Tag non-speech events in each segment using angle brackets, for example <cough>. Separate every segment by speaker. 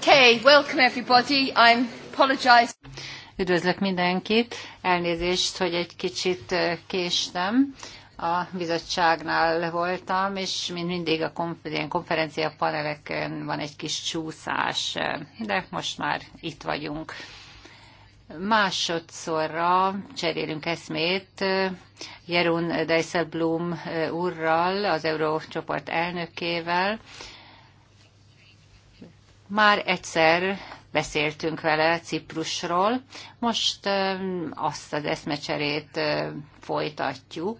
Speaker 1: Okay, welcome everybody. I'm apologize. Üdvözlök mindenkit. Elnézést, hogy egy kicsit késtem. A bizottságnál voltam, és mint mindig a konferencia paneleken van egy kis csúszás, de most már itt vagyunk. Másodszorra cserélünk eszmét Jeroen Dijsselbloem úrral, az Eurócsoport elnökével, már egyszer beszéltünk vele Ciprusról, most azt az eszmecserét folytatjuk,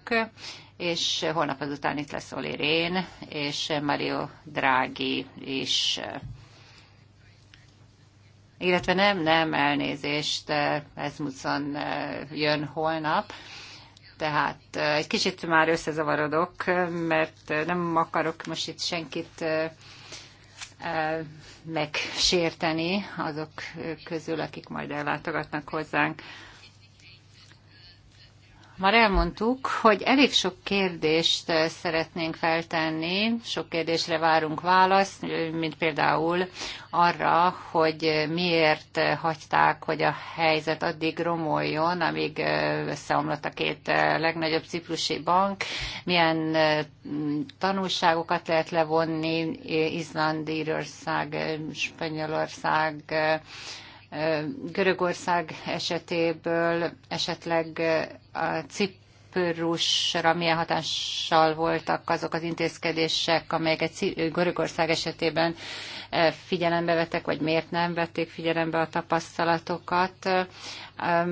Speaker 1: és holnap azután itt lesz Oli Rén, és Mario Draghi is. Illetve nem, nem, elnézést, ez muszon jön holnap. Tehát egy kicsit már összezavarodok, mert nem akarok most itt senkit megsérteni azok közül, akik majd ellátogatnak hozzánk. Már elmondtuk, hogy elég sok kérdést eh, szeretnénk feltenni, sok kérdésre várunk választ, eh, mint például arra, hogy eh, miért hagyták, hogy a helyzet addig romoljon, amíg összeomlott a két legnagyobb ciprusi bank, milyen tanulságokat lehet levonni Izland, Írország, Spanyolország, Görögország esetéből esetleg a Ciprusra milyen hatással voltak azok az intézkedések, amelyeket Görögország esetében figyelembe vettek, vagy miért nem vették figyelembe a tapasztalatokat.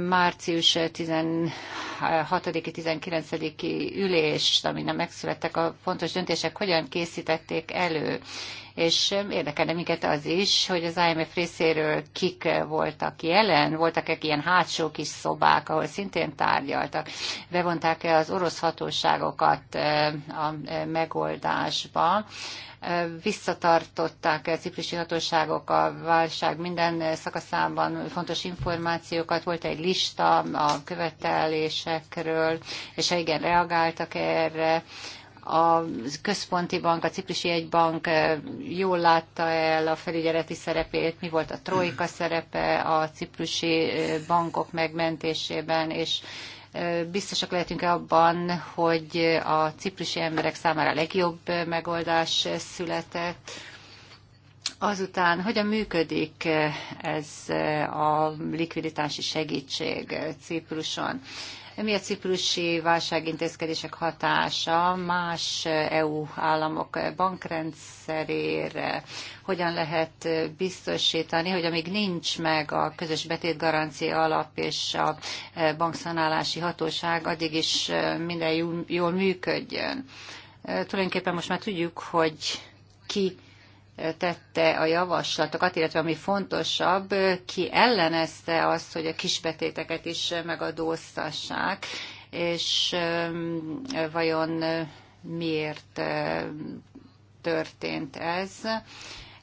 Speaker 1: Március 16-19-i ülés, amin megszülettek a fontos döntések, hogyan készítették elő és érdekelne minket az is, hogy az IMF részéről kik voltak jelen, voltak-e ilyen hátsó kis szobák, ahol szintén tárgyaltak, bevonták-e az orosz hatóságokat eh, a eh, megoldásba, visszatartották a ciprusi hatóságok a válság minden szakaszában fontos információkat, volt egy lista a követelésekről, és igen, reagáltak erre a központi bank, a ciprusi egy bank jól látta el a felügyeleti szerepét, mi volt a trojka szerepe a ciprusi bankok megmentésében, és biztosak lehetünk-e abban, hogy a ciprusi emberek számára a legjobb megoldás született, Azután, hogyan működik ez a likviditási segítség Cipruson? mi a ciprusi válságintézkedések hatása más EU államok bankrendszerére, hogyan lehet biztosítani, hogy amíg nincs meg a közös betétgarancia alap és a bankszanálási hatóság, addig is minden jól működjön. Tulajdonképpen most már tudjuk, hogy ki tette a javaslatokat, illetve ami fontosabb, ki ellenezte azt, hogy a kisbetéteket is megadóztassák, és vajon miért történt ez.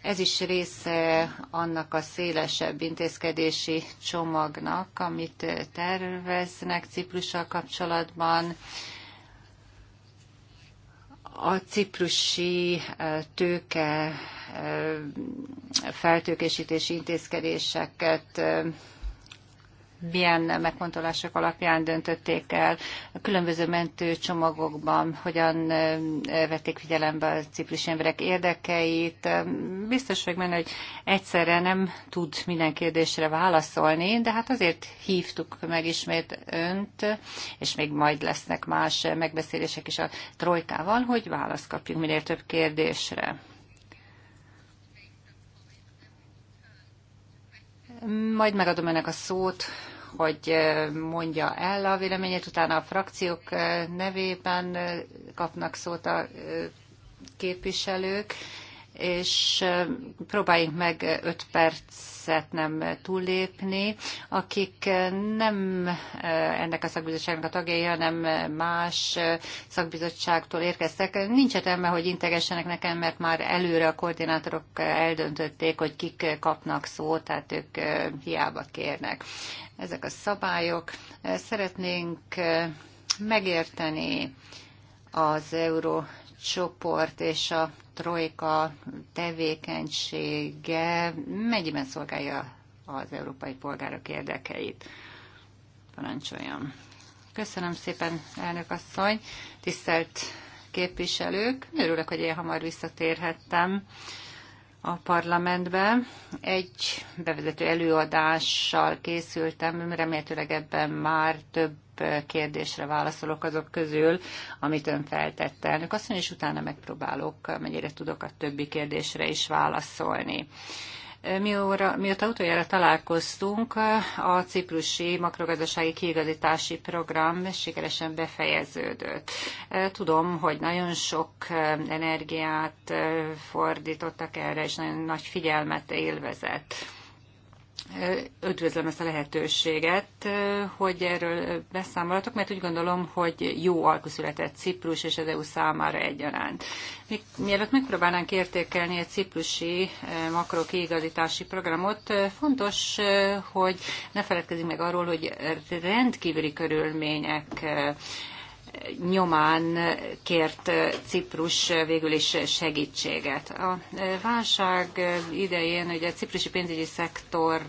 Speaker 1: Ez is része annak a szélesebb intézkedési csomagnak, amit terveznek Ciprussal kapcsolatban a ciprusi tőke feltőkésítési intézkedéseket milyen megfontolások alapján döntötték el, a különböző mentőcsomagokban hogyan vették figyelembe a ciprusi emberek érdekeit. Biztos vagy, benne, hogy egyszerre nem tud minden kérdésre válaszolni, de hát azért hívtuk meg ismét önt, és még majd lesznek más megbeszélések is a trojkával, hogy választ kapjunk minél több kérdésre. Majd megadom önnek a szót, hogy mondja el a véleményét, utána a frakciók nevében kapnak szót a képviselők, és próbáljunk meg 5 percet nem túllépni. Akik nem ennek a szakbizottságnak a tagjai, hanem más szakbizottságtól érkeztek, nincs értelme, hogy integessenek nekem, mert már előre a koordinátorok eldöntötték, hogy kik kapnak szót, tehát ők hiába kérnek. Ezek a szabályok. Szeretnénk megérteni az Euró csoport és a trojka tevékenysége mennyiben szolgálja az európai polgárok érdekeit. Parancsoljon. Köszönöm szépen, elnök asszony, tisztelt képviselők. Örülök, hogy én hamar visszatérhettem a parlamentbe. Egy bevezető előadással készültem, remélhetőleg ebben már több kérdésre válaszolok azok közül, amit ön feltette elnök mondja, és utána megpróbálok, mennyire tudok a többi kérdésre is válaszolni. Mióra, mióta utoljára találkoztunk, a ciprusi makrogazdasági kiigazítási program sikeresen befejeződött. Tudom, hogy nagyon sok energiát fordítottak erre, és nagyon nagy figyelmet élvezett. Üdvözlöm ezt a lehetőséget, hogy erről beszámolatok, mert úgy gondolom, hogy jó alkú született Ciprus és az EU számára egyaránt. Mielőtt megpróbálnánk értékelni a ciprusi makrokiigazítási programot, fontos, hogy ne feledkezzünk meg arról, hogy rendkívüli körülmények nyomán kért Ciprus végül is segítséget. A válság idején ugye a ciprusi pénzügyi szektor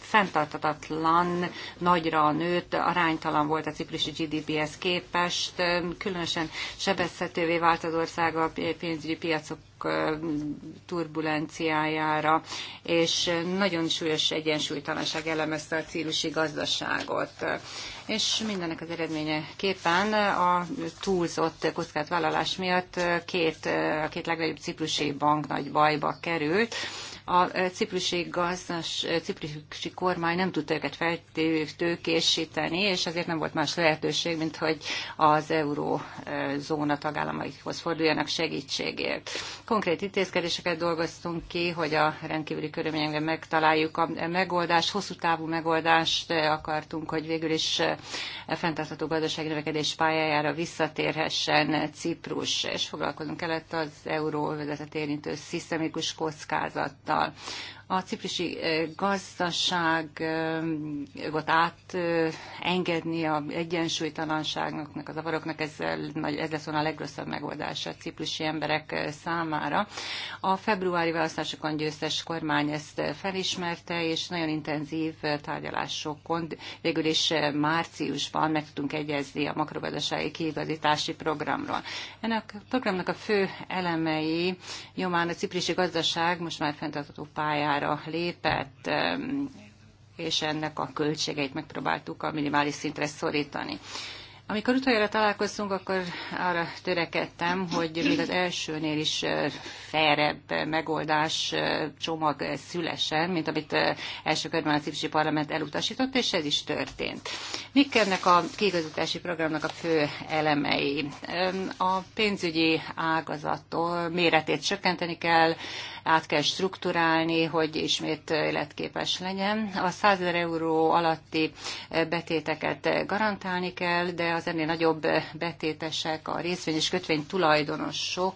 Speaker 1: fenntartatatlan, nagyra nőtt, aránytalan volt a ciprusi GDP-hez képest, különösen sebezhetővé vált az ország a pénzügyi piacok turbulenciájára, és nagyon súlyos egyensúlytalanság elemezte a ciprusi gazdaságot és mindennek az eredménye képen a túlzott kockázatvállalás miatt két, a két legnagyobb ciprusi bank nagy bajba került, a ciprusi gazdas, ciprusi kormány nem tudta őket feltőkésíteni, és ezért nem volt más lehetőség, mint hogy az eurózóna tagállamaikhoz forduljanak segítségért. Konkrét intézkedéseket dolgoztunk ki, hogy a rendkívüli körülményekben megtaláljuk a megoldást, hosszú távú megoldást akartunk, hogy végül is e fenntartható gazdasági növekedés pályájára visszatérhessen Ciprus, és foglalkozunk kellett az euróvezetet érintő szisztemikus kockázattal Unióval a ciprisi eh, gazdaságot átengedni a egyensúlytalanságnak, a zavaroknak, ez, ez lesz volna a legrosszabb megoldás a ciprisi emberek eh, számára. A februári választásokon győztes kormány ezt felismerte, és nagyon intenzív tárgyalásokon végül is eh, márciusban meg tudtunk egyezni a makrogazdasági kiigazítási programról. Ennek a programnak a fő elemei nyomán a ciprisi gazdaság most már fenntartható pályán pályára lépett, és ennek a költségeit megpróbáltuk a minimális szintre szorítani. Amikor utoljára találkoztunk, akkor arra törekedtem, hogy még az elsőnél is fejrebb megoldás csomag szülesen, mint amit első körben a Cipsi parlament elutasított, és ez is történt. Mik ennek a kiigazítási programnak a fő elemei? A pénzügyi ágazattól méretét csökkenteni kell, át kell strukturálni, hogy ismét életképes legyen. A 100 ezer euró alatti betéteket garantálni kell, de az ennél nagyobb betétesek, a részvény és kötvény tulajdonosok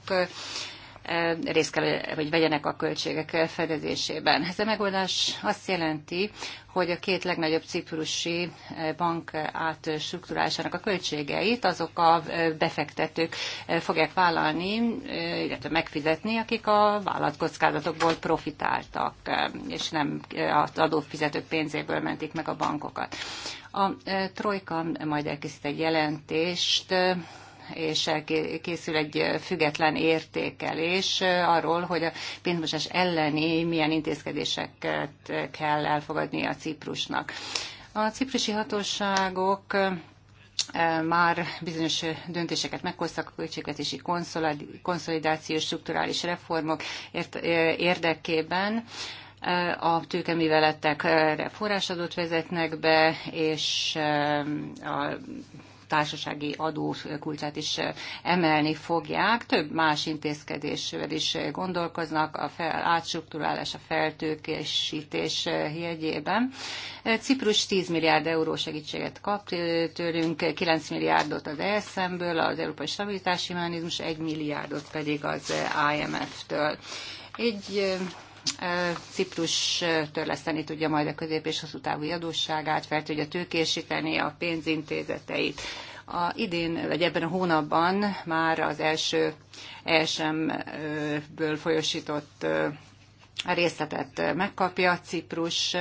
Speaker 1: Eh, részt kell, hogy vegyenek a költségek fedezésében. Ez a megoldás azt jelenti, hogy a két legnagyobb ciprusi eh, bank átstruktúrásának a költségeit azok a eh, befektetők fogják vállalni, illetve megfizetni, akik a vállalatkockázatokból profitáltak, és nem az adófizetők pénzéből mentik meg a bankokat. A Trojka majd elkészít egy jelentést és készül egy független értékelés arról, hogy a pénzmosás elleni milyen intézkedéseket kell elfogadni a Ciprusnak. A ciprusi hatóságok eh, már bizonyos döntéseket meghoztak a költségvetési konszolidációs strukturális reformok érdekében eh, a tőkeműveletekre forrásadót vezetnek be, és eh, a társasági adó kulcsát is emelni fogják. Több más intézkedésről is gondolkoznak, a fel, átstruktúrálás, a feltőkésítés jegyében. Ciprus 10 milliárd euró segítséget kap tőlünk, 9 milliárdot az ESM-ből, az Európai Stabilitási Mechanizmus, 1 milliárdot pedig az IMF-től. Egy Ciprus törleszteni tudja majd a közép- és hosszú távú adósságát, fel tudja tőkésíteni a pénzintézeteit. A idén, vagy ebben a hónapban már az első ESM-ből folyosított a részletet megkapja Ciprus.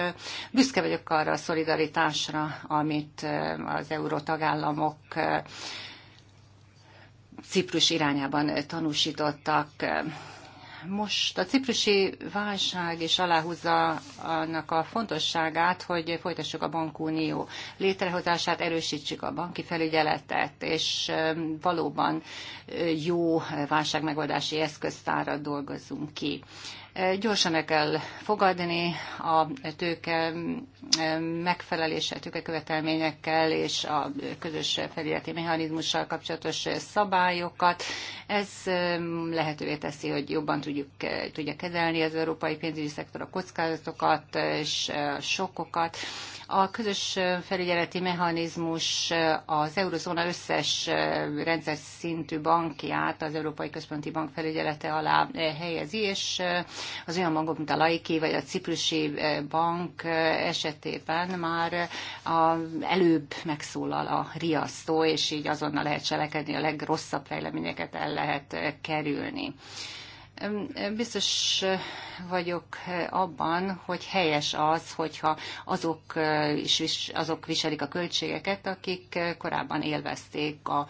Speaker 1: Büszke vagyok arra a szolidaritásra, amit az tagállamok Ciprus irányában tanúsítottak most a ciprusi válság is aláhúzza annak a fontosságát, hogy folytassuk a bankunió létrehozását, erősítsük a banki felügyeletet, és um, valóban uh, jó válságmegoldási eszköztárat dolgozunk ki. Gyorsan el kell fogadni a tőke e, tőke követelményekkel és a közös felületi mechanizmussal kapcsolatos szabályokat. Ez e, lehetővé teszi, hogy jobban tudjuk, e, tudja kezelni az európai pénzügyi szektor a kockázatokat és a sokokat. A közös felügyeleti mechanizmus az eurozóna összes rendszer szintű bankját az Európai Központi Bank felügyelete alá helyezi, és az olyan bankok, mint a Laiki vagy a Ciprusi eh, bank eh, esetében már eh, a, előbb megszólal a riasztó, és így azonnal lehet cselekedni, a legrosszabb fejleményeket el lehet kerülni. Biztos vagyok abban, hogy helyes az, hogyha azok, is, azok viselik a költségeket, akik korábban élvezték a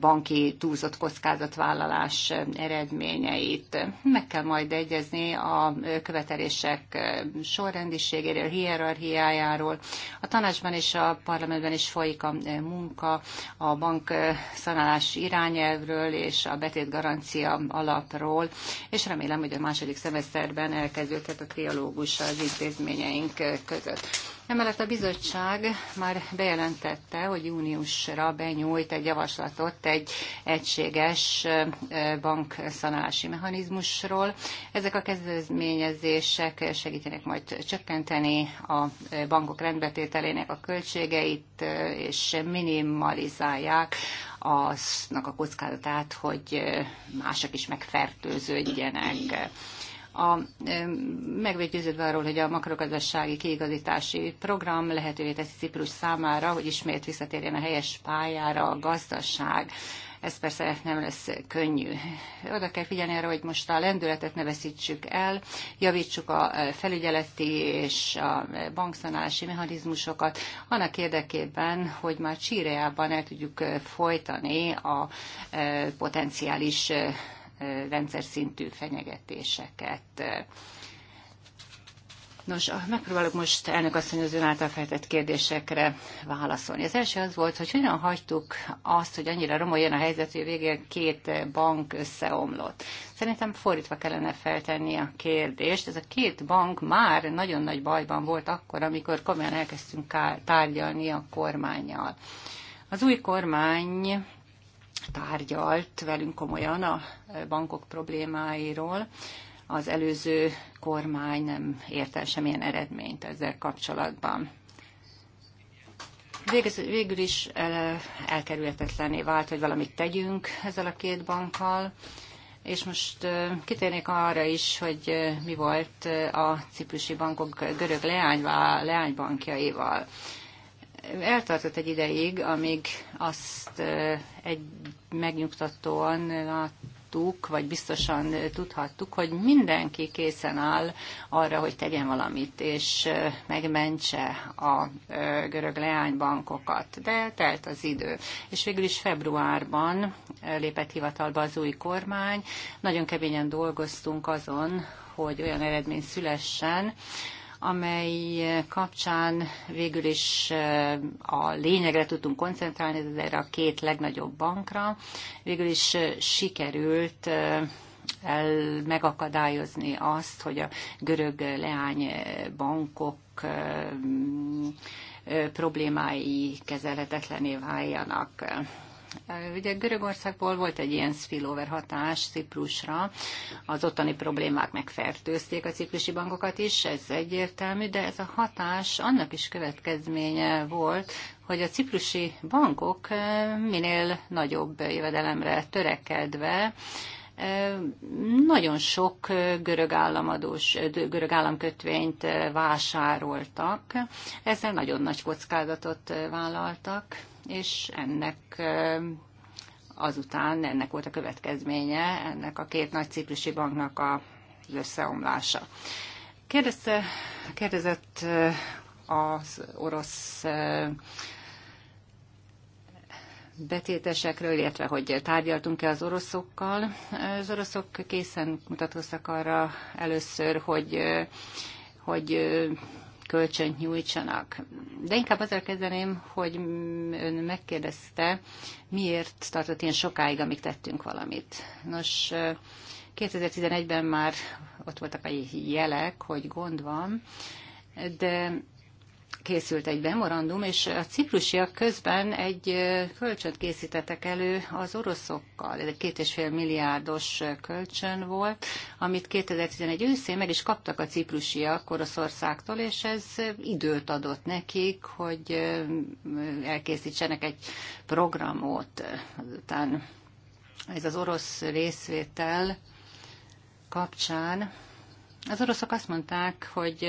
Speaker 1: banki túlzott kockázatvállalás eredményeit. Meg kell majd egyezni a követelések sorrendiségéről, hierarchiájáról. A tanácsban és a parlamentben is folyik a munka a bank szanálás irányelvről és a betétgarancia alapról és remélem, hogy a második szemeszterben elkezdődhet a trialógus az intézményeink között. Emellett a bizottság már bejelentette, hogy júniusra benyújt egy javaslatot egy egységes bankszanálási mechanizmusról. Ezek a kezdeményezések segítenek majd csökkenteni a bankok rendbetételének a költségeit, és minimalizálják aznak a kockázatát, hogy mások is megfertőződjenek a meggyőződve arról, hogy a makrogazdasági kiigazítási program lehetővé teszi Ciprus számára, hogy ismét visszatérjen a helyes pályára a gazdaság. Ez persze nem lesz könnyű. Oda kell figyelni arra, hogy most a lendületet ne veszítsük el, javítsuk a felügyeleti és a bankszanálási mechanizmusokat, annak érdekében, hogy már Csíreában el tudjuk folytani a potenciális rendszer szintű fenyegetéseket. Nos, megpróbálok most elnök asszony az ön által feltett kérdésekre válaszolni. Az első az volt, hogy hogyan hagytuk azt, hogy annyira romoljon a helyzet, hogy a végén két bank összeomlott. Szerintem fordítva kellene feltenni a kérdést. Ez a két bank már nagyon nagy bajban volt akkor, amikor komolyan elkezdtünk tárgyalni a kormányjal. Az új kormány tárgyalt velünk komolyan a bankok problémáiról. Az előző kormány nem ért el semmilyen eredményt ezzel kapcsolatban. végül is el, elkerülhetetlené vált, hogy valamit tegyünk ezzel a két bankkal. És most kitérnék arra is, hogy mi volt a ciprusi bankok görög leányvá, leánybankjaival eltartott egy ideig, amíg azt egy megnyugtatóan láttuk, vagy biztosan tudhattuk, hogy mindenki készen áll arra, hogy tegyen valamit, és megmentse a görög leánybankokat. De telt az idő. És végül is februárban lépett hivatalba az új kormány. Nagyon keményen dolgoztunk azon, hogy olyan eredmény szülessen, amely kapcsán végül is eh, a lényegre tudtunk koncentrálni, ez erre a két legnagyobb bankra. Végül is eh, sikerült eh, el megakadályozni azt, hogy a görög leány bankok problémái kezelhetetlené váljanak. Ugye Görögországból volt egy ilyen spillover hatás Ciprusra, az ottani problémák megfertőzték a ciprusi bankokat is, ez egyértelmű, de ez a hatás annak is következménye volt, hogy a ciprusi bankok minél nagyobb jövedelemre törekedve nagyon sok görög, államadós, görög államkötvényt vásároltak, ezzel nagyon nagy kockázatot vállaltak, és ennek azután ennek volt a következménye, ennek a két nagy ciprusi banknak az összeomlása. Kérdezte, kérdezett az orosz betétesekről, illetve hogy tárgyaltunk-e az oroszokkal. Az oroszok készen mutatkoztak arra először, hogy hogy kölcsönt nyújtsanak. De inkább azzal kezdeném, hogy ön megkérdezte, miért tartott ilyen sokáig, amíg tettünk valamit. Nos, 2011-ben már ott voltak a jelek, hogy gond van, de készült egy memorandum, és a ciprusiak közben egy kölcsönt készítettek elő az oroszokkal. Ez egy két és fél milliárdos kölcsön volt, amit 2011 őszén meg is kaptak a ciprusiak Oroszországtól, és ez időt adott nekik, hogy elkészítsenek egy programot. Azután ez az orosz részvétel kapcsán az oroszok azt mondták, hogy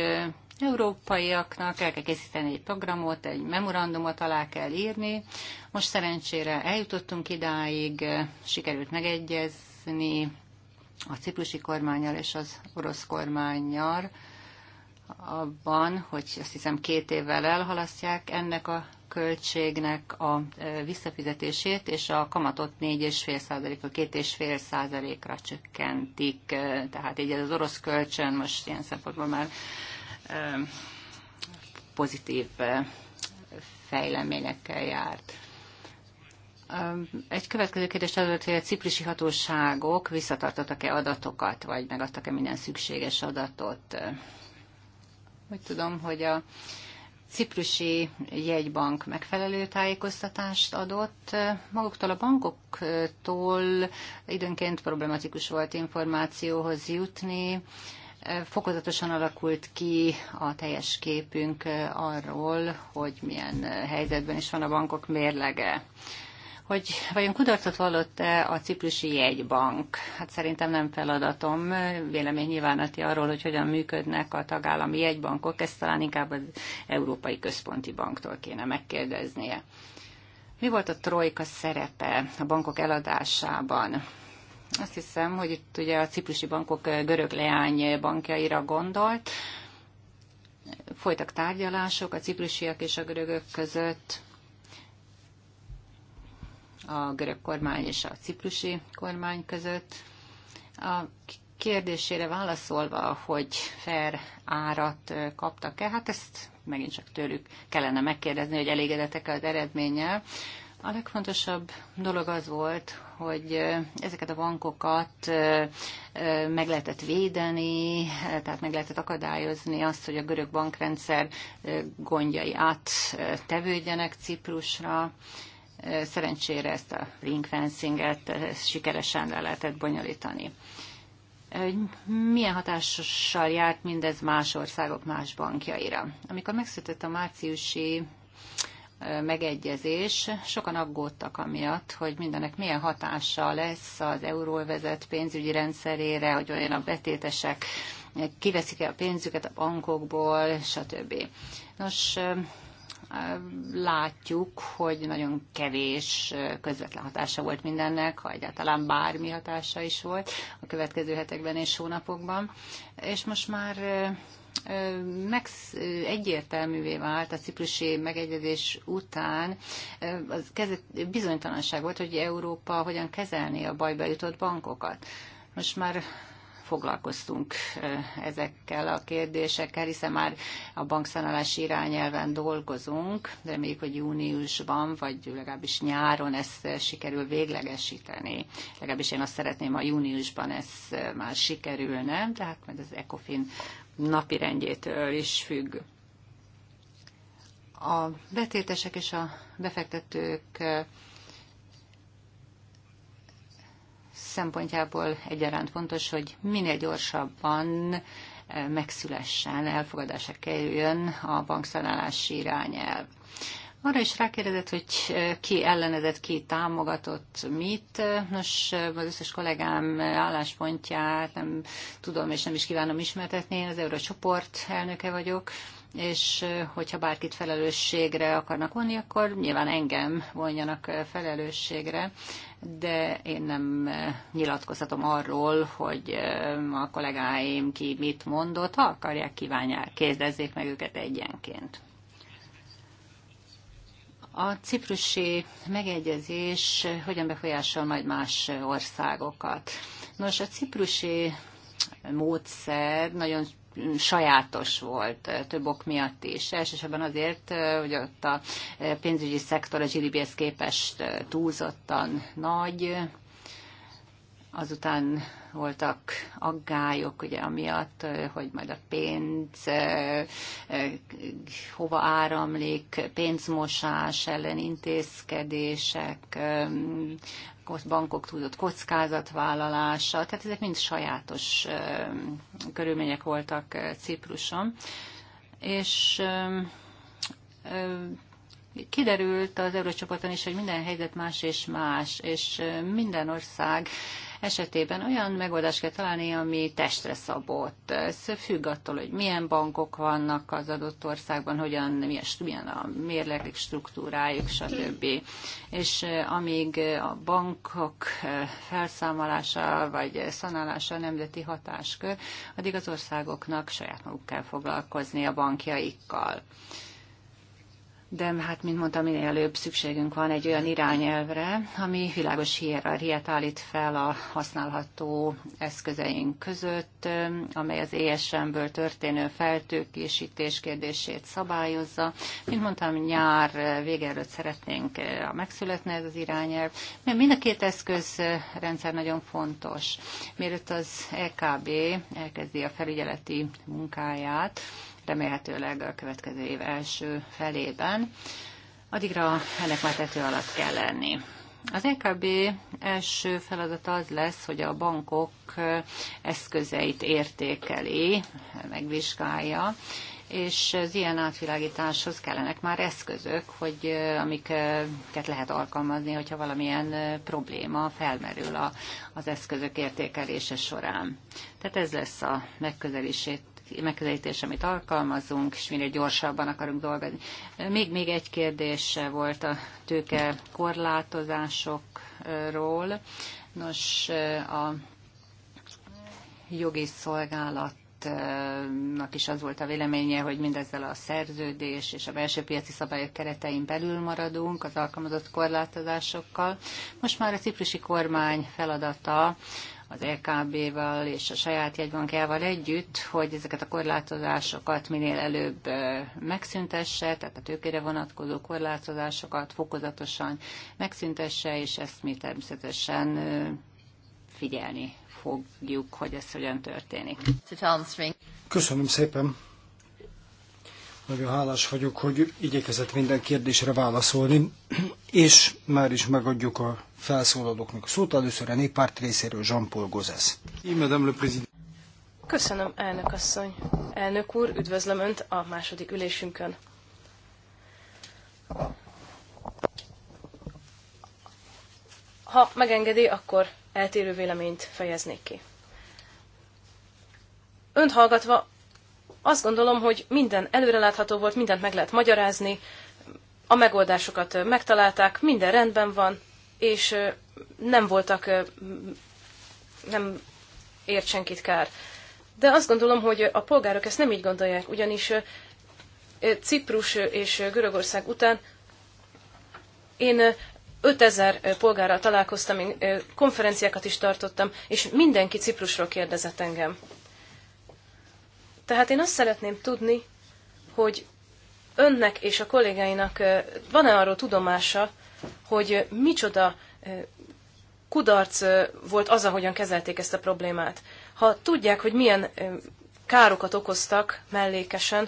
Speaker 1: európaiaknak el kell készíteni egy programot, egy memorandumot alá kell írni. Most szerencsére eljutottunk idáig, sikerült megegyezni a ciprusi kormányjal és az orosz kormányjal abban, hogy azt hiszem két évvel elhalasztják ennek a költségnek a visszafizetését, és a kamatot 4,5%-ra, 2,5%-ra csökkentik. Tehát így az orosz kölcsön most ilyen szempontból már pozitív fejleményekkel járt. Egy következő kérdés az volt, hogy a ciprisi hatóságok visszatartottak-e adatokat, vagy megadtak-e minden szükséges adatot. Úgy tudom, hogy a ciprusi jegybank megfelelő tájékoztatást adott. Maguktól a bankoktól időnként problematikus volt információhoz jutni, Fokozatosan alakult ki a teljes képünk eh, arról, hogy milyen eh, helyzetben is van a bankok mérlege. Hogy vajon kudarcot vallott-e a ciprusi jegybank? Hát szerintem nem feladatom. Vélemény nyilvánati arról, hogy hogyan működnek a tagállami jegybankok, ezt talán inkább az Európai Központi Banktól kéne megkérdeznie. Mi volt a trojka szerepe a bankok eladásában? Azt hiszem, hogy itt ugye a ciprusi bankok eh, görög leány bankjaira gondolt. Folytak tárgyalások a ciprusiak és a görögök között, a görög kormány és a ciprusi kormány között. A kérdésére válaszolva, hogy fair árat eh, kaptak-e, hát ezt megint csak tőlük kellene megkérdezni, hogy elégedetek az eredménnyel. A legfontosabb dolog az volt, hogy ezeket a bankokat meg lehetett védeni, tehát meg lehetett akadályozni azt, hogy a görög bankrendszer gondjai áttevődjenek Ciprusra. Szerencsére ezt a ring fencinget sikeresen le lehetett bonyolítani. Milyen hatással járt mindez más országok más bankjaira? Amikor megszületett a márciusi megegyezés, sokan aggódtak amiatt, hogy mindenek milyen hatása lesz az euróvezet pénzügyi rendszerére, hogy olyan a betétesek, kiveszik-e a pénzüket a bankokból, stb. Nos, látjuk, hogy nagyon kevés közvetlen hatása volt mindennek, ha egyáltalán bármi hatása is volt a következő hetekben és hónapokban. És most már meg egyértelművé vált a ciprusi megegyezés után, az kezdet, bizonytalanság volt, hogy Európa hogyan kezelni a bajba jutott bankokat. Most már foglalkoztunk ezekkel a kérdésekkel, hiszen már a bankszanálási irányelven dolgozunk. még hogy júniusban, vagy legalábbis nyáron ezt sikerül véglegesíteni. Legalábbis én azt szeretném, ha júniusban ez már sikerülne, tehát majd az ECOFIN napi rendjétől is függ. A betétesek és a befektetők szempontjából egyaránt fontos, hogy minél gyorsabban megszülessen, elfogadásra kerüljön a bankszanálási irányelv. Arra is rákérdezett, hogy eh, ki ellenedett, ki támogatott mit. Nos, az összes kollégám álláspontját nem tudom és nem is kívánom ismertetni. Én az Eurocsoport elnöke vagyok és eh, hogyha bárkit felelősségre akarnak vonni, akkor nyilván engem vonjanak eh, felelősségre, de én nem nyilatkozhatom arról, hogy a kollégáim ki mit mondott, ha akarják, kívánják, kérdezzék meg őket egyenként. A ciprusi megegyezés hogyan befolyásol majd más országokat? Nos, a ciprusi módszer nagyon sajátos volt több ok miatt is. Elsősorban azért, hogy ott a pénzügyi szektor a GDP-hez képest túlzottan nagy, Azután voltak aggályok, ugye, amiatt, hogy majd a pénz hova áramlik, pénzmosás ellen intézkedések, bankok tudott kockázatvállalása, tehát ezek mind sajátos körülmények voltak Cipruson. És kiderült az Eurócsoporton is, hogy minden helyzet más és más, és minden ország esetében olyan megoldást kell találni, ami testre szabott. Ez függ attól, hogy milyen bankok vannak az adott országban, hogyan, milyen, milyen a mérleg struktúrájuk, stb. És eh, amíg a bankok eh, felszámolása vagy szanálása a nemzeti hatáskör, addig az országoknak saját maguk kell foglalkozni a bankjaikkal de hát, mint mondtam, minél előbb szükségünk van egy olyan irányelvre, ami világos hierarchiát állít fel a használható eszközeink között, amely az ESM-ből történő feltőkésítés kérdését szabályozza. Mint mondtam, nyár vége előtt szeretnénk eh, megszületni ez az irányelv, mert mind a két eszközrendszer eh, nagyon fontos. Mielőtt az EKB elkezdi a felügyeleti munkáját, remélhetőleg a következő év első felében. Addigra ennek már tető alatt kell lenni. Az EKB első feladata az lesz, hogy a bankok eszközeit értékeli, megvizsgálja, és az ilyen átvilágításhoz kellenek már eszközök, hogy amiket lehet alkalmazni, hogyha valamilyen probléma felmerül a, az eszközök értékelése során. Tehát ez lesz a megközelítés, amit alkalmazunk, és minél gyorsabban akarunk dolgozni. Még, még egy kérdés volt a tőke korlátozásokról. Nos, a jogi szolgálat is az volt a véleménye, hogy mindezzel a szerződés és a belső piaci szabályok keretein belül maradunk az alkalmazott korlátozásokkal. Most már a ciprusi kormány feladata az LKB-val e és a saját jegybankjával együtt, hogy ezeket a korlátozásokat minél előbb megszüntesse, tehát a tőkére vonatkozó korlátozásokat fokozatosan megszüntesse, és ezt mi természetesen figyelni fogjuk, hogy ez hogyan történik.
Speaker 2: Köszönöm szépen! Nagyon hálás vagyok, hogy igyekezett minden kérdésre válaszolni, és már is megadjuk a felszólalóknak a szót. Először a néppárt részéről Jean-Paul Gozes.
Speaker 3: Köszönöm, elnök asszony. Elnök úr, üdvözlöm Önt a második ülésünkön. Ha megengedi, akkor eltérő véleményt fejeznék ki. Önt hallgatva azt gondolom, hogy minden előrelátható volt, mindent meg lehet magyarázni, a megoldásokat megtalálták, minden rendben van, és nem voltak, nem ért senkit kár. De azt gondolom, hogy a polgárok ezt nem így gondolják, ugyanis Ciprus és Görögország után én 5000 polgárral találkoztam, én konferenciákat is tartottam, és mindenki Ciprusról kérdezett engem. Tehát én azt szeretném tudni, hogy önnek és a kollégáinak van-e arról tudomása, hogy micsoda kudarc volt az, ahogyan kezelték ezt a problémát. Ha tudják, hogy milyen károkat okoztak mellékesen,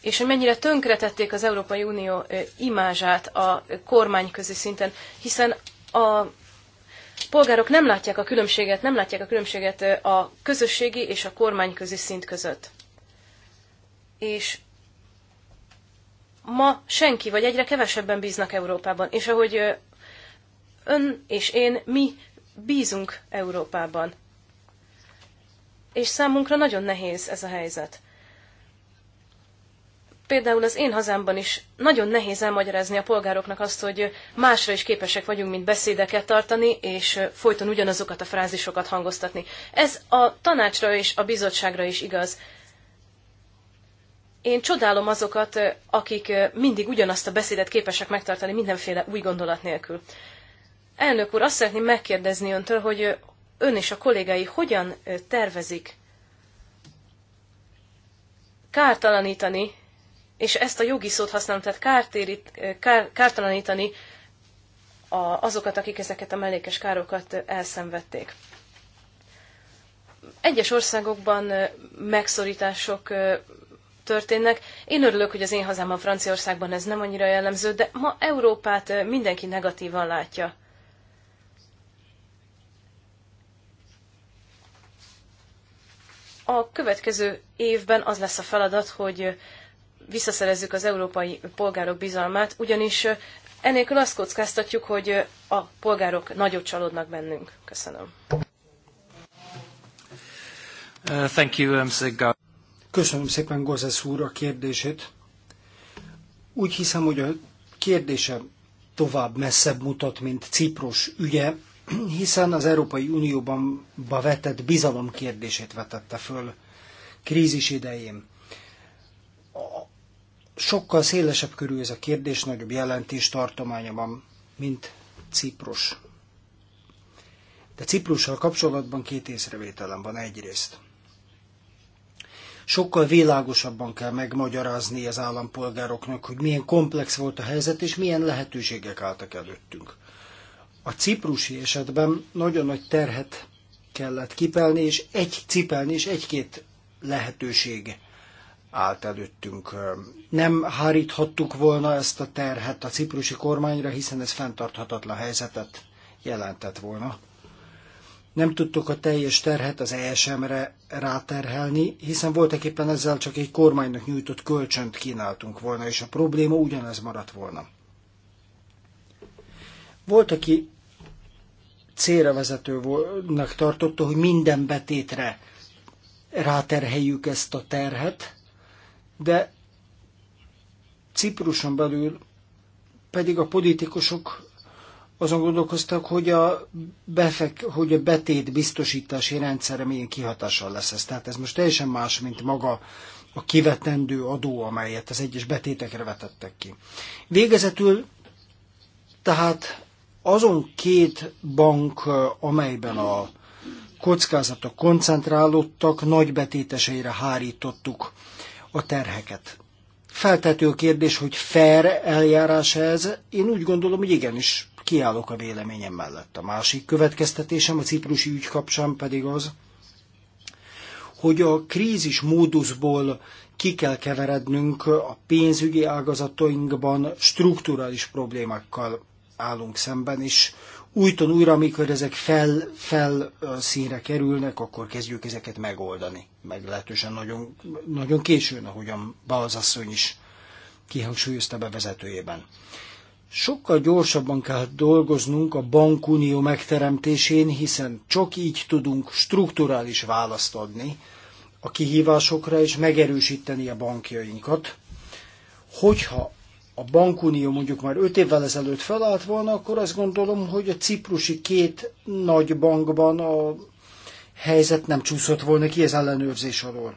Speaker 3: és hogy mennyire tönkretették az Európai Unió imázsát a kormányközi szinten, hiszen a polgárok nem látják a különbséget, nem látják a különbséget a közösségi és a kormányközi szint között. És ma senki, vagy egyre kevesebben bíznak Európában, és ahogy ön és én, mi bízunk Európában. És számunkra nagyon nehéz ez a helyzet. Például az én hazámban is nagyon nehéz elmagyarázni a polgároknak azt, hogy másra is képesek vagyunk, mint beszédeket tartani, és folyton ugyanazokat a frázisokat hangoztatni. Ez a tanácsra és a bizottságra is igaz. Én csodálom azokat, akik mindig ugyanazt a beszédet képesek megtartani mindenféle új gondolat nélkül. Elnök úr, azt szeretném megkérdezni öntől, hogy ön és a kollégái hogyan tervezik kártalanítani, és ezt a jogi szót használom, tehát kártérít, kár, kártalanítani a, azokat, akik ezeket a mellékes károkat elszenvedték. Egyes országokban megszorítások történnek. Én örülök, hogy az én hazámban, Franciaországban ez nem annyira jellemző, de ma Európát mindenki negatívan látja. A következő évben az lesz a feladat, hogy visszaszerezzük az európai polgárok bizalmát, ugyanis enélkül azt kockáztatjuk, hogy a polgárok nagyot csalódnak bennünk. Köszönöm. Uh, thank you, Mr. Um,
Speaker 2: Köszönöm szépen Gozes úr a kérdését. Úgy hiszem, hogy a kérdése tovább messzebb mutat, mint Ciprus ügye, hiszen az Európai Unióban vetett bizalom kérdését vetette föl krízis idején. Sokkal szélesebb körül ez a kérdés, nagyobb jelentés tartománya van, mint Ciprus. De Ciprussal kapcsolatban két észrevételem van egyrészt sokkal világosabban kell megmagyarázni az állampolgároknak, hogy milyen komplex volt a helyzet, és milyen lehetőségek álltak előttünk. A ciprusi esetben nagyon nagy terhet kellett kipelni, és egy cipelni, és egy-két lehetőség állt előttünk. Nem háríthattuk volna ezt a terhet a ciprusi kormányra, hiszen ez fenntarthatatlan helyzetet jelentett volna nem tudtuk a teljes terhet az ESM-re ráterhelni, hiszen voltak éppen ezzel csak egy kormánynak nyújtott kölcsönt kínáltunk volna, és a probléma ugyanez maradt volna. Volt, aki célra vezetőnek tartotta, hogy minden betétre ráterheljük ezt a terhet, de Cipruson belül pedig a politikusok azon gondolkoztak, hogy a, befek, hogy a betét biztosítási rendszerre milyen kihatással lesz ez. Tehát ez most teljesen más, mint maga a kivetendő adó, amelyet az egyes betétekre vetettek ki. Végezetül tehát azon két bank, amelyben a kockázatok koncentrálódtak, nagy betéteseire hárítottuk a terheket. Feltető a kérdés, hogy fair eljárás ez? Én úgy gondolom, hogy igenis kiállok a véleményem mellett. A másik következtetésem a ciprusi ügy kapcsán pedig az, hogy a krízis módusból ki kell keverednünk a pénzügyi ágazatainkban strukturális problémákkal állunk szemben, és újton újra, amikor ezek fel, fel színre kerülnek, akkor kezdjük ezeket megoldani. Meglehetősen nagyon, nagyon későn, ahogyan Balzasszony is kihangsúlyozta bevezetőjében. Sokkal gyorsabban kell dolgoznunk a bankunió megteremtésén, hiszen csak így tudunk strukturális választ adni a kihívásokra és megerősíteni a bankjainkat. Hogyha a bankunió mondjuk már 5 évvel ezelőtt felállt volna, akkor azt gondolom, hogy a ciprusi két nagy bankban a helyzet nem csúszott volna ki az ellenőrzés alól.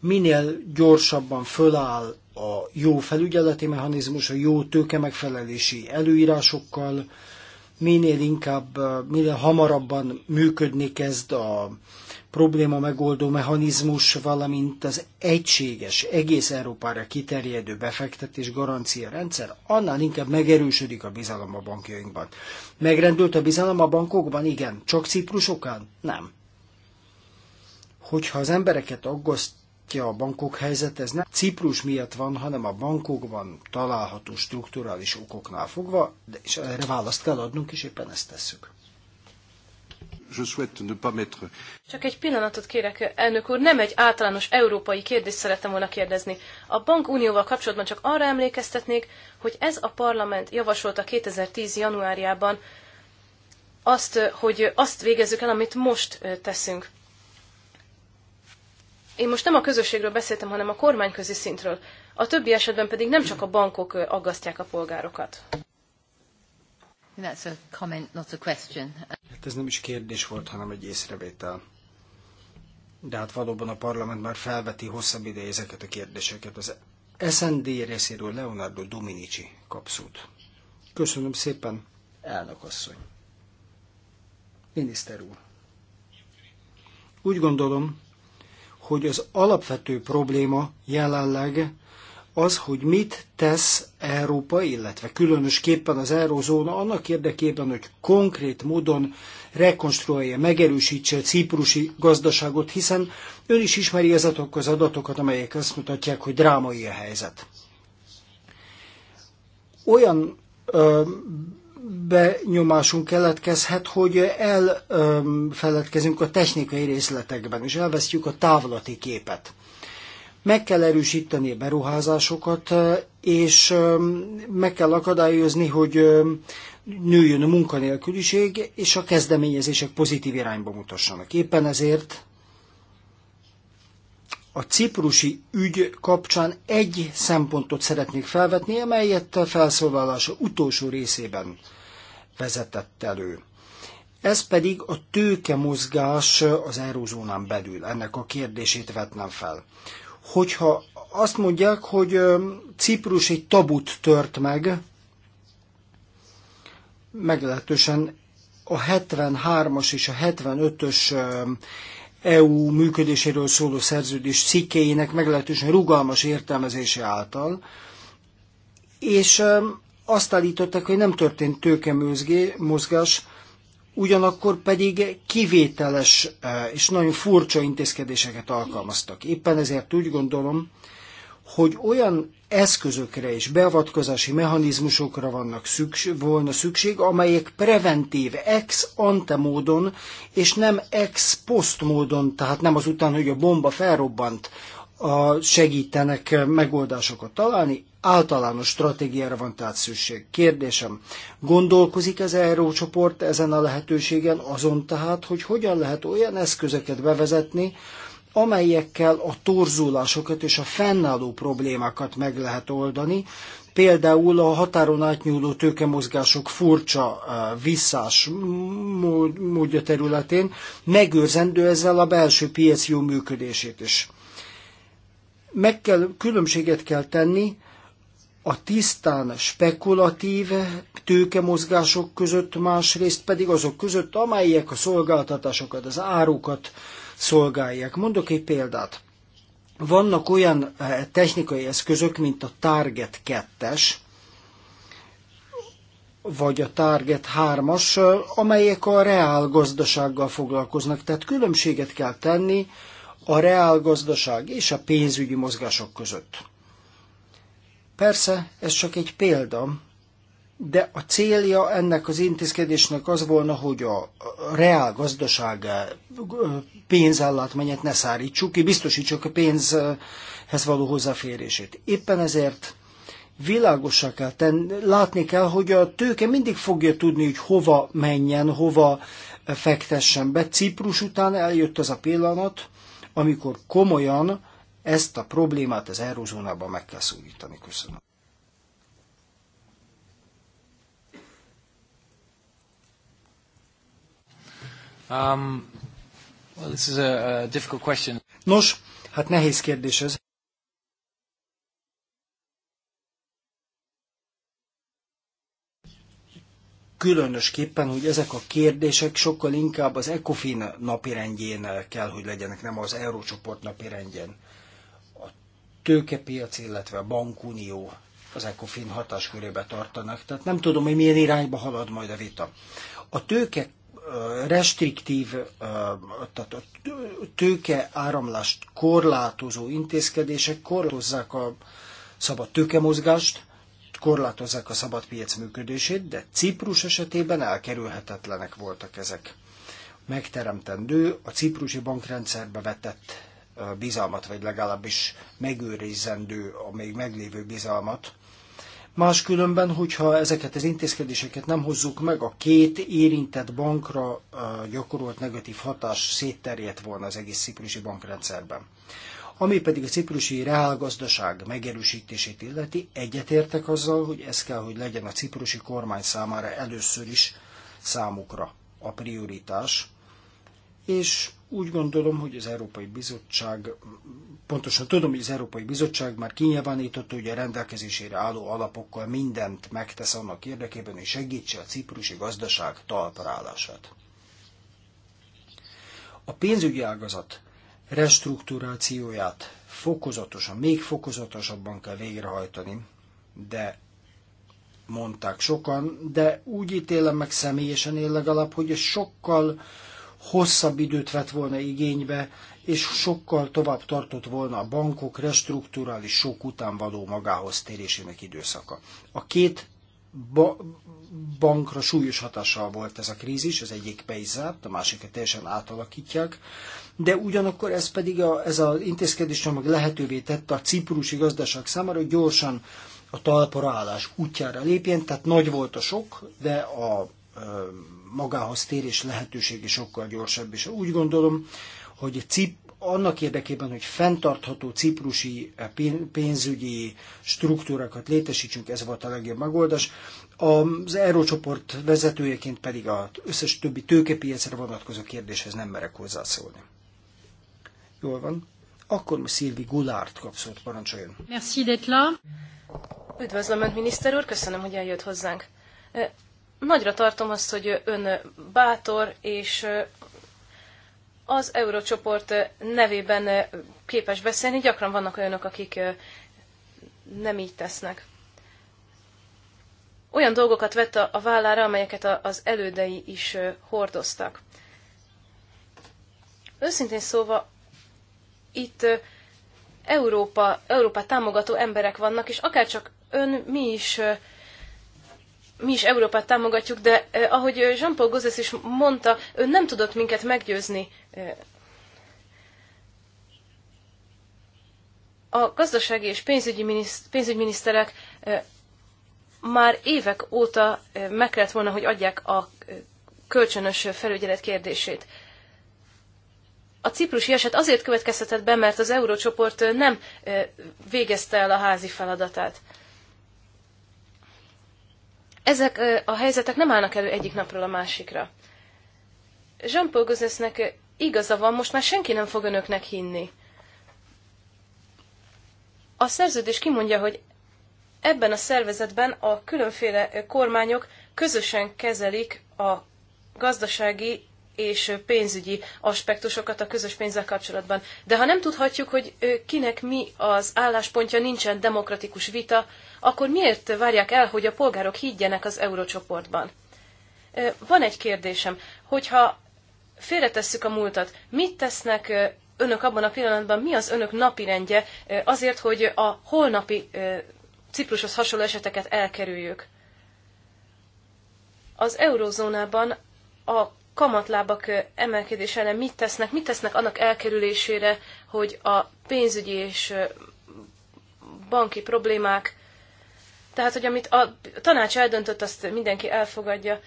Speaker 2: Minél gyorsabban föláll a jó felügyeleti mechanizmus, a jó tőke megfelelési előírásokkal, minél inkább, minél hamarabban működni kezd a probléma megoldó mechanizmus, valamint az egységes, egész Európára kiterjedő befektetés garancia rendszer, annál inkább megerősödik a bizalom a bankjainkban. Megrendült a bizalom a bankokban? Igen. Csak Ciprusokán? Nem. Hogyha az embereket aggaszt rontja a bankok helyzet, ez nem Ciprus miatt van, hanem a bankokban található strukturális okoknál fogva, de, és erre választ kell adnunk, és éppen ezt tesszük.
Speaker 3: Csak egy pillanatot kérek, elnök úr, nem egy általános európai kérdést szerettem volna kérdezni. A bankunióval kapcsolatban csak arra emlékeztetnék, hogy ez a parlament javasolta 2010. januárjában azt, hogy azt végezzük el, amit most teszünk. Én most nem a közösségről beszéltem, hanem a kormányközi szintről. A többi esetben pedig nem csak a bankok aggasztják a polgárokat.
Speaker 4: That's a comment, not a question.
Speaker 2: Hát ez nem is kérdés volt, hanem egy észrevétel. De hát valóban a parlament már felveti hosszabb ideje ezeket a kérdéseket. Az SND részéről Leonardo Dominici kapszót. Köszönöm szépen, elnök asszony. Miniszter úr. Úgy gondolom, hogy az alapvető probléma jelenleg az, hogy mit tesz Európa, illetve különösképpen az Eurózóna annak érdekében, hogy konkrét módon rekonstruálja, megerősítse a ciprusi gazdaságot, hiszen ön is ismeri ezek az adatokat, amelyek azt mutatják, hogy drámai a helyzet. Olyan ö, benyomásunk keletkezhet, hogy elfeledkezünk a technikai részletekben, és elvesztjük a távlati képet. Meg kell erősíteni a beruházásokat, és meg kell akadályozni, hogy nőjön a munkanélküliség, és a kezdeményezések pozitív irányba mutassanak. Éppen ezért a ciprusi ügy kapcsán egy szempontot szeretnék felvetni, amelyet a felszólalása utolsó részében vezetett elő. Ez pedig a tőkemozgás az eurózónán belül, ennek a kérdését vetnem fel. Hogyha azt mondják, hogy Ciprus egy tabut tört meg, meglehetősen a 73-as és a 75-ös EU működéséről szóló szerződés cikkeinek meglehetősen rugalmas értelmezése által, és azt állították, hogy nem történt tőkemőzgé, mozgás, ugyanakkor pedig kivételes e, és nagyon furcsa intézkedéseket alkalmaztak. Éppen ezért úgy gondolom, hogy olyan eszközökre és beavatkozási mechanizmusokra vannak szükség, volna szükség, amelyek preventív, ex ante módon, és nem ex post módon, tehát nem azután, hogy a bomba felrobbant, a segítenek megoldásokat találni, általános stratégiára van tehát szükség. Kérdésem, gondolkozik ez csoport ezen a lehetőségen azon tehát, hogy hogyan lehet olyan eszközöket bevezetni, amelyekkel a torzulásokat és a fennálló problémákat meg lehet oldani, például a határon átnyúló tőkemozgások furcsa eh, visszás módja területén, megőrzendő ezzel a belső piac jó működését is meg kell, különbséget kell tenni a tisztán spekulatív tőkemozgások között, másrészt pedig azok között, amelyek a szolgáltatásokat, az árukat szolgálják. Mondok egy példát. Vannak olyan eh, technikai eszközök, mint a Target 2-es, vagy a Target 3-as, eh, amelyek a reál gazdasággal foglalkoznak. Tehát különbséget kell tenni a reálgazdaság és a pénzügyi mozgások között. Persze, ez csak egy példa, de a célja ennek az intézkedésnek az volna, hogy a reál gazdaság pénzállatmenyet ne szárítsuk ki, biztosítsuk a pénzhez való hozzáférését. Éppen ezért világosá kell tenni, látni kell, hogy a tőke mindig fogja tudni, hogy hova menjen, hova fektessen be. Ciprus után eljött az a pillanat, amikor komolyan ezt a problémát az eurózónában meg kell szólítani. Köszönöm. Um, well, this is a, a difficult question. Nos, hát nehéz kérdés ez. különösképpen, hogy ezek a kérdések sokkal inkább az ECOFIN napirendjén kell, hogy legyenek, nem az Eurócsoport napirendjén. A tőkepiac, illetve a bankunió az ECOFIN hatáskörébe tartanak, tehát nem tudom, hogy milyen irányba halad majd a vita. A tőke restriktív, tehát a tőke áramlást korlátozó intézkedések korlátozzák a szabad tőkemozgást, korlátozzák a szabad piac működését, de Ciprus esetében elkerülhetetlenek voltak ezek. Megteremtendő a ciprusi bankrendszerbe vetett bizalmat, vagy legalábbis megőrizzendő a még meglévő bizalmat. Máskülönben, hogyha ezeket az intézkedéseket nem hozzuk meg, a két érintett bankra gyakorolt negatív hatás szétterjedt volna az egész ciprusi bankrendszerben. Ami pedig a ciprusi reálgazdaság megerősítését illeti, egyetértek azzal, hogy ez kell, hogy legyen a ciprusi kormány számára először is számukra a prioritás, és úgy gondolom, hogy az Európai Bizottság, pontosan tudom, hogy az Európai Bizottság már kinyilvánította, hogy a rendelkezésére álló alapokkal mindent megtesz annak érdekében, hogy segítse a ciprusi gazdaság talpra állását. A pénzügyi ágazat restruktúrációját fokozatosan, még fokozatosabban kell végrehajtani, de mondták sokan, de úgy ítélem meg személyesen én legalább, hogy ez sokkal hosszabb időt vett volna igénybe, és sokkal tovább tartott volna a bankok restruktúrális sok után való magához térésének időszaka. A két ba- bankra súlyos hatással volt ez a krízis, az egyik be is zárt, a másikat teljesen átalakítják, de ugyanakkor ez pedig a, ez az intézkedés csomag lehetővé tette a ciprusi gazdaság számára, hogy gyorsan a talpra állás útjára lépjen, tehát nagy volt a sok, de a e, magához térés lehetősége sokkal gyorsabb, és úgy gondolom, hogy Cip, annak érdekében, hogy fenntartható ciprusi e, pénzügyi struktúrákat létesítsünk, ez volt a legjobb megoldás. Az Eurócsoport vezetőjeként pedig az összes többi tőkepiacra vonatkozó kérdéshez nem merek hozzászólni. Jól van. Akkor most Szilvi Gulárd kap parancsoljon.
Speaker 3: Merci d'être là. Üdvözlöm Önt, miniszter úr, köszönöm, hogy eljött hozzánk. Nagyra tartom azt, hogy Ön bátor, és az eurócsoport nevében képes beszélni. Gyakran vannak olyanok, akik nem így tesznek. Olyan dolgokat vett a vállára, amelyeket az elődei is hordoztak. Őszintén szóval itt Európa, Európa támogató emberek vannak, és akárcsak ön, mi is, mi is Európát támogatjuk, de ahogy Jean-Paul Gozes is mondta, ő nem tudott minket meggyőzni. A gazdasági és pénzügyi miniszt, pénzügyminiszterek már évek óta meg kellett volna, hogy adják a kölcsönös felügyelet kérdését a ciprusi eset azért következhetett be, mert az eurócsoport nem végezte el a házi feladatát. Ezek a helyzetek nem állnak elő egyik napról a másikra. Jean-Paul Gozesnek igaza van, most már senki nem fog önöknek hinni. A szerződés kimondja, hogy ebben a szervezetben a különféle kormányok közösen kezelik a gazdasági és pénzügyi aspektusokat a közös pénzzel kapcsolatban. De ha nem tudhatjuk, hogy kinek mi az álláspontja, nincsen demokratikus vita, akkor miért várják el, hogy a polgárok higgyenek az eurócsoportban? Van egy kérdésem, hogyha félretesszük a múltat, mit tesznek önök abban a pillanatban, mi az önök napi rendje, azért, hogy a holnapi Ciprushoz hasonló eseteket elkerüljük? Az eurózónában a kamatlábak emelkedés ellen mit tesznek, mit tesznek annak elkerülésére, hogy a pénzügyi és banki problémák, tehát, hogy amit a tanács eldöntött, azt mindenki elfogadja.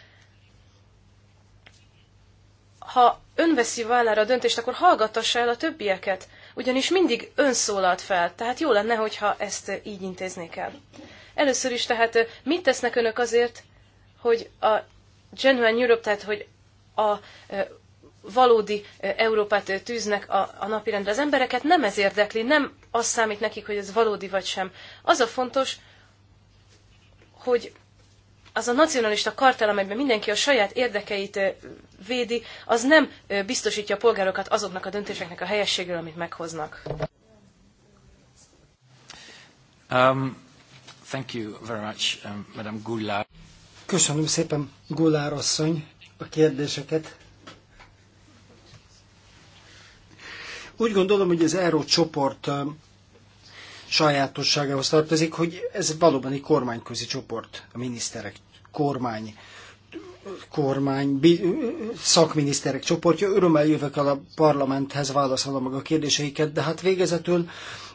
Speaker 3: Ha ön veszi vállára a döntést, akkor hallgatassa el a többieket, ugyanis mindig ön szólalt fel, tehát jó lenne, hogyha ezt így intéznék el. Először is tehát mit tesznek önök azért, hogy a Genuine Europe, tehát hogy a e, valódi e, Európát e, tűznek a, a napirendre. Az embereket nem ez érdekli, nem az számít nekik, hogy ez valódi vagy sem. Az a fontos, hogy az a nacionalista kartel, amelyben mindenki a saját érdekeit védi, az nem biztosítja a polgárokat azoknak a döntéseknek a helyességről, amit meghoznak.
Speaker 2: Um, thank you very much, um, Madame Goulard. Köszönöm szépen, Goulard asszony a kérdéseket. Úgy gondolom, hogy az Euró csoport sajátosságához tartozik, hogy ez valóban egy kormányközi csoport, a miniszterek kormány kormány, szakminiszterek csoportja. Örömmel jövök el a parlamenthez, válaszolom meg a kérdéseiket, de hát végezetül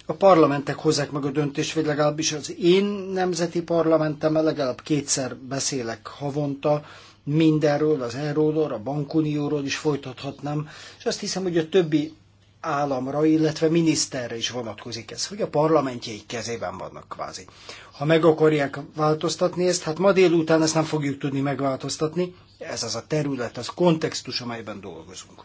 Speaker 2: a parlamentek hozzák meg a döntést, vagy legalábbis az én nemzeti parlamentem, legalább kétszer beszélek havonta, mindenről, az euróról, a bankunióról is folytathatnám, és azt hiszem, hogy a többi államra, illetve miniszterre is vonatkozik ez, hogy a parlamentjei kezében vannak kvázi. Ha meg akarják változtatni ezt, hát ma délután ezt nem fogjuk tudni megváltoztatni, ez az a terület, az kontextus, amelyben dolgozunk.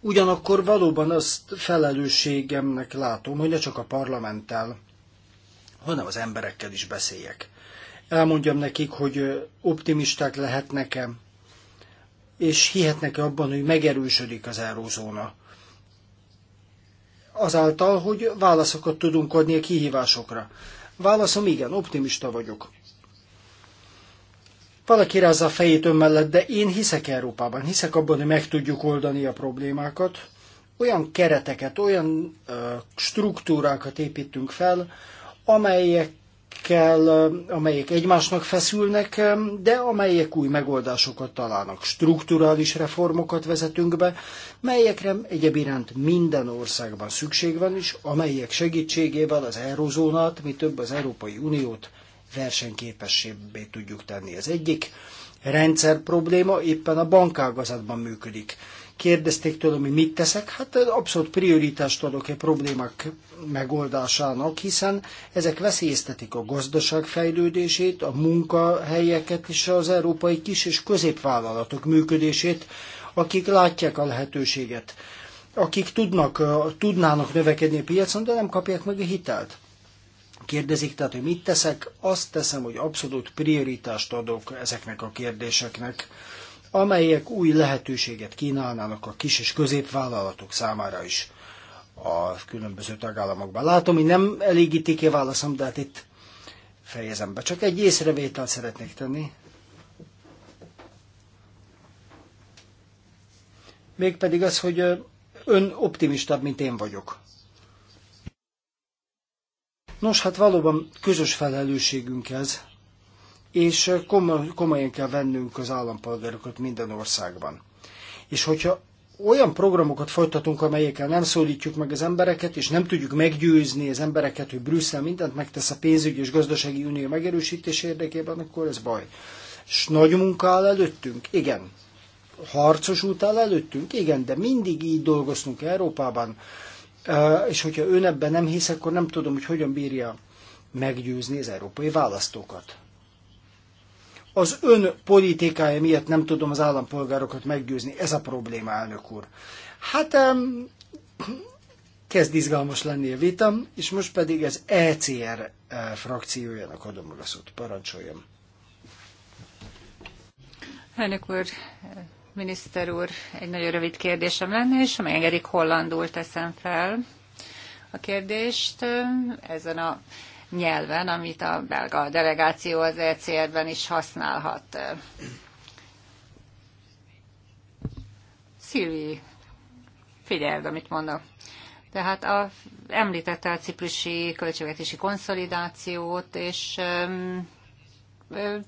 Speaker 2: Ugyanakkor valóban azt felelősségemnek látom, hogy ne csak a parlamenttel, hanem az emberekkel is beszéljek elmondjam nekik, hogy optimisták lehetnek-e, és hihetnek-e abban, hogy megerősödik az eurózóna. Azáltal, hogy válaszokat tudunk adni a kihívásokra. Válaszom igen, optimista vagyok. Valaki rázza a fejét ön mellett, de én hiszek Európában, hiszek abban, hogy meg tudjuk oldani a problémákat. Olyan kereteket, olyan ö, struktúrákat építünk fel, amelyek kell amelyek egymásnak feszülnek, de amelyek új megoldásokat találnak. Strukturális reformokat vezetünk be, melyekre egyéb iránt minden országban szükség van is, amelyek segítségével az eurozónát, mi több az Európai Uniót versenyképessébbé tudjuk tenni. Az egyik rendszer probléma éppen a bankágazatban működik kérdezték tőlem, hogy mit teszek, hát abszolút prioritást adok egy problémák megoldásának, hiszen ezek veszélyeztetik a gazdaság fejlődését, a munkahelyeket és az európai kis- és középvállalatok működését, akik látják a lehetőséget, akik tudnak, tudnának növekedni a piacon, de nem kapják meg a hitelt. Kérdezik tehát, hogy mit teszek, azt teszem, hogy abszolút prioritást adok ezeknek a kérdéseknek amelyek új lehetőséget kínálnának a kis és középvállalatok számára is a különböző tagállamokban. Látom, hogy nem elégítik ki válaszom, de hát itt fejezem be. Csak egy észrevételt szeretnék tenni. Mégpedig az, hogy ön optimistabb, mint én vagyok. Nos, hát valóban közös felelősségünk ez, és komolyan kell vennünk az állampolgárokat minden országban. És hogyha olyan programokat folytatunk, amelyekkel nem szólítjuk meg az embereket, és nem tudjuk meggyőzni az embereket, hogy Brüsszel mindent megtesz a pénzügyi és gazdasági unió megerősítés érdekében, akkor ez baj. És nagy munka áll előttünk? Igen. Harcos út áll előttünk? Igen, de mindig így dolgoztunk Európában. És hogyha ön ebben nem hisz, akkor nem tudom, hogy hogyan bírja meggyőzni az európai választókat az ön politikája miatt nem tudom az állampolgárokat meggyőzni. Ez a probléma, elnök úr. Hát em, kezd izgalmas lenni a vitam, és most pedig az ECR eh, frakciójának adom a szót. Parancsoljam.
Speaker 1: Elnök úr, miniszter úr, egy nagyon rövid kérdésem lenne, és ha megengedik, hollandul teszem fel a kérdést. Eh, ezen a nyelven, amit a belga delegáció az ECR-ben is használhat. Szilvi, figyeld, amit mondok. Tehát a, említette a ciprusi költségvetési konszolidációt, és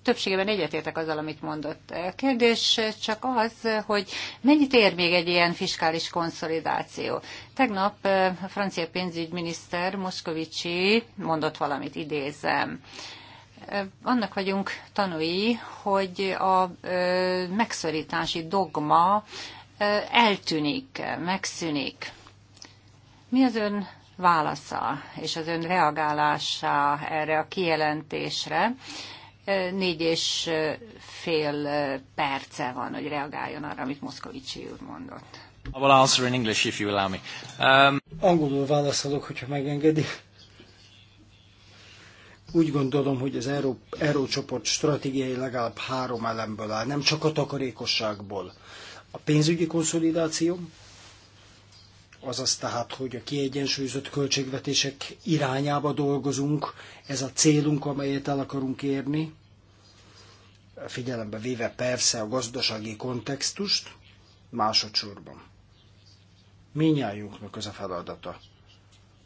Speaker 1: többségében egyetértek azzal, amit mondott. kérdés csak az, hogy mennyit ér még egy ilyen fiskális konszolidáció. Tegnap a francia pénzügyminiszter Moszkovicsi mondott valamit, idézem annak vagyunk tanúi, hogy a megszorítási dogma eltűnik, megszűnik. Mi az ön válasza és az ön reagálása erre a kijelentésre? négy és fél perce van, hogy reagáljon
Speaker 2: arra, amit Moszkovicsi úr mondott. I will answer in English if you allow me. Um... Angolul válaszolok, hogyha megengedi. Úgy gondolom, hogy az Euró, Eurócsoport stratégiai legalább három elemből áll, nem csak a takarékosságból. A pénzügyi konszolidáció, azaz tehát, hogy a kiegyensúlyozott költségvetések irányába dolgozunk, ez a célunk, amelyet el akarunk érni, figyelembe véve persze a gazdasági kontextust, másodszorban. Minnyájunknak az a feladata,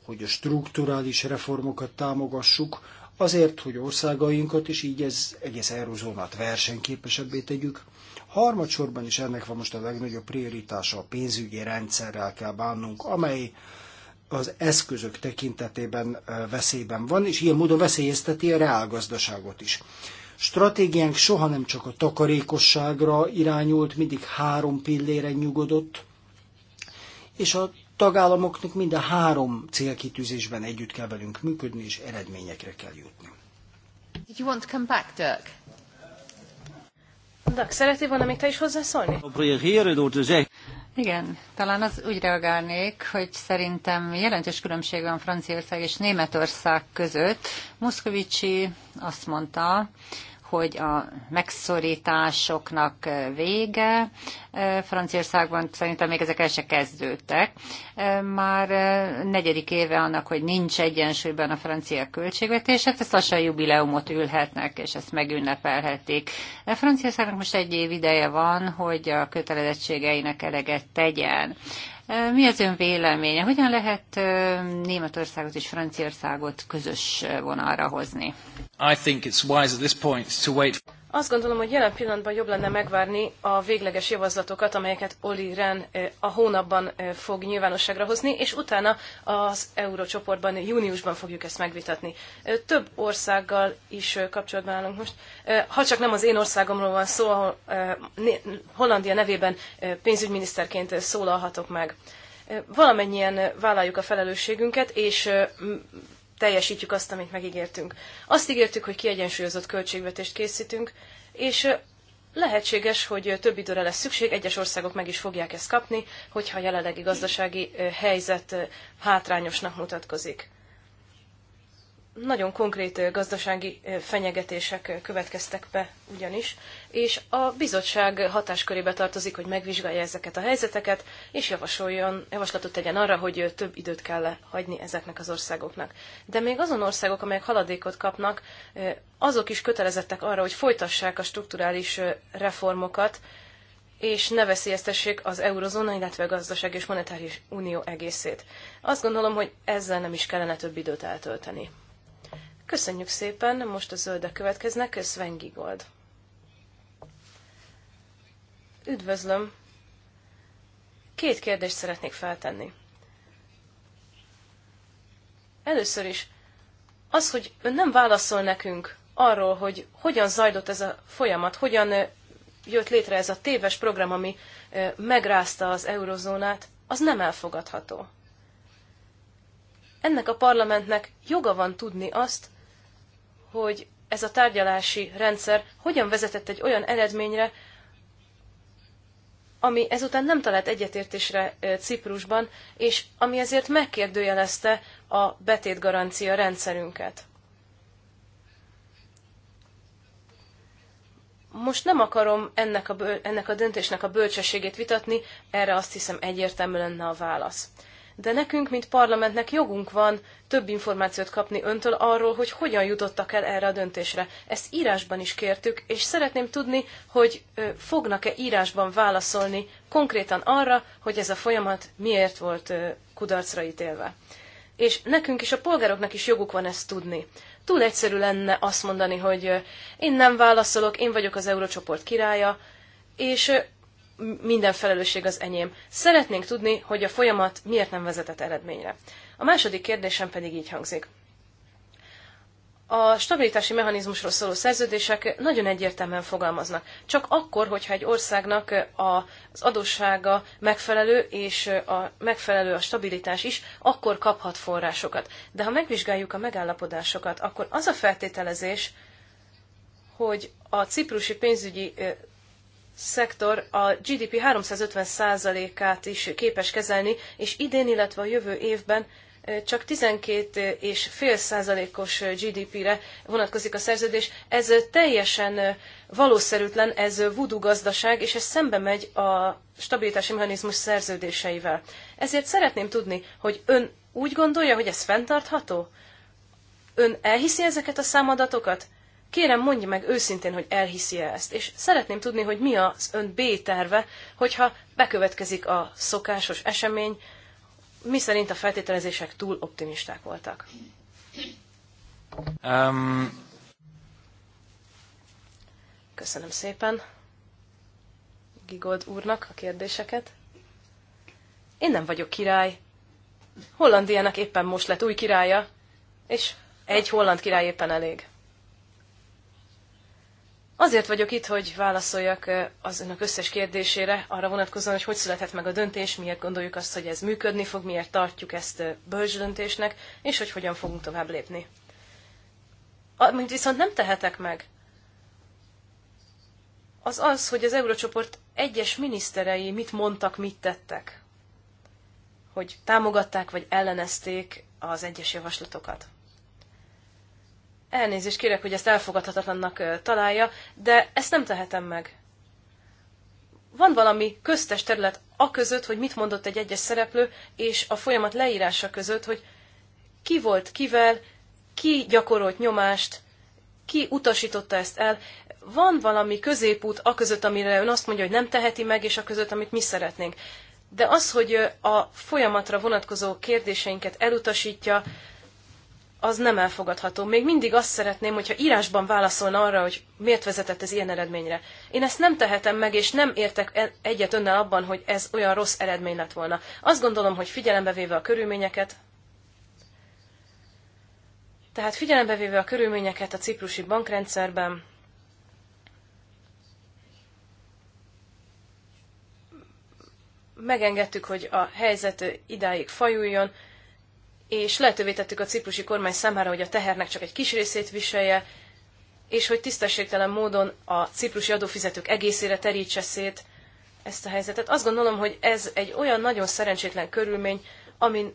Speaker 2: hogy a strukturális reformokat támogassuk, azért, hogy országainkat is így ez egész eurozónát versenyképesebbé tegyük. Harmadsorban is ennek van most a legnagyobb prioritása a pénzügyi rendszerrel kell bánnunk, amely az eszközök tekintetében veszélyben van, és ilyen módon veszélyezteti a reálgazdaságot is. Stratégiánk soha nem csak a takarékosságra irányult, mindig három pillére nyugodott, és a tagállamoknak mind a három célkitűzésben együtt kell velünk működni, és eredményekre kell jutni.
Speaker 3: Did you want to come back, Dirk? Dirk, szeretnél volna még te is hozzászólni?
Speaker 1: Igen, talán az úgy reagálnék, hogy szerintem jelentős különbség van Franciaország és Németország között. Muszkovicsi azt mondta, hogy a megszorításoknak vége. Franciaországban szerintem még ezek el se kezdődtek. Már negyedik éve annak, hogy nincs egyensúlyban a francia költségvetés, hát ezt lassan jubileumot ülhetnek, és ezt megünnepelhetik. Franciaországnak most egy év ideje van, hogy a kötelezettségeinek eleget tegyen. Mi az ön véleménye? Hogyan lehet Németországot és Franciaországot közös vonalra hozni?
Speaker 3: Azt gondolom, hogy jelen pillanatban jobb lenne megvárni a végleges javaslatokat, amelyeket Oli Ren a hónapban fog nyilvánosságra hozni, és utána az eurócsoportban júniusban fogjuk ezt megvitatni. Több országgal is kapcsolatban állunk most. Ha csak nem az én országomról van szó, ahol Hollandia nevében pénzügyminiszterként szólalhatok meg valamennyien vállaljuk a felelősségünket, és teljesítjük azt, amit megígértünk. Azt ígértük, hogy kiegyensúlyozott költségvetést készítünk, és lehetséges, hogy több időre lesz szükség, egyes országok meg is fogják ezt kapni, hogyha a jelenlegi gazdasági helyzet hátrányosnak mutatkozik. Nagyon konkrét gazdasági fenyegetések következtek be ugyanis, és a bizottság hatáskörébe tartozik, hogy megvizsgálja ezeket a helyzeteket, és javasoljon, javaslatot tegyen arra, hogy több időt kell hagyni ezeknek az országoknak. De még azon országok, amelyek haladékot kapnak, azok is kötelezettek arra, hogy folytassák a strukturális reformokat, és ne veszélyeztessék az eurozóna, illetve a gazdaság és monetáris unió egészét. Azt gondolom, hogy ezzel nem is kellene több időt eltölteni. Köszönjük szépen, most a zöldek következnek, Sven Gigold. Üdvözlöm! Két kérdést szeretnék feltenni. Először is, az, hogy ön nem válaszol nekünk arról, hogy hogyan zajlott ez a folyamat, hogyan jött létre ez a téves program, ami megrázta az eurozónát, az nem elfogadható. Ennek a parlamentnek joga van tudni azt, hogy ez a tárgyalási rendszer hogyan vezetett egy olyan eredményre, ami ezután nem talált egyetértésre Ciprusban, és ami ezért megkérdőjelezte a betétgarancia rendszerünket. Most nem akarom ennek a, ennek a döntésnek a bölcsességét vitatni, erre azt hiszem egyértelmű lenne a válasz de nekünk, mint parlamentnek jogunk van több információt kapni öntől arról, hogy hogyan jutottak el erre a döntésre. Ezt írásban is kértük, és szeretném tudni, hogy fognak-e írásban válaszolni konkrétan arra, hogy ez a folyamat miért volt kudarcra ítélve. És nekünk is, a polgároknak is joguk van ezt tudni. Túl egyszerű lenne azt mondani, hogy én nem válaszolok, én vagyok az eurócsoport királya, és minden felelősség az enyém. Szeretnénk tudni, hogy a folyamat miért nem vezetett eredményre. A második kérdésem pedig így hangzik. A stabilitási mechanizmusról szóló szerződések nagyon egyértelműen fogalmaznak. Csak akkor, hogyha egy országnak az adóssága megfelelő, és a megfelelő a stabilitás is, akkor kaphat forrásokat. De ha megvizsgáljuk a megállapodásokat, akkor az a feltételezés, hogy a ciprusi pénzügyi szektor a GDP 350%-át is képes kezelni, és idén, illetve a jövő évben csak 12,5%-os GDP-re vonatkozik a szerződés. Ez teljesen valószerűtlen, ez voodoo gazdaság, és ez szembe megy a stabilitási mechanizmus szerződéseivel. Ezért szeretném tudni, hogy ön úgy gondolja, hogy ez fenntartható? Ön elhiszi ezeket a számadatokat? Kérem, mondja meg őszintén, hogy elhiszi -e ezt, és szeretném tudni, hogy mi az ön B terve, hogyha bekövetkezik a szokásos esemény, mi szerint a feltételezések túl optimisták voltak.
Speaker 1: Um...
Speaker 3: Köszönöm szépen Gigold úrnak a kérdéseket. Én nem vagyok király. Hollandiának éppen most lett új királya, és egy holland király éppen elég. Azért vagyok itt, hogy válaszoljak az önök összes kérdésére, arra vonatkozóan, hogy hogy született meg a döntés, miért gondoljuk azt, hogy ez működni fog, miért tartjuk ezt bölcs döntésnek, és hogy hogyan fogunk tovább lépni. Amit viszont nem tehetek meg, az az, hogy az Eurocsoport egyes miniszterei mit mondtak, mit tettek. Hogy támogatták vagy ellenezték az egyes javaslatokat. Elnézést kérek, hogy ezt elfogadhatatlannak találja, de ezt nem tehetem meg. Van valami köztes terület a között, hogy mit mondott egy egyes szereplő, és a folyamat leírása között, hogy ki volt kivel, ki gyakorolt nyomást, ki utasította ezt el. Van valami középút a között, amire ön azt mondja, hogy nem teheti meg, és a között, amit mi szeretnénk. De az, hogy a folyamatra vonatkozó kérdéseinket elutasítja, az nem elfogadható. Még mindig azt szeretném, hogyha írásban válaszolna arra, hogy miért vezetett ez ilyen eredményre. Én ezt nem tehetem meg, és nem értek e- egyet önnel abban, hogy ez olyan rossz eredmény lett volna. Azt gondolom, hogy figyelembe véve a körülményeket, tehát figyelembe véve a körülményeket a ciprusi bankrendszerben, megengedtük, hogy a helyzet idáig fajuljon, és lehetővé tettük a ciprusi kormány számára, hogy a tehernek csak egy kis részét viselje, és hogy tisztességtelen módon a ciprusi adófizetők egészére terítse szét ezt a helyzetet. Azt gondolom, hogy ez egy olyan nagyon szerencsétlen körülmény, amin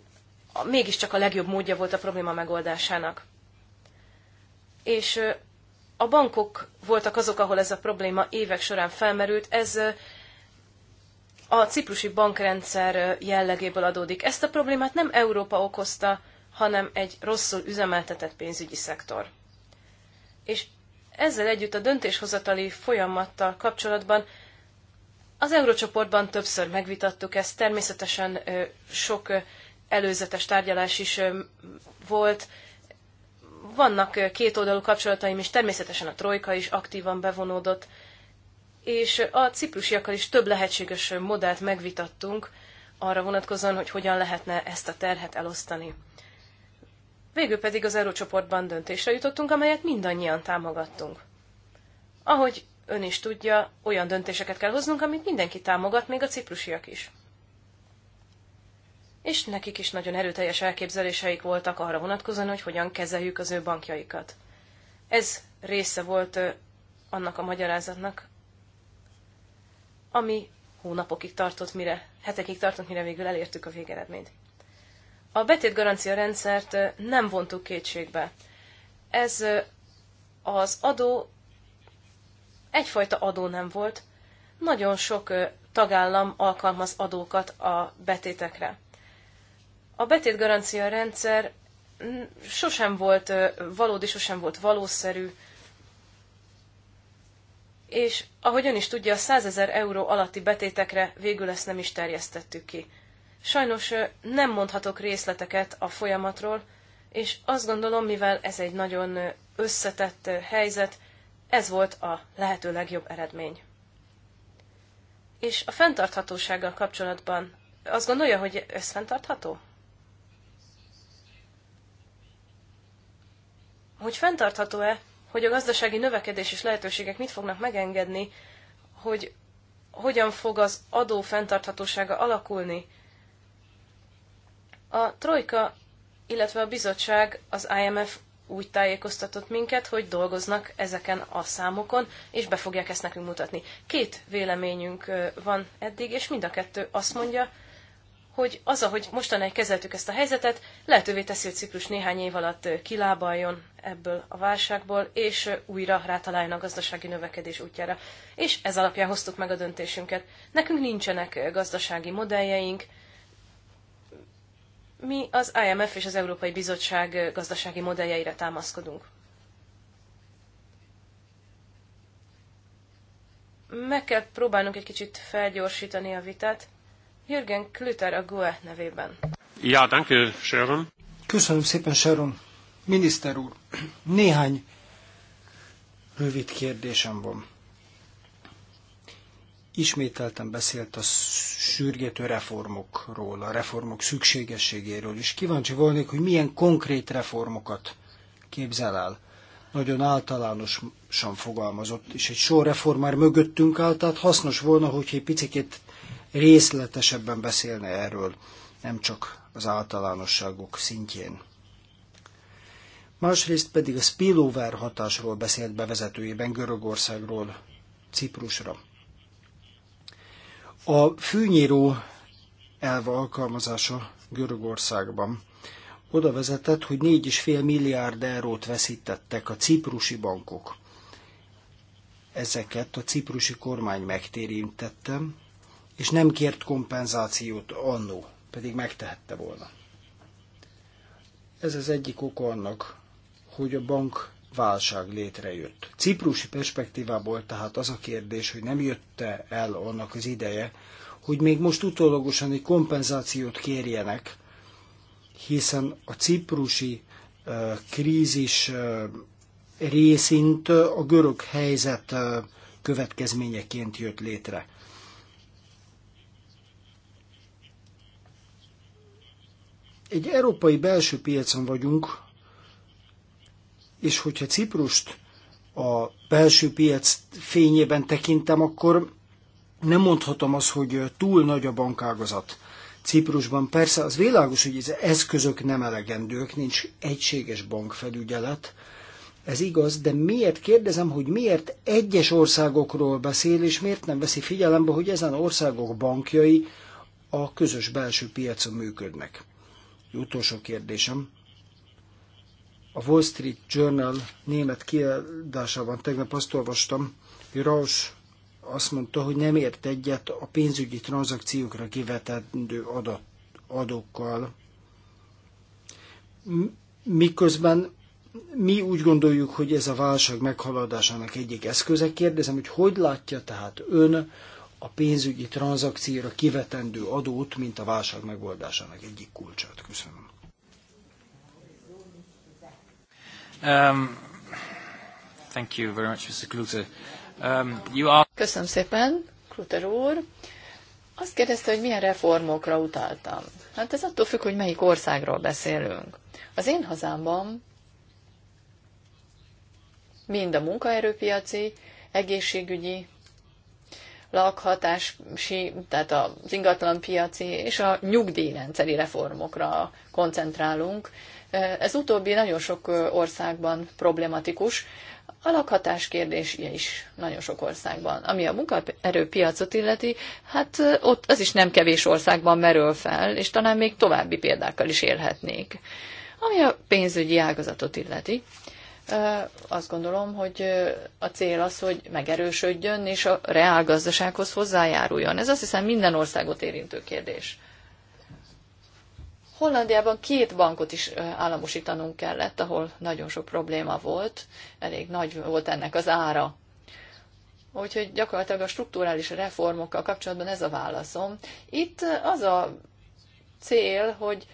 Speaker 3: mégiscsak a legjobb módja volt a probléma megoldásának. És a bankok voltak azok, ahol ez a probléma évek során felmerült, ez a ciprusi bankrendszer jellegéből adódik. Ezt a problémát nem Európa okozta, hanem egy rosszul üzemeltetett pénzügyi szektor. És ezzel együtt a döntéshozatali folyamattal kapcsolatban az Eurócsoportban többször megvitattuk ezt, természetesen sok előzetes tárgyalás is volt, vannak kétoldalú kapcsolataim is, természetesen a trojka is aktívan bevonódott, és a ciprusiakkal is több lehetséges modellt megvitattunk arra vonatkozóan, hogy hogyan lehetne ezt a terhet elosztani. Végül pedig az eurócsoportban döntésre jutottunk, amelyet mindannyian támogattunk. Ahogy ön is tudja, olyan döntéseket kell hoznunk, amit mindenki támogat, még a ciprusiak is. És nekik is nagyon erőteljes elképzeléseik voltak arra vonatkozóan, hogy hogyan kezeljük az ő bankjaikat. Ez része volt annak a magyarázatnak, ami hónapokig tartott, mire, hetekig tartott, mire végül elértük a végeredményt. A betétgarancia rendszert nem vontuk kétségbe. Ez az adó egyfajta adó nem volt. Nagyon sok tagállam alkalmaz adókat a betétekre. A betétgarancia rendszer sosem volt valódi, sosem volt valószerű, és ahogy ön is tudja, a 100 ezer euró alatti betétekre végül ezt nem is terjesztettük ki. Sajnos nem mondhatok részleteket a folyamatról, és azt gondolom, mivel ez egy nagyon összetett helyzet, ez volt a lehető legjobb eredmény. És a fenntarthatósággal kapcsolatban azt gondolja, hogy ez fenntartható? Hogy fenntartható-e, hogy a gazdasági növekedés és lehetőségek mit fognak megengedni, hogy hogyan fog az adó fenntarthatósága alakulni. A Trojka, illetve a bizottság, az IMF úgy tájékoztatott minket, hogy dolgoznak ezeken a számokon, és be fogják ezt nekünk mutatni. Két véleményünk van eddig, és mind a kettő azt mondja, hogy az, ahogy mostanáig kezeltük ezt a helyzetet, lehetővé teszi, hogy Ciprus néhány év alatt kilábaljon ebből a válságból, és újra rátaláljon a gazdasági növekedés útjára. És ez alapján hoztuk meg a döntésünket. Nekünk nincsenek gazdasági modelljeink, mi az IMF és az Európai Bizottság gazdasági modelljeire támaszkodunk. Meg kell próbálnunk egy kicsit felgyorsítani a vitát. Jürgen Klüter a GUE nevében.
Speaker 2: Ja, danke, Sharon. Köszönöm szépen, Sharon. Miniszter úr, néhány rövid kérdésem van. Ismételten beszélt a sürgető reformokról, a reformok szükségességéről, és kíváncsi volnék, hogy milyen konkrét reformokat képzel el. Nagyon általánosan fogalmazott, és egy sor reform már mögöttünk áll, tehát hasznos volna, hogy egy picit részletesebben beszélne erről, nem csak az általánosságok szintjén. Másrészt pedig a spillover hatásról beszélt bevezetőjében Görögországról, Ciprusra. A fűnyíró elve alkalmazása Görögországban oda vezetett, hogy 4,5 milliárd eurót veszítettek a ciprusi bankok. Ezeket a ciprusi kormány megtérintette, és nem kért kompenzációt annó, pedig megtehette volna. Ez az egyik oka annak, hogy a bank válság létrejött. Ciprusi perspektívából tehát az a kérdés, hogy nem jötte el annak az ideje, hogy még most utólagosan egy kompenzációt kérjenek, hiszen a ciprusi uh, krízis uh, részint a görög helyzet uh, következményeként jött létre. Egy európai belső piacon vagyunk, és hogyha Ciprust a belső piac fényében tekintem, akkor nem mondhatom azt, hogy túl nagy a bankágazat. Ciprusban persze az világos, hogy az eszközök nem elegendők, nincs egységes bankfelügyelet, ez igaz, de miért kérdezem, hogy miért egyes országokról beszél, és miért nem veszi figyelembe, hogy ezen országok bankjai a közös belső piacon működnek. Egy utolsó kérdésem. A Wall Street Journal német kiadásában tegnap azt olvastam, hogy Raus azt mondta, hogy nem ért egyet a pénzügyi tranzakciókra kivetendő adat, adókkal. Miközben mi úgy gondoljuk, hogy ez a válság meghaladásának egyik eszköze. Kérdezem, hogy hogy látja tehát ön a pénzügyi tranzakcióra kivetendő adót, mint a válság megoldásának egyik kulcsát. Köszönöm. Um, thank you
Speaker 4: very much, Mr. Klute. Um, you are... Köszönöm szépen, Kluter úr. Azt kérdezte, hogy milyen reformokra utaltam. Hát ez attól függ, hogy melyik országról beszélünk. Az én hazámban mind a munkaerőpiaci, egészségügyi, lakhatási, tehát az ingatlan piaci és a nyugdíjrendszeri reformokra koncentrálunk. Ez utóbbi nagyon sok országban problematikus. A lakhatás kérdése is nagyon sok országban. Ami a munkaerőpiacot illeti, hát ott az is nem kevés országban merül fel, és talán még további példákkal is élhetnék. Ami a pénzügyi ágazatot illeti, azt gondolom, hogy a cél az, hogy megerősödjön és a gazdasághoz hozzájáruljon. Ez azt hiszem minden országot érintő kérdés. Hollandiában két bankot is államosítanunk kellett, ahol nagyon sok probléma volt, elég nagy volt ennek az ára. Úgyhogy gyakorlatilag a strukturális reformokkal kapcsolatban ez a válaszom. Itt az a cél, hogy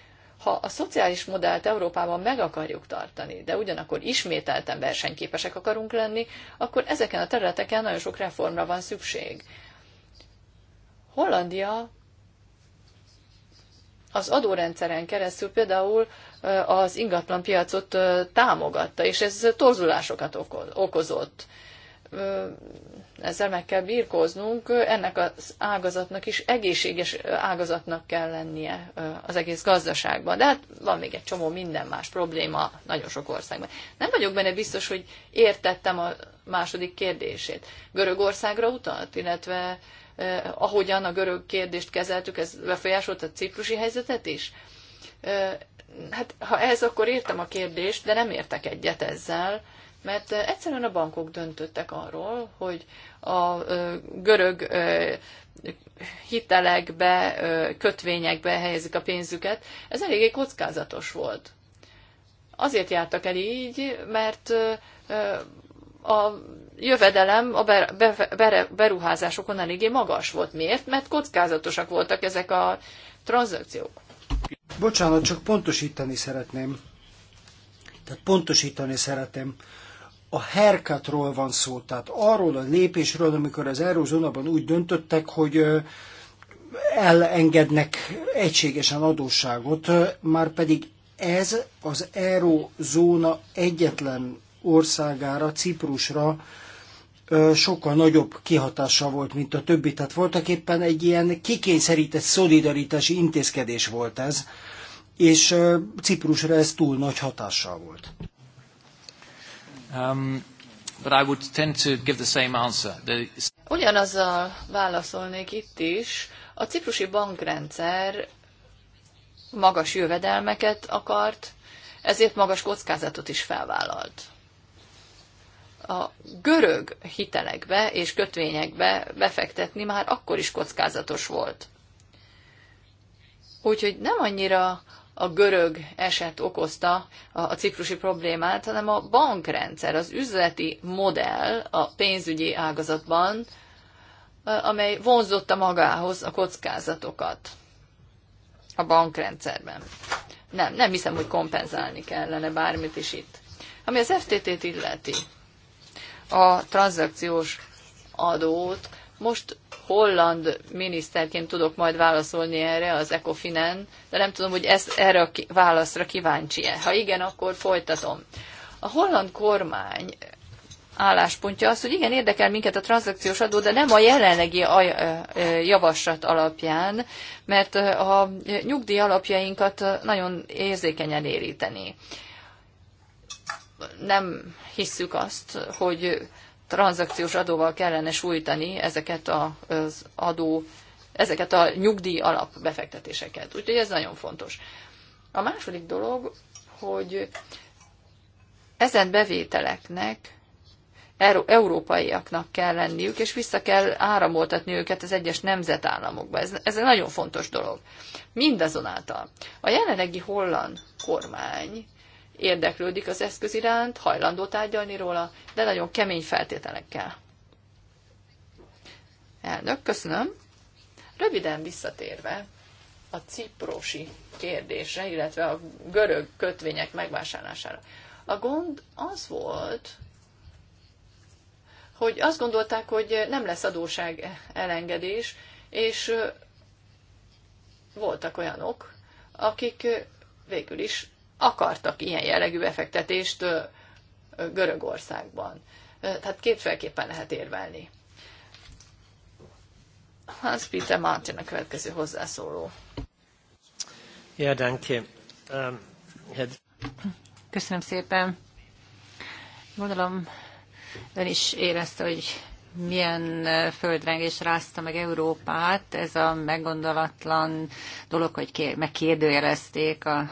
Speaker 4: ha a szociális modellt Európában meg akarjuk tartani, de ugyanakkor ismételten versenyképesek akarunk lenni, akkor ezeken a területeken nagyon sok reformra van szükség. Hollandia az adórendszeren keresztül például az ingatlanpiacot támogatta, és ez torzulásokat okozott ezzel meg kell birkóznunk, ennek az ágazatnak is egészséges ágazatnak kell lennie az egész gazdaságban. De hát van még egy csomó minden más probléma nagyon sok országban. Nem vagyok benne biztos, hogy értettem a második kérdését. Görögországra utalt, illetve eh, ahogyan a görög kérdést kezeltük, ez befolyásolta a ciprusi helyzetet is? Eh, hát ha ez, akkor értem a kérdést, de nem értek egyet ezzel. Eh, mert egyszerűen a bankok döntöttek arról, hogy a görög hitelekbe, kötvényekbe helyezik a pénzüket. Ez eléggé kockázatos volt. Azért jártak el így, mert a jövedelem a beruházásokon eléggé magas volt. Miért? Mert kockázatosak voltak ezek a tranzakciók.
Speaker 2: Bocsánat, csak pontosítani szeretném. Tehát pontosítani szeretném a herkatról van szó, tehát arról a lépésről, amikor az Eurózónában úgy döntöttek, hogy elengednek egységesen adósságot, már pedig ez az Eurózóna egyetlen országára, Ciprusra sokkal nagyobb kihatása volt, mint a többi. Tehát voltak éppen egy ilyen kikényszerített szolidaritási intézkedés volt ez, és Ciprusra ez túl nagy hatással volt.
Speaker 3: Um, but I would tend to give the same answer. The...
Speaker 4: Ugyanazzal válaszolnék itt is. A ciprusi bankrendszer magas jövedelmeket akart, ezért magas kockázatot is felvállalt. A görög hitelekbe és kötvényekbe befektetni már akkor is kockázatos volt. Úgyhogy nem annyira a görög eset okozta a ciprusi problémát, hanem a bankrendszer, az üzleti modell a pénzügyi ágazatban, amely vonzotta magához a kockázatokat a bankrendszerben. Nem, nem hiszem, hogy kompenzálni kellene bármit is itt. Ami az FTT-t illeti, a tranzakciós adót, most holland miniszterként tudok majd válaszolni erre az Ecofinen, de nem tudom, hogy ez, erre a válaszra kíváncsi-e. Ha igen, akkor folytatom. A holland kormány álláspontja az, hogy igen, érdekel minket a tranzakciós adó, de nem a jelenlegi javaslat alapján, mert a nyugdíj alapjainkat nagyon érzékenyen éríteni. Nem hisszük azt, hogy tranzakciós adóval kellene sújtani ezeket az adó, ezeket a nyugdíj alap befektetéseket. Úgyhogy ez nagyon fontos. A második dolog, hogy ezen bevételeknek európaiaknak kell lenniük, és vissza kell áramoltatni őket az egyes nemzetállamokba. Ez, ez egy nagyon fontos dolog. Mindazonáltal a jelenlegi holland kormány érdeklődik az eszköz iránt, hajlandó tárgyalni róla, de nagyon kemény feltételekkel. Elnök, köszönöm. Röviden visszatérve a ciprosi kérdésre, illetve a görög kötvények megvásárlására. A gond az volt, hogy azt gondolták, hogy nem lesz adóság elengedés, és voltak olyanok, akik végül is akartak ilyen jellegű befektetést Görögországban. Tehát kétféleképpen lehet érvelni. Hans Peter Martin a következő hozzászóló.
Speaker 2: Ja, danke. Um, ähm, had...
Speaker 1: Köszönöm szépen. Gondolom, ön is érezte, hogy milyen földrengés rázta meg Európát, ez a meggondolatlan dolog, hogy megkérdőjelezték a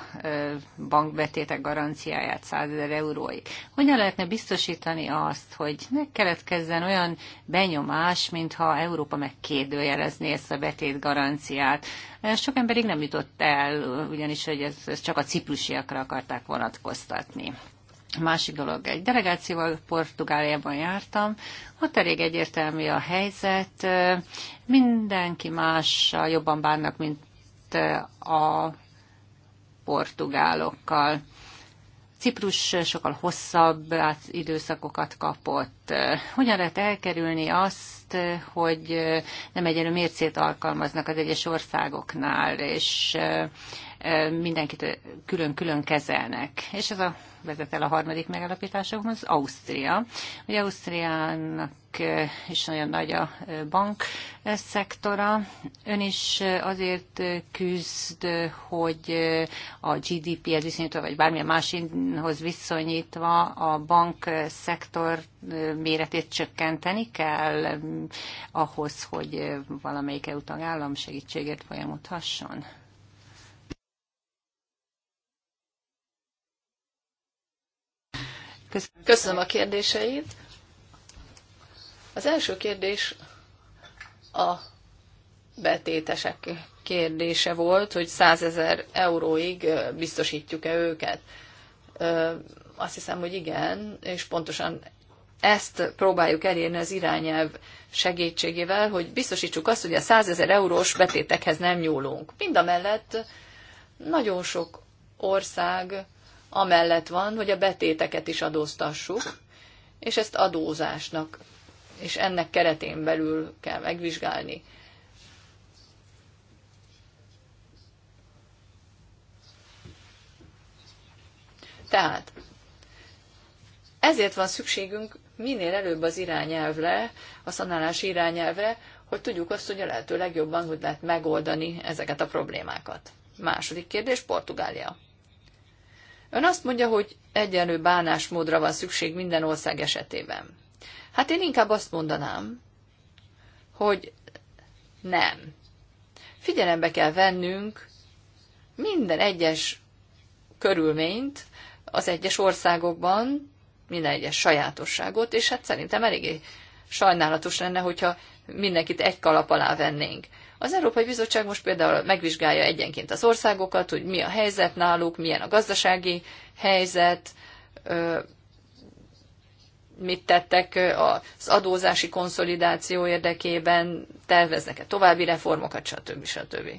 Speaker 1: bankbetétek garanciáját 100 ezer euróig. Hogyan lehetne biztosítani azt, hogy ne keletkezzen olyan benyomás, mintha Európa megkérdőjelezné ezt a betét garanciát? Sok emberig nem jutott el, ugyanis hogy ez, ez csak a ciprusiakra akarták vonatkoztatni. Másik dolog, egy delegációval Portugáliában jártam, ott elég egyértelmű a helyzet, mindenki mással jobban bánnak, mint a portugálokkal. Ciprus sokkal hosszabb időszakokat kapott. Hogyan lehet elkerülni azt, hogy nem egyenlő mércét alkalmaznak az egyes országoknál, és mindenkit külön-külön kezelnek. És ez a vezet el a harmadik megállapításokhoz, Ausztria. Ugye Ausztriának is nagyon nagy a bank szektora. Ön is azért küzd, hogy a GDP-hez viszonyítva, vagy bármilyen máshoz viszonyítva a bank szektor méretét csökkenteni kell ahhoz, hogy valamelyik EU tagállam segítségért folyamodhasson? Köszönöm. Köszönöm a kérdéseit.
Speaker 4: Az első kérdés a betétesek kérdése volt, hogy 100 ezer euróig biztosítjuk-e őket. Azt hiszem, hogy igen, és pontosan ezt próbáljuk elérni az irányelv segítségével, hogy biztosítsuk azt, hogy a 100 ezer eurós betétekhez nem nyúlunk. Mind a mellett nagyon sok ország amellett van, hogy a betéteket is adóztassuk, és ezt adózásnak, és ennek keretén belül kell megvizsgálni. Tehát ezért van szükségünk minél előbb az irányelvre, a szanálási irányelvre, hogy tudjuk azt, hogy a lehető legjobban, hogy lehet megoldani ezeket a problémákat. Második kérdés, Portugália. Ön azt mondja, hogy egyenlő bánásmódra van szükség minden ország esetében. Hát én inkább azt mondanám, hogy nem. Figyelembe kell vennünk minden egyes körülményt az egyes országokban, minden egyes sajátosságot, és hát szerintem eléggé sajnálatos lenne, hogyha mindenkit egy kalap alá vennénk. Az Európai Bizottság most például megvizsgálja egyenként az országokat, hogy mi a helyzet náluk, milyen a gazdasági helyzet, mit tettek az adózási konszolidáció érdekében, terveznek-e további reformokat, stb. stb.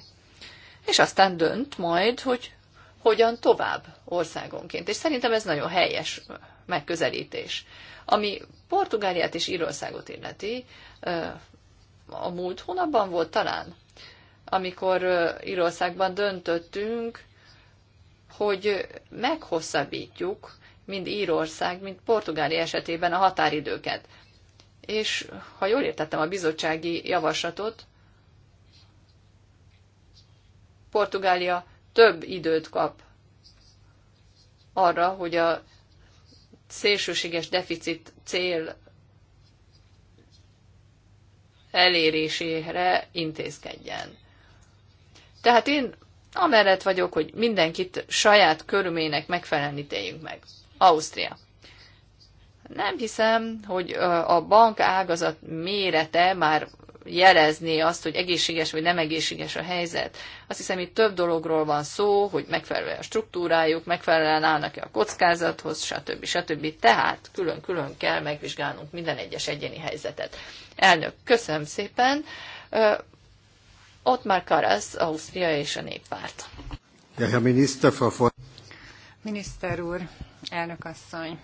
Speaker 4: És aztán dönt majd, hogy hogyan tovább országonként. És szerintem ez nagyon helyes megközelítés. Ami Portugáliát és Írországot illeti, a múlt hónapban volt talán, amikor Írországban döntöttünk, hogy meghosszabbítjuk mind Írország, mind Portugália esetében a határidőket. És ha jól értettem a bizottsági javaslatot, Portugália több időt kap arra, hogy a szélsőséges deficit cél elérésére intézkedjen. Tehát én amellett vagyok, hogy mindenkit saját körülmének megfelelően ítéljünk meg. Ausztria. Nem hiszem, hogy a bank ágazat mérete már jelezni azt, hogy egészséges vagy nem egészséges a helyzet. Azt hiszem, itt több dologról van szó, hogy megfelelően a struktúrájuk, megfelelően állnak-e a kockázathoz, stb. stb. Tehát külön-külön kell megvizsgálnunk minden egyes egyéni helyzetet. Elnök, köszönöm szépen. Ott
Speaker 1: már Karasz, Ausztria és a Néppárt. Miniszter úr, elnök asszony,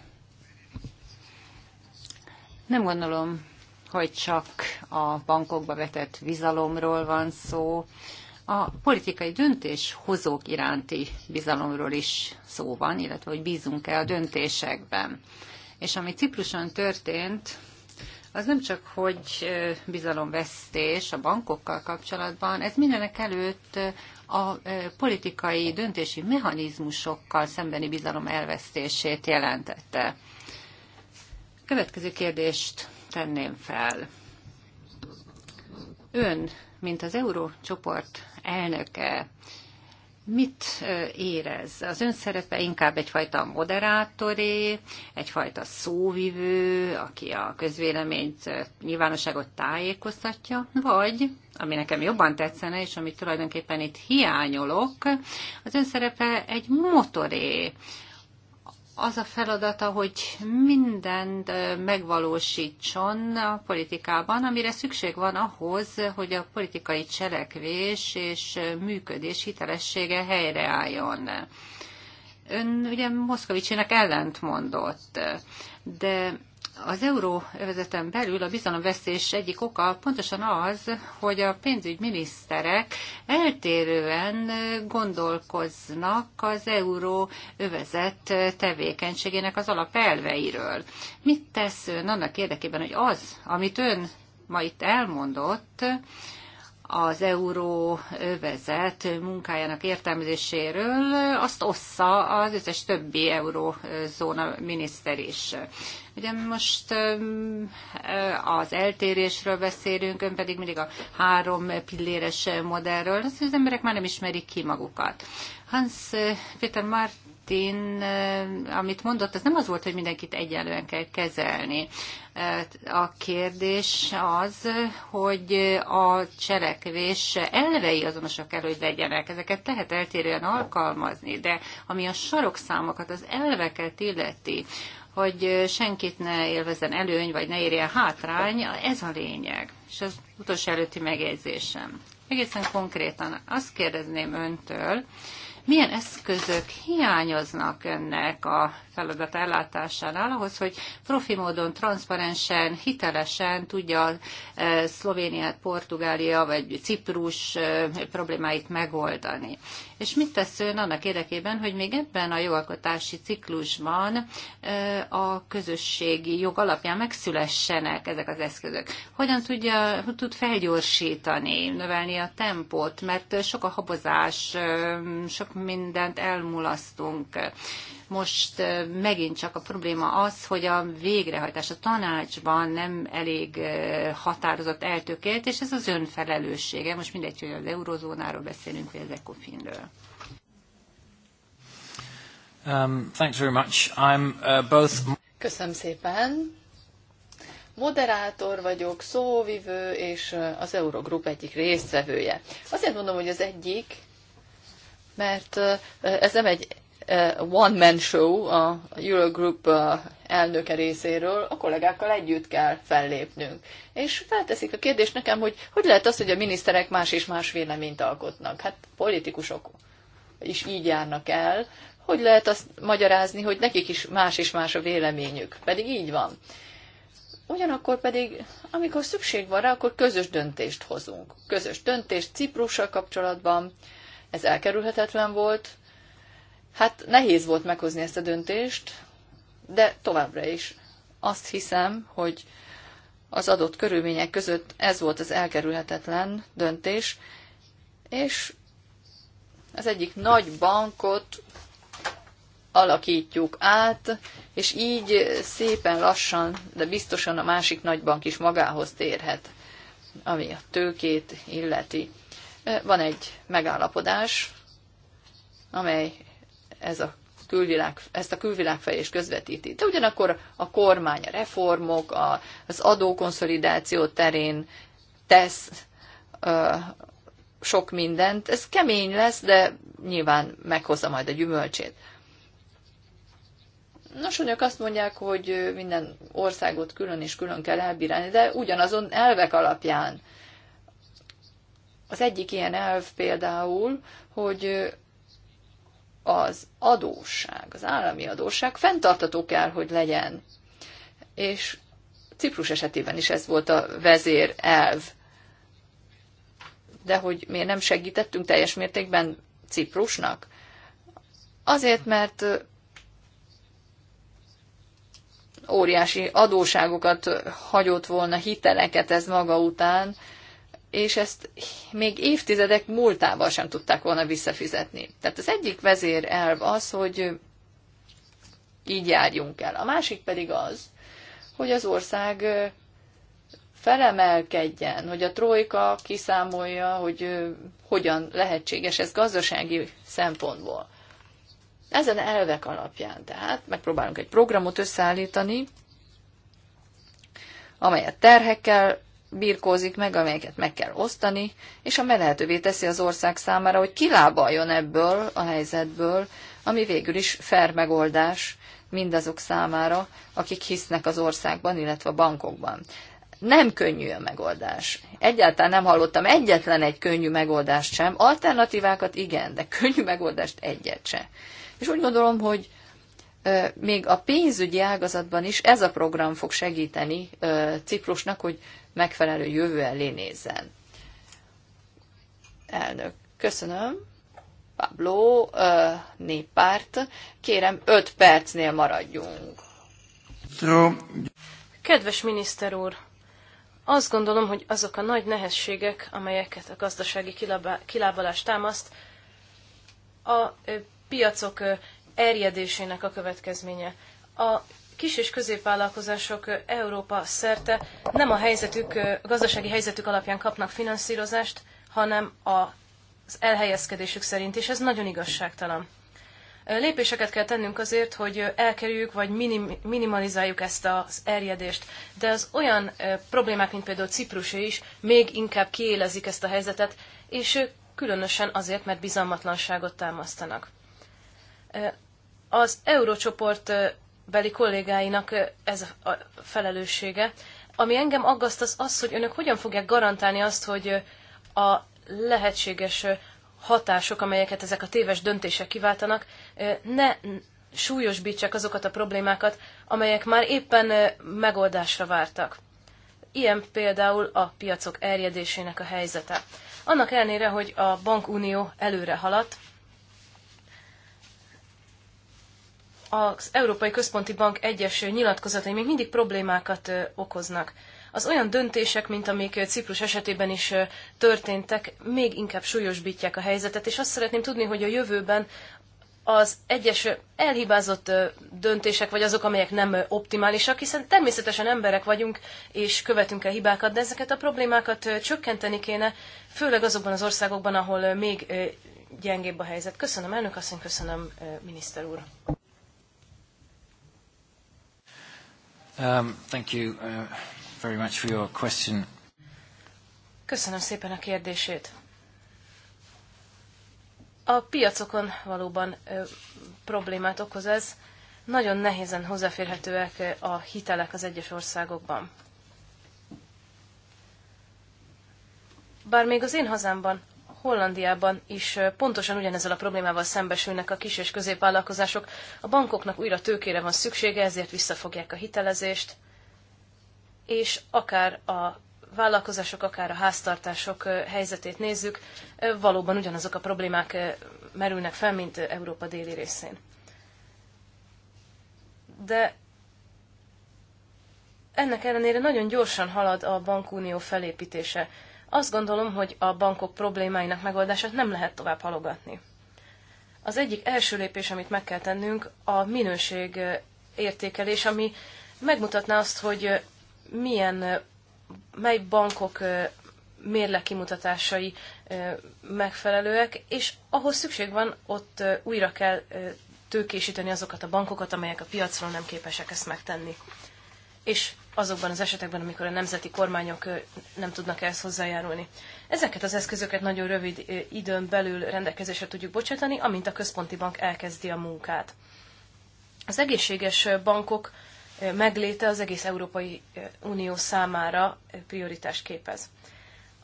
Speaker 1: nem gondolom, hogy csak a bankokba vetett bizalomról van szó, a politikai döntéshozók iránti bizalomról is szó van, illetve hogy bízunk-e a döntésekben. És ami Cipruson történt, az nem csak, hogy bizalomvesztés a bankokkal kapcsolatban, ez mindenek előtt a politikai döntési mechanizmusokkal szembeni bizalom elvesztését jelentette. Következő kérdést tenném fel. Ön, mint az Eurócsoport elnöke, mit érez? Az ön szerepe inkább egyfajta moderátoré, egyfajta szóvivő, aki a közvéleményt, nyilvánosságot tájékoztatja, vagy, ami nekem jobban tetszene, és amit tulajdonképpen itt hiányolok, az ön szerepe egy motoré, az a feladata, hogy mindent megvalósítson a politikában, amire szükség van ahhoz, hogy a politikai cselekvés és működés hitelessége helyreálljon. Ön ugye Moszkovicsinek ellentmondott, de az euróvezeten belül a bizalomvesztés egyik oka pontosan az, hogy a pénzügyminiszterek eltérően gondolkoznak az euróvezet tevékenységének az alapelveiről. Mit tesz ön annak érdekében, hogy az, amit ön ma itt elmondott, az euróvezet munkájának értelmezéséről, azt ossza az összes többi eurózóna miniszter is. Ugye most az eltérésről beszélünk, ön pedig mindig a három pilléres modellről, az, az emberek már nem ismerik ki magukat. Hans Peter Martin, amit mondott, az nem az volt, hogy mindenkit egyenlően kell kezelni, a kérdés az, hogy a cselekvés elvei azonosak kell, hogy legyenek. Ezeket lehet eltérően alkalmazni, de ami a sarokszámokat, az elveket illeti, hogy senkit ne élvezzen előny, vagy ne érjen hátrány, ez a lényeg. És az utolsó előtti megjegyzésem. Egészen konkrétan azt kérdezném öntől, milyen eszközök hiányoznak önnek a feladat ellátásánál ahhoz, hogy profi módon, transzparensen, hitelesen tudja eh, Szlovéniát, Portugália vagy Ciprus eh, problémáit megoldani? És mit tesz ön annak érdekében, hogy még ebben a jogalkotási ciklusban a közösségi jog alapján megszülessenek ezek az eszközök? Hogyan tudja, hogy tud felgyorsítani, növelni a tempót? Mert sok a habozás, sok mindent elmulasztunk. Most megint csak a probléma az, hogy a végrehajtás a tanácsban nem elég határozott eltökélt, és ez az önfelelőssége. Most mindegy, hogy az eurozónáról beszélünk, vagy az ECOFIN-ről. Um, thanks very much. I'm uh, both... Köszönöm szépen.
Speaker 4: Moderátor vagyok, szóvivő és az Eurogroup egyik résztvevője. Azért mondom, hogy az egyik, mert ez nem egy Uh, one-man show a Eurogroup uh, elnöke részéről, a kollégákkal együtt kell fellépnünk. És felteszik a kérdést nekem, hogy hogy lehet az, hogy a miniszterek más és más véleményt alkotnak? Hát politikusok is így járnak el. Hogy lehet azt magyarázni, hogy nekik is más és más a véleményük? Pedig így van. Ugyanakkor pedig, amikor szükség van rá, akkor közös döntést hozunk. Közös döntést Ciprussal kapcsolatban, ez elkerülhetetlen volt, Hát nehéz volt meghozni ezt a döntést, de továbbra is azt hiszem, hogy az adott körülmények között ez volt az elkerülhetetlen döntés, és az egyik nagy bankot alakítjuk át, és így szépen lassan, de biztosan a másik nagy bank is magához térhet, ami a tőkét illeti. Van egy megállapodás, amely ez a külvilág, ezt a külvilág felé is közvetíti. De ugyanakkor a kormány a reformok, a, az adókonszolidáció terén tesz ö, sok mindent. Ez kemény lesz, de nyilván meghozza majd a gyümölcsét. Nos, önök azt mondják, hogy minden országot külön és külön kell elbírálni, de ugyanazon elvek alapján. Az egyik ilyen elv például, hogy az adósság, az állami adósság fenntartató kell, hogy legyen. És Ciprus esetében is ez volt a vezér elv. De hogy miért nem segítettünk teljes mértékben Ciprusnak? Azért, mert óriási adóságokat hagyott volna hiteleket ez maga után, és ezt még évtizedek múltával sem tudták volna visszafizetni. Tehát az egyik vezérelv az, hogy így járjunk el. A másik pedig az, hogy az ország felemelkedjen, hogy a trojka kiszámolja, hogy hogyan lehetséges ez gazdasági szempontból. Ezen elvek alapján tehát megpróbálunk egy programot összeállítani, amelyet terhekkel birkózik meg, amelyeket meg kell osztani, és ami lehetővé teszi az ország számára, hogy kilábaljon ebből a helyzetből, ami végül is fair megoldás mindazok számára, akik hisznek az országban, illetve a bankokban. Nem könnyű a megoldás. Egyáltalán nem hallottam egyetlen egy könnyű megoldást sem. Alternatívákat igen, de könnyű megoldást egyet sem. És úgy gondolom, hogy még a pénzügyi ágazatban is ez a program fog segíteni Ciprusnak, hogy megfelelő jövő elé nézzen. Elnök, köszönöm. Pablo, néppárt, kérem, 5 percnél maradjunk.
Speaker 3: Kedves miniszter úr, azt gondolom, hogy azok a nagy nehézségek, amelyeket a gazdasági kilábalás támaszt, a piacok erjedésének a következménye. A kis és középvállalkozások Európa szerte nem a helyzetük, a gazdasági helyzetük alapján kapnak finanszírozást, hanem az elhelyezkedésük szerint, és ez nagyon igazságtalan. Lépéseket kell tennünk azért, hogy elkerüljük vagy minim, minimalizáljuk ezt az erjedést, de az olyan problémák, mint például Ciprusé is, még inkább kiélezik ezt a helyzetet, és különösen azért, mert bizalmatlanságot támasztanak. Az eurócsoport beli kollégáinak ez a felelőssége. Ami engem aggaszt, az az, hogy önök hogyan fogják garantálni azt, hogy a lehetséges hatások, amelyeket ezek a téves döntések kiváltanak, ne súlyosbítsák azokat a problémákat, amelyek már éppen megoldásra vártak. Ilyen például a piacok erjedésének a helyzete. Annak ellenére, hogy a bankunió előre haladt, az Európai Központi Bank egyes nyilatkozatai még mindig problémákat okoznak. Az olyan döntések, mint amik Ciprus esetében is történtek, még inkább súlyosbítják a helyzetet, és azt szeretném tudni, hogy a jövőben az egyes elhibázott döntések, vagy azok, amelyek nem optimálisak, hiszen természetesen emberek vagyunk, és követünk el hibákat, de ezeket a problémákat csökkenteni kéne, főleg azokban az országokban, ahol még gyengébb a helyzet. Köszönöm, elnök asszony, köszönöm, miniszter úr.
Speaker 2: Um, thank you uh, very much for your question.
Speaker 3: Köszönöm szépen a kérdését. A piacokon valóban ö, problémát okoz ez. Nagyon nehézen hozzáférhetőek a hitelek az egyes országokban. Bár még az én hazámban Hollandiában is pontosan ugyanezzel a problémával szembesülnek a kis- és középvállalkozások. A bankoknak újra tőkére van szüksége, ezért visszafogják a hitelezést, és akár a vállalkozások, akár a háztartások helyzetét nézzük, valóban ugyanazok a problémák merülnek fel, mint Európa déli részén. De ennek ellenére nagyon gyorsan halad a bankunió felépítése. Azt gondolom, hogy a bankok problémáinak megoldását nem lehet tovább halogatni. Az egyik első lépés, amit meg kell tennünk, a minőség értékelés, ami megmutatná azt, hogy milyen, mely bankok mérleg kimutatásai megfelelőek, és ahhoz szükség van, ott újra kell tőkésíteni azokat a bankokat, amelyek a piacról nem képesek ezt megtenni és azokban az esetekben, amikor a nemzeti kormányok nem tudnak ehhez hozzájárulni. Ezeket az eszközöket nagyon rövid időn belül rendelkezésre tudjuk bocsátani, amint a központi bank elkezdi a munkát. Az egészséges bankok megléte az egész Európai Unió számára prioritást képez.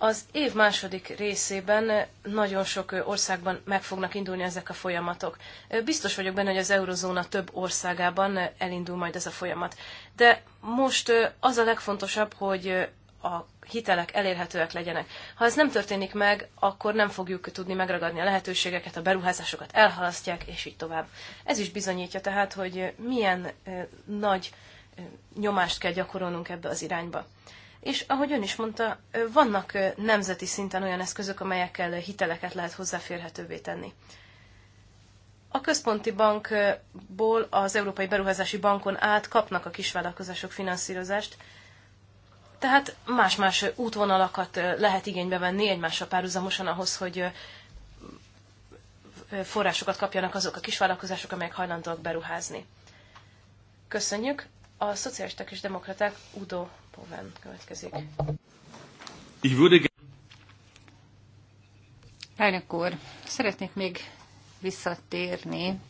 Speaker 3: Az év második részében nagyon sok országban meg fognak indulni ezek a folyamatok. Biztos vagyok benne, hogy az eurozóna több országában elindul majd ez a folyamat. De most az a legfontosabb, hogy a hitelek elérhetőek legyenek. Ha ez nem történik meg, akkor nem fogjuk tudni megragadni a lehetőségeket, a beruházásokat elhalasztják, és így tovább. Ez is bizonyítja tehát, hogy milyen nagy nyomást kell gyakorolnunk ebbe az irányba és ahogy ön is mondta, vannak nemzeti szinten olyan eszközök, amelyekkel hiteleket lehet hozzáférhetővé tenni. A központi bankból az Európai Beruházási Bankon át kapnak a kisvállalkozások finanszírozást, tehát más-más útvonalakat lehet igénybe venni egymással párhuzamosan ahhoz, hogy forrásokat kapjanak azok a kisvállalkozások, amelyek hajlandóak beruházni. Köszönjük! A szocialisták és demokraták Udo poven következik.
Speaker 5: Ich würde
Speaker 1: Elnök úr, szeretnék még visszatérni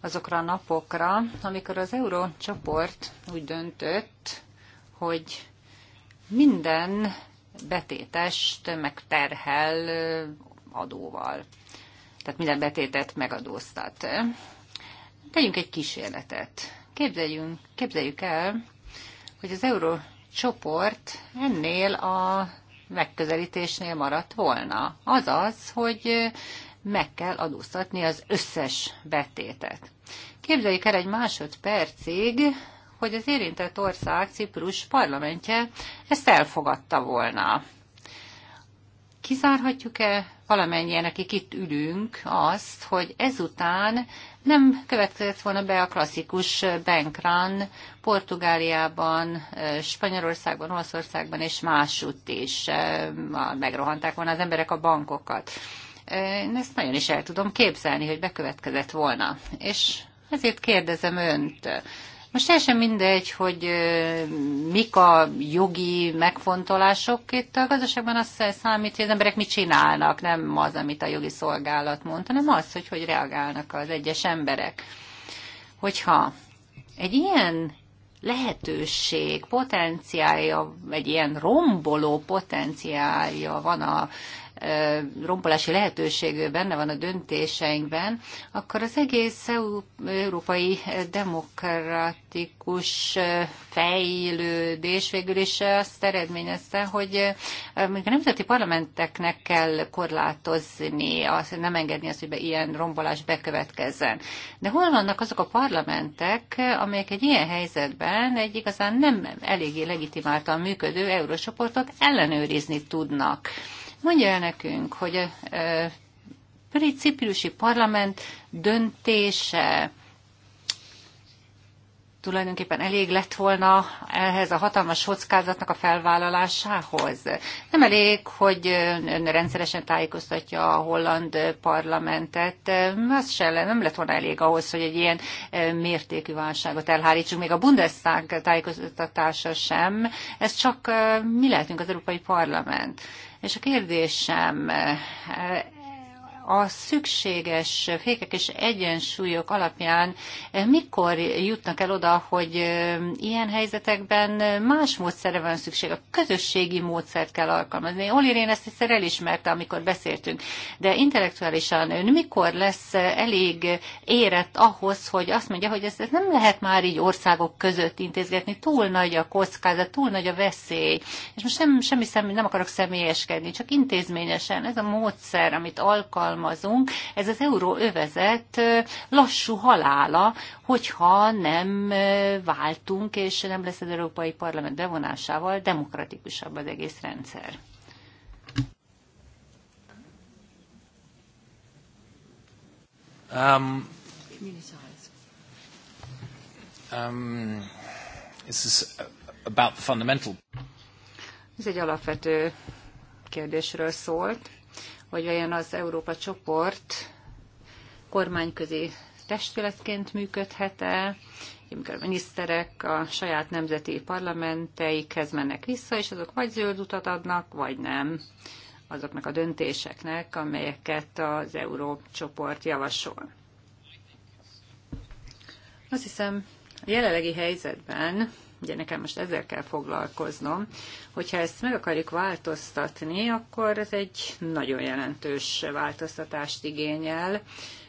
Speaker 1: azokra a napokra, amikor az eurócsoport úgy döntött, hogy minden betétest megterhel adóval. Tehát minden betétet megadóztat. Tegyünk egy kísérletet. Képzeljünk, képzeljük el, hogy az csoport ennél a megközelítésnél maradt volna. Azaz, hogy meg kell adóztatni az összes betétet. Képzeljük el egy másodpercig, hogy az érintett ország Ciprus parlamentje ezt elfogadta volna. Kizárhatjuk-e valamennyien, akik itt ülünk, azt, hogy ezután nem következett volna be a klasszikus bankrun Portugáliában, Spanyolországban, Olaszországban és másutt is. Eh, megrohanták volna az emberek a bankokat. Én ezt nagyon is el tudom képzelni, hogy bekövetkezett volna. És ezért kérdezem önt, most teljesen mindegy, hogy mik a jogi megfontolások itt a gazdaságban, azt számít, hogy az emberek mit csinálnak, nem az, amit a jogi szolgálat mond, hanem az, hogy hogy reagálnak az egyes emberek. Hogyha egy ilyen lehetőség, potenciálja, egy ilyen romboló potenciálja van a rombolási lehetőség benne van a döntéseinkben, akkor az egész európai demokratikus fejlődés végül is azt eredményezte, hogy a nemzeti parlamenteknek kell korlátozni, azt, nem engedni azt, hogy be ilyen rombolás bekövetkezzen. De hol vannak azok a parlamentek, amelyek egy ilyen helyzetben egy igazán nem eléggé legitimáltan működő eurósoportot ellenőrizni tudnak? Mondja el nekünk, hogy a ciprusi parlament döntése tulajdonképpen elég lett volna ehhez a hatalmas hockázatnak a felvállalásához. Nem elég, hogy ön rendszeresen tájékoztatja a holland parlamentet, az se le, nem lett volna elég ahhoz, hogy egy ilyen mértékű válságot elhárítsunk, még a Bundestag tájékoztatása sem, ez csak mi lehetünk az Európai Parlament. És a kérdésem, a szükséges fékek és egyensúlyok alapján eh, mikor jutnak el oda, hogy eh, ilyen helyzetekben más módszerre van szükség, a közösségi módszert kell alkalmazni. Olirén ezt egyszer elismerte, amikor beszéltünk, de intellektuálisan ön mikor lesz eh, elég érett ahhoz, hogy azt mondja, hogy ezt, ezt nem lehet már így országok között intézgetni, túl nagy a kockázat, túl nagy a veszély, és most nem, semmi személy, nem akarok személyeskedni, csak intézményesen ez a módszer, amit alkalmaz, fogalmazunk, ez az euróövezet lassú halála, hogyha nem váltunk, és nem lesz az Európai Parlament bevonásával demokratikusabb az egész rendszer.
Speaker 3: Um, um, this is about the fundamental.
Speaker 1: Ez egy alapvető kérdésről szólt hogy vajon az Európa csoport kormányközi testületként működhet-e, amikor a miniszterek a saját nemzeti parlamenteikhez mennek vissza, és azok vagy zöld utat adnak, vagy nem azoknak a döntéseknek, amelyeket az csoport javasol. Azt hiszem, a jelenlegi helyzetben ugye nekem most ezzel kell foglalkoznom, hogyha ezt meg akarjuk változtatni, akkor ez egy nagyon jelentős változtatást igényel,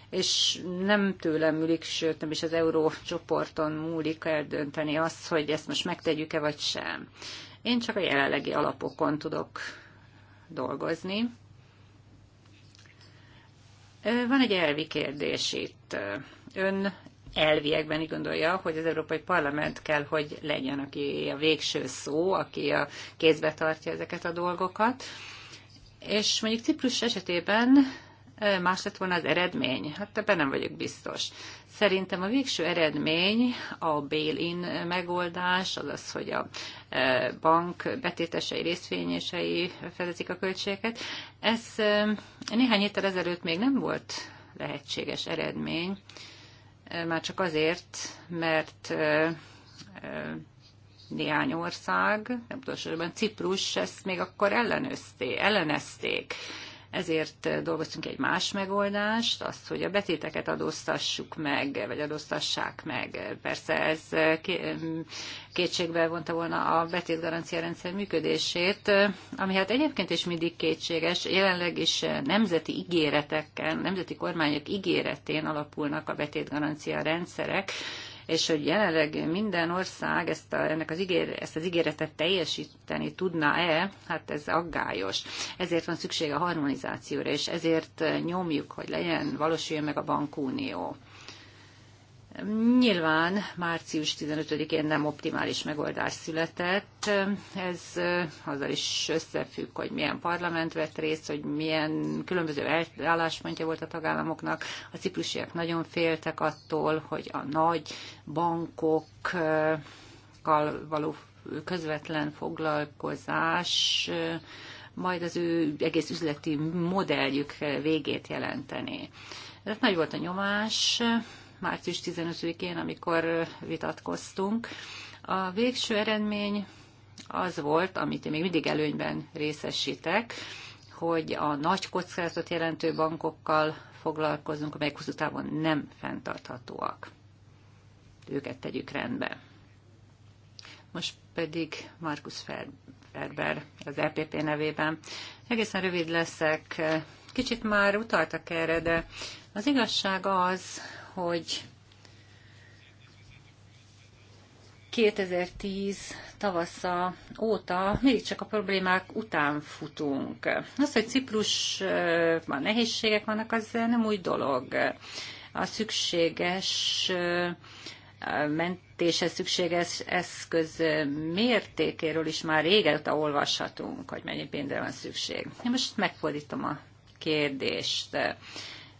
Speaker 1: és nem tőlem ülik, sőt nem is az eurócsoporton múlik eldönteni azt, hogy ezt most megtegyük-e vagy sem. Én csak a jelenlegi alapokon tudok dolgozni. Van egy elvi kérdés itt. Ön elviekben így gondolja, hogy az Európai Parlament kell, hogy legyen, aki a végső szó, aki a kézbe tartja ezeket a dolgokat. És mondjuk Ciprus esetében más lett volna az eredmény? Hát ebben nem vagyok biztos. Szerintem a végső eredmény a bail-in megoldás, az az, hogy a bank betétesei, részvényesei fedezik a költségeket. Ez néhány héttel ezelőtt még nem volt lehetséges eredmény, már csak azért, mert néhány ország, nem tudom, Ciprus, ezt még akkor ellenőzték, ellenezték ezért eh, dolgoztunk egy más megoldást, azt, hogy a betéteket adóztassuk meg, vagy adóztassák meg. Persze ez eh, eh, kétségbe vonta volna a betétgarancia rendszer működését, ami hát egyébként is mindig kétséges, jelenleg is nemzeti ígéreteken, nemzeti kormányok ígéretén alapulnak a betétgarancia rendszerek, és hogy jelenleg minden ország ezt, a, ennek az ígér, ezt az ígéretet teljesíteni tudna e hát ez aggályos. Ezért van szükség a harmonizációra, és ezért nyomjuk, hogy legyen, valósuljon meg a bankunió. Nyilván március 15-én nem optimális megoldás született. Ez azzal is összefügg, hogy milyen parlament vett részt, hogy milyen különböző álláspontja volt a tagállamoknak. A ciprusiak nagyon féltek attól, hogy a nagy bankokkal való közvetlen foglalkozás majd az ő egész üzleti modelljük végét jelenteni. Ez nagy volt a nyomás, március 15-én, amikor vitatkoztunk. A végső eredmény az volt, amit én még mindig előnyben részesítek, hogy a nagy kockázatot jelentő bankokkal foglalkozunk, amelyek hosszú távon nem fenntarthatóak. Őket tegyük rendbe. Most pedig Markus Ferber az EPP nevében. Egészen rövid leszek. Kicsit már utaltak erre, de az igazság az, hogy 2010 tavasza óta még csak a problémák után futunk. Az, hogy Ciprusban eh, nehézségek vannak, az nem új dolog. A szükséges eh, mentéshez szükséges eszköz mértékéről is már régóta olvashatunk, hogy mennyi pénzre van szükség. Én most megfordítom a kérdést.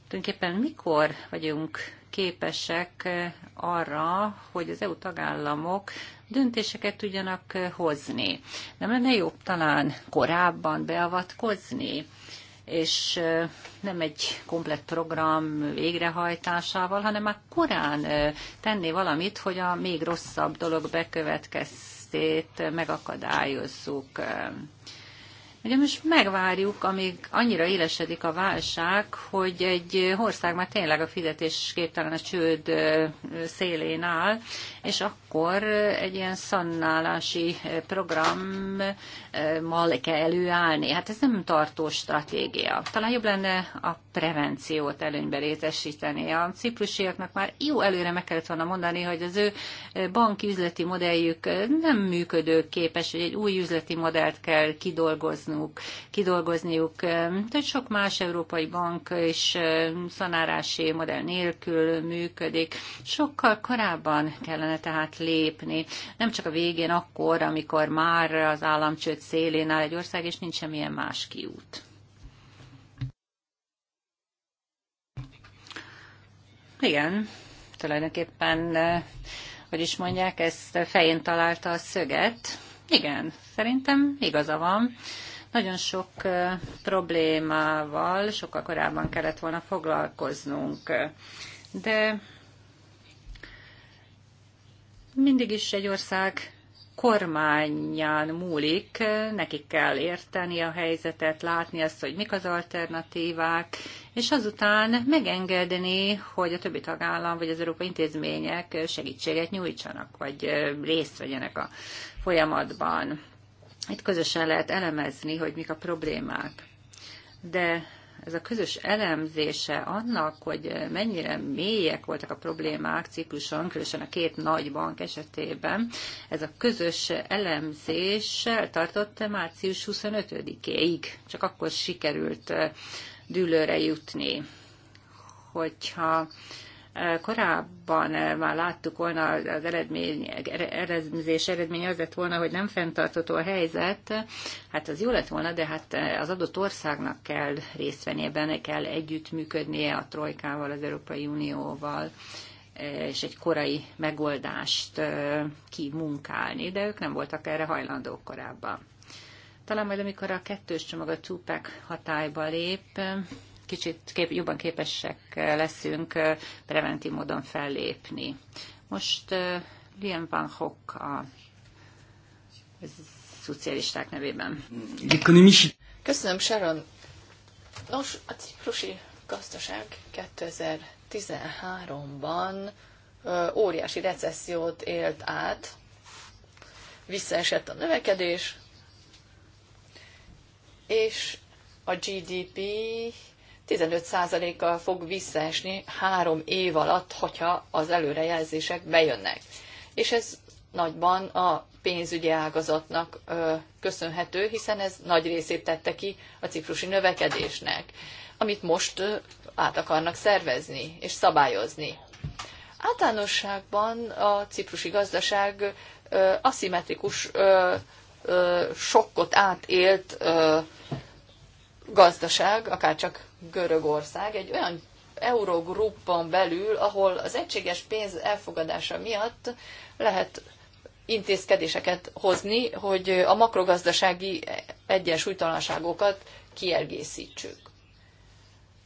Speaker 1: Tulajdonképpen mikor vagyunk képesek eh, arra, hogy az EU tagállamok döntéseket tudjanak eh, hozni. Nem lenne jobb talán korábban beavatkozni? és eh, nem egy komplett program végrehajtásával, hanem már korán tenni valamit, hogy a még rosszabb dolog bekövetkezését megakadályozzuk. Ugye most megvárjuk, amíg annyira élesedik a válság, hogy egy ország már tényleg a fizetésképtelen a csőd szélén áll, és akkor egy ilyen szannálási program mal kell előállni. Hát ez nem tartós stratégia. Talán jobb lenne a prevenciót előnybe létesíteni. A ciprusiaknak már jó előre meg kellett volna mondani, hogy az ő banki üzleti modelljük nem működő képes, hogy egy új üzleti modellt kell kidolgoznunk, kidolgozniuk. Tehát sok más európai bank is szanárási modell nélkül működik. Sokkal korábban kellene tehát lépni. Nem csak a végén akkor, amikor már az államcsőd szélén áll egy ország, és nincs semmilyen más kiút. Igen, tulajdonképpen, hogy is mondják, ezt fején találta a szöget. Igen, szerintem igaza van. Nagyon sok problémával sokkal korábban kellett volna foglalkoznunk. De mindig is egy ország kormányán múlik, nekik kell érteni a helyzetet, látni azt, hogy mik az alternatívák, és azután megengedni, hogy a többi tagállam vagy az európai intézmények segítséget nyújtsanak, vagy részt vegyenek a folyamatban. Itt közösen lehet elemezni, hogy mik a problémák. De ez a közös elemzése annak, hogy mennyire mélyek voltak a problémák Cipruson, különösen a két nagy bank esetében, ez a közös elemzés eltartott március 25-éig. Csak akkor sikerült dűlőre jutni. Hogyha korábban eh, már láttuk volna az eredmény, eredmény, eredménye az lett volna, hogy nem fenntartható a helyzet, hát az jó lett volna, de hát eh, az adott országnak kell részt vennie benne, kell együttműködnie a Trojkával, az Európai Unióval eh, és egy korai megoldást kimunkálni, de ők nem voltak erre hajlandók korábban. Talán majd, amikor a kettős csomag a Tupac hatályba lép, kicsit kép, jobban képesek leszünk preventív módon fellépni. Most uh, Liam Van Hock a szocialisták nevében. Köszönöm, Sharon. Nos, a ciprusi
Speaker 4: gazdaság 2013-ban óriási recessziót élt át, visszaesett a növekedés, és a GDP 15%-kal fog visszaesni három év alatt, hogyha az előrejelzések bejönnek. És ez nagyban a pénzügyi ágazatnak ö, köszönhető, hiszen ez nagy részét tette ki a ciprusi növekedésnek, amit most ö, át akarnak szervezni és szabályozni. Általánosságban a ciprusi gazdaság ö, aszimmetrikus ö, ö, sokkot átélt ö, gazdaság, akár csak Görögország egy olyan eurogruppon belül, ahol az egységes pénz elfogadása miatt lehet intézkedéseket hozni, hogy a makrogazdasági egyensúlytalanságokat kiegészítsük.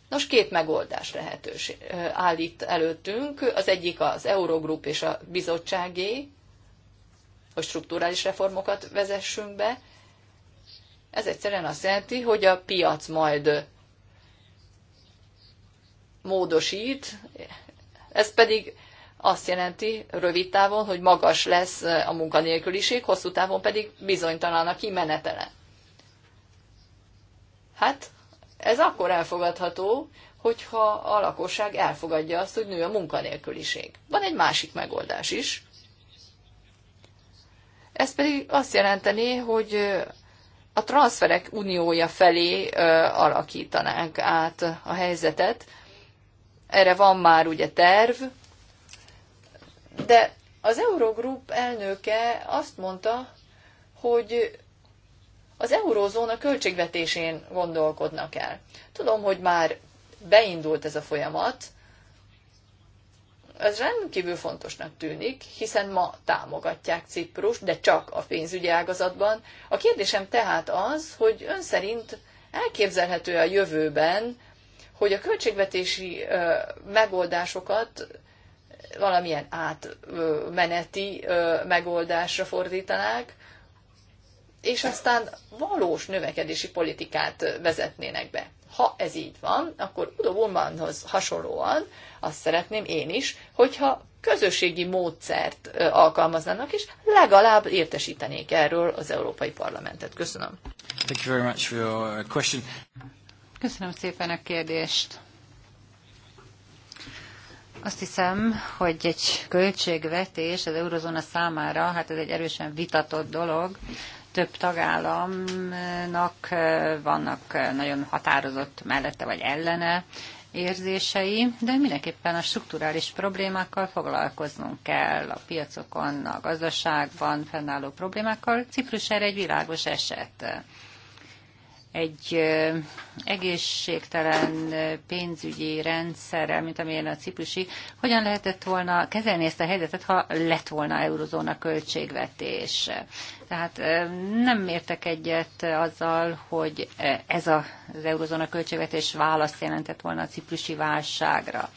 Speaker 4: Nos, két megoldás lehetőség Állít előttünk. Az egyik az Eurogrup és a bizottságé, hogy strukturális reformokat vezessünk be. Ez egyszerűen azt jelenti, hogy a piac majd módosít, ez pedig azt jelenti rövid távon, hogy magas lesz a munkanélküliség, hosszú távon pedig bizonytalan a kimenetele. Hát ez akkor elfogadható, hogyha a lakosság elfogadja azt, hogy nő a munkanélküliség. Van egy másik megoldás is. Ez pedig azt jelenteni, hogy a transferek uniója felé alakítanánk át a helyzetet, erre van már ugye terv, de az Eurogroup elnöke azt mondta, hogy az eurózóna költségvetésén gondolkodnak el. Tudom, hogy már beindult ez a folyamat, ez rendkívül fontosnak tűnik, hiszen ma támogatják Ciprus, de csak a pénzügyi ágazatban. A kérdésem tehát az, hogy ön szerint elképzelhető a jövőben hogy a költségvetési megoldásokat valamilyen átmeneti megoldásra fordítanák, és aztán valós növekedési politikát vezetnének be. Ha ez így van, akkor Udo Bullmannhoz hasonlóan azt szeretném én is, hogyha közösségi módszert alkalmaznának, és legalább értesítenék erről az Európai Parlamentet.
Speaker 1: Köszönöm.
Speaker 2: Thank you very much for your uh, question.
Speaker 1: Köszönöm szépen a kérdést. Azt hiszem, hogy egy költségvetés az eurozóna számára, hát ez egy erősen vitatott dolog. Több tagállamnak vannak nagyon határozott mellette vagy ellene érzései, de mindenképpen a strukturális problémákkal foglalkoznunk kell, a piacokon, a gazdaságban fennálló problémákkal. Ciprus erre egy világos eset egy egészségtelen pénzügyi rendszerrel, mint amilyen a ciprusi, hogyan lehetett volna kezelni ezt a helyzetet, ha lett volna eurozóna költségvetés? Tehát nem értek egyet azzal, hogy ez az eurozóna költségvetés választ jelentett volna a ciprusi válságra.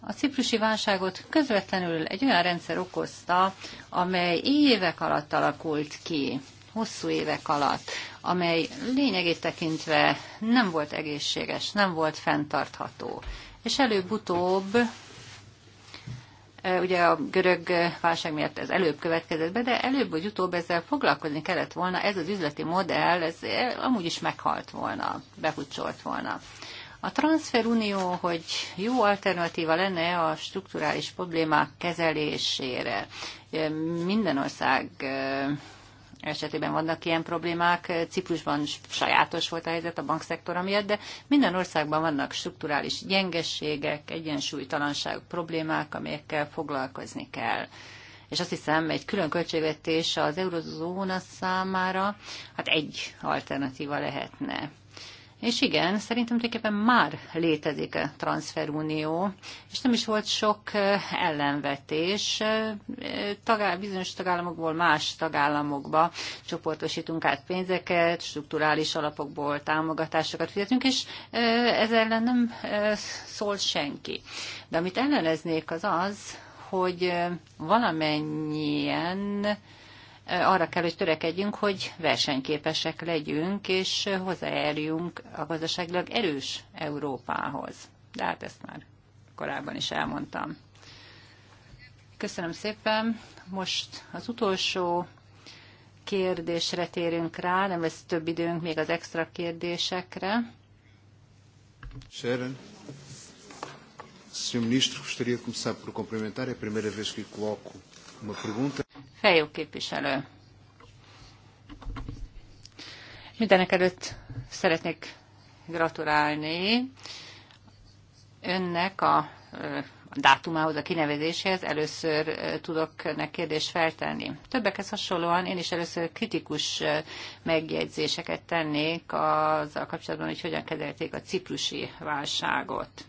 Speaker 1: A ciprusi válságot közvetlenül egy olyan rendszer okozta, amely évek alatt alakult ki hosszú évek alatt, amely lényegét tekintve nem volt egészséges, nem volt fenntartható. És előbb-utóbb, eh, ugye a görög válság miatt ez előbb következett be, de előbb vagy utóbb ezzel foglalkozni kellett volna, ez az üzleti modell, ez eh, amúgy is meghalt volna, behucsolt volna. A transferunió, hogy jó alternatíva lenne a strukturális problémák kezelésére. Eh, minden ország esetében vannak ilyen problémák. Ciprusban sajátos volt a helyzet a bankszektora miatt, de minden országban vannak strukturális gyengességek, egyensúlytalanságok, problémák, amelyekkel foglalkozni kell és azt hiszem egy külön költségvetés az eurozóna számára, hát egy alternatíva lehetne. És igen, szerintem tulajdonképpen már létezik a transferunió, és nem is volt sok ellenvetés. bizonyos tagállamokból más tagállamokba csoportosítunk át pénzeket, strukturális alapokból támogatásokat fizetünk, és ez ellen nem szól senki. De amit elleneznék az az, hogy valamennyien arra kell, hogy törekedjünk, hogy versenyképesek legyünk, és hozzájárjunk a gazdaságilag erős Európához. De hát ezt már korábban is elmondtam. Köszönöm szépen. Most az utolsó kérdésre térünk rá, nem lesz több időnk még az extra kérdésekre.
Speaker 2: Sharon, Sr. Ministro, gostaria de começar por cumprimentar. É a primeira vez que coloco uma pergunta.
Speaker 1: Feljó képviselő. Mindenek előtt szeretnék gratulálni önnek a a dátumához, a kinevezéséhez először tudok önnek kérdést feltenni. Többekhez hasonlóan én is először kritikus megjegyzéseket tennék azzal kapcsolatban, hogy hogyan kezelték a ciprusi válságot.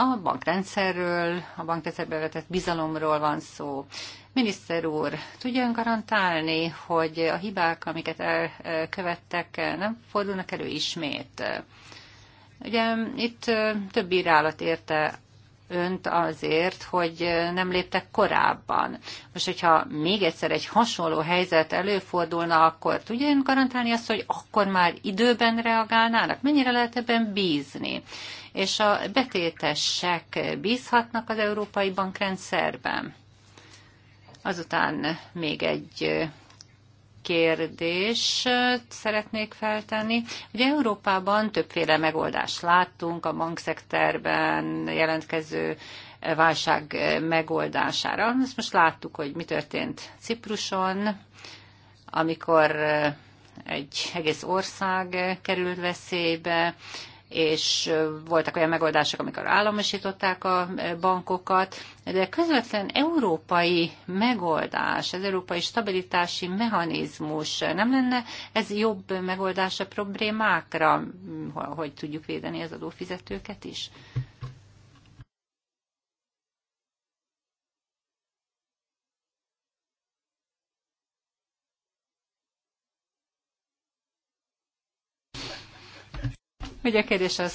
Speaker 1: A bankrendszerről, a bankrendszerbe vetett bizalomról van szó. Miniszter úr, tudja garantálni, hogy a hibák, amiket elkövettek, nem fordulnak elő ismét? Ugye itt több bírálat érte önt azért, hogy nem léptek korábban. Most, hogyha még egyszer egy hasonló helyzet előfordulna, akkor tudja ön garantálni azt, hogy akkor már időben reagálnának? Mennyire lehet ebben bízni? és a betétesek bízhatnak az európai bankrendszerben. Azután még egy kérdést szeretnék feltenni. Ugye Európában többféle megoldást láttunk a bankszektorban jelentkező válság megoldására. Ezt most láttuk, hogy mi történt Cipruson, amikor egy egész ország került veszélybe, és voltak olyan megoldások, amikor államosították a bankokat, de közvetlen európai megoldás, az európai stabilitási mechanizmus nem lenne ez jobb megoldás a problémákra, hogy tudjuk védeni az adófizetőket is? Ugye a kérdés az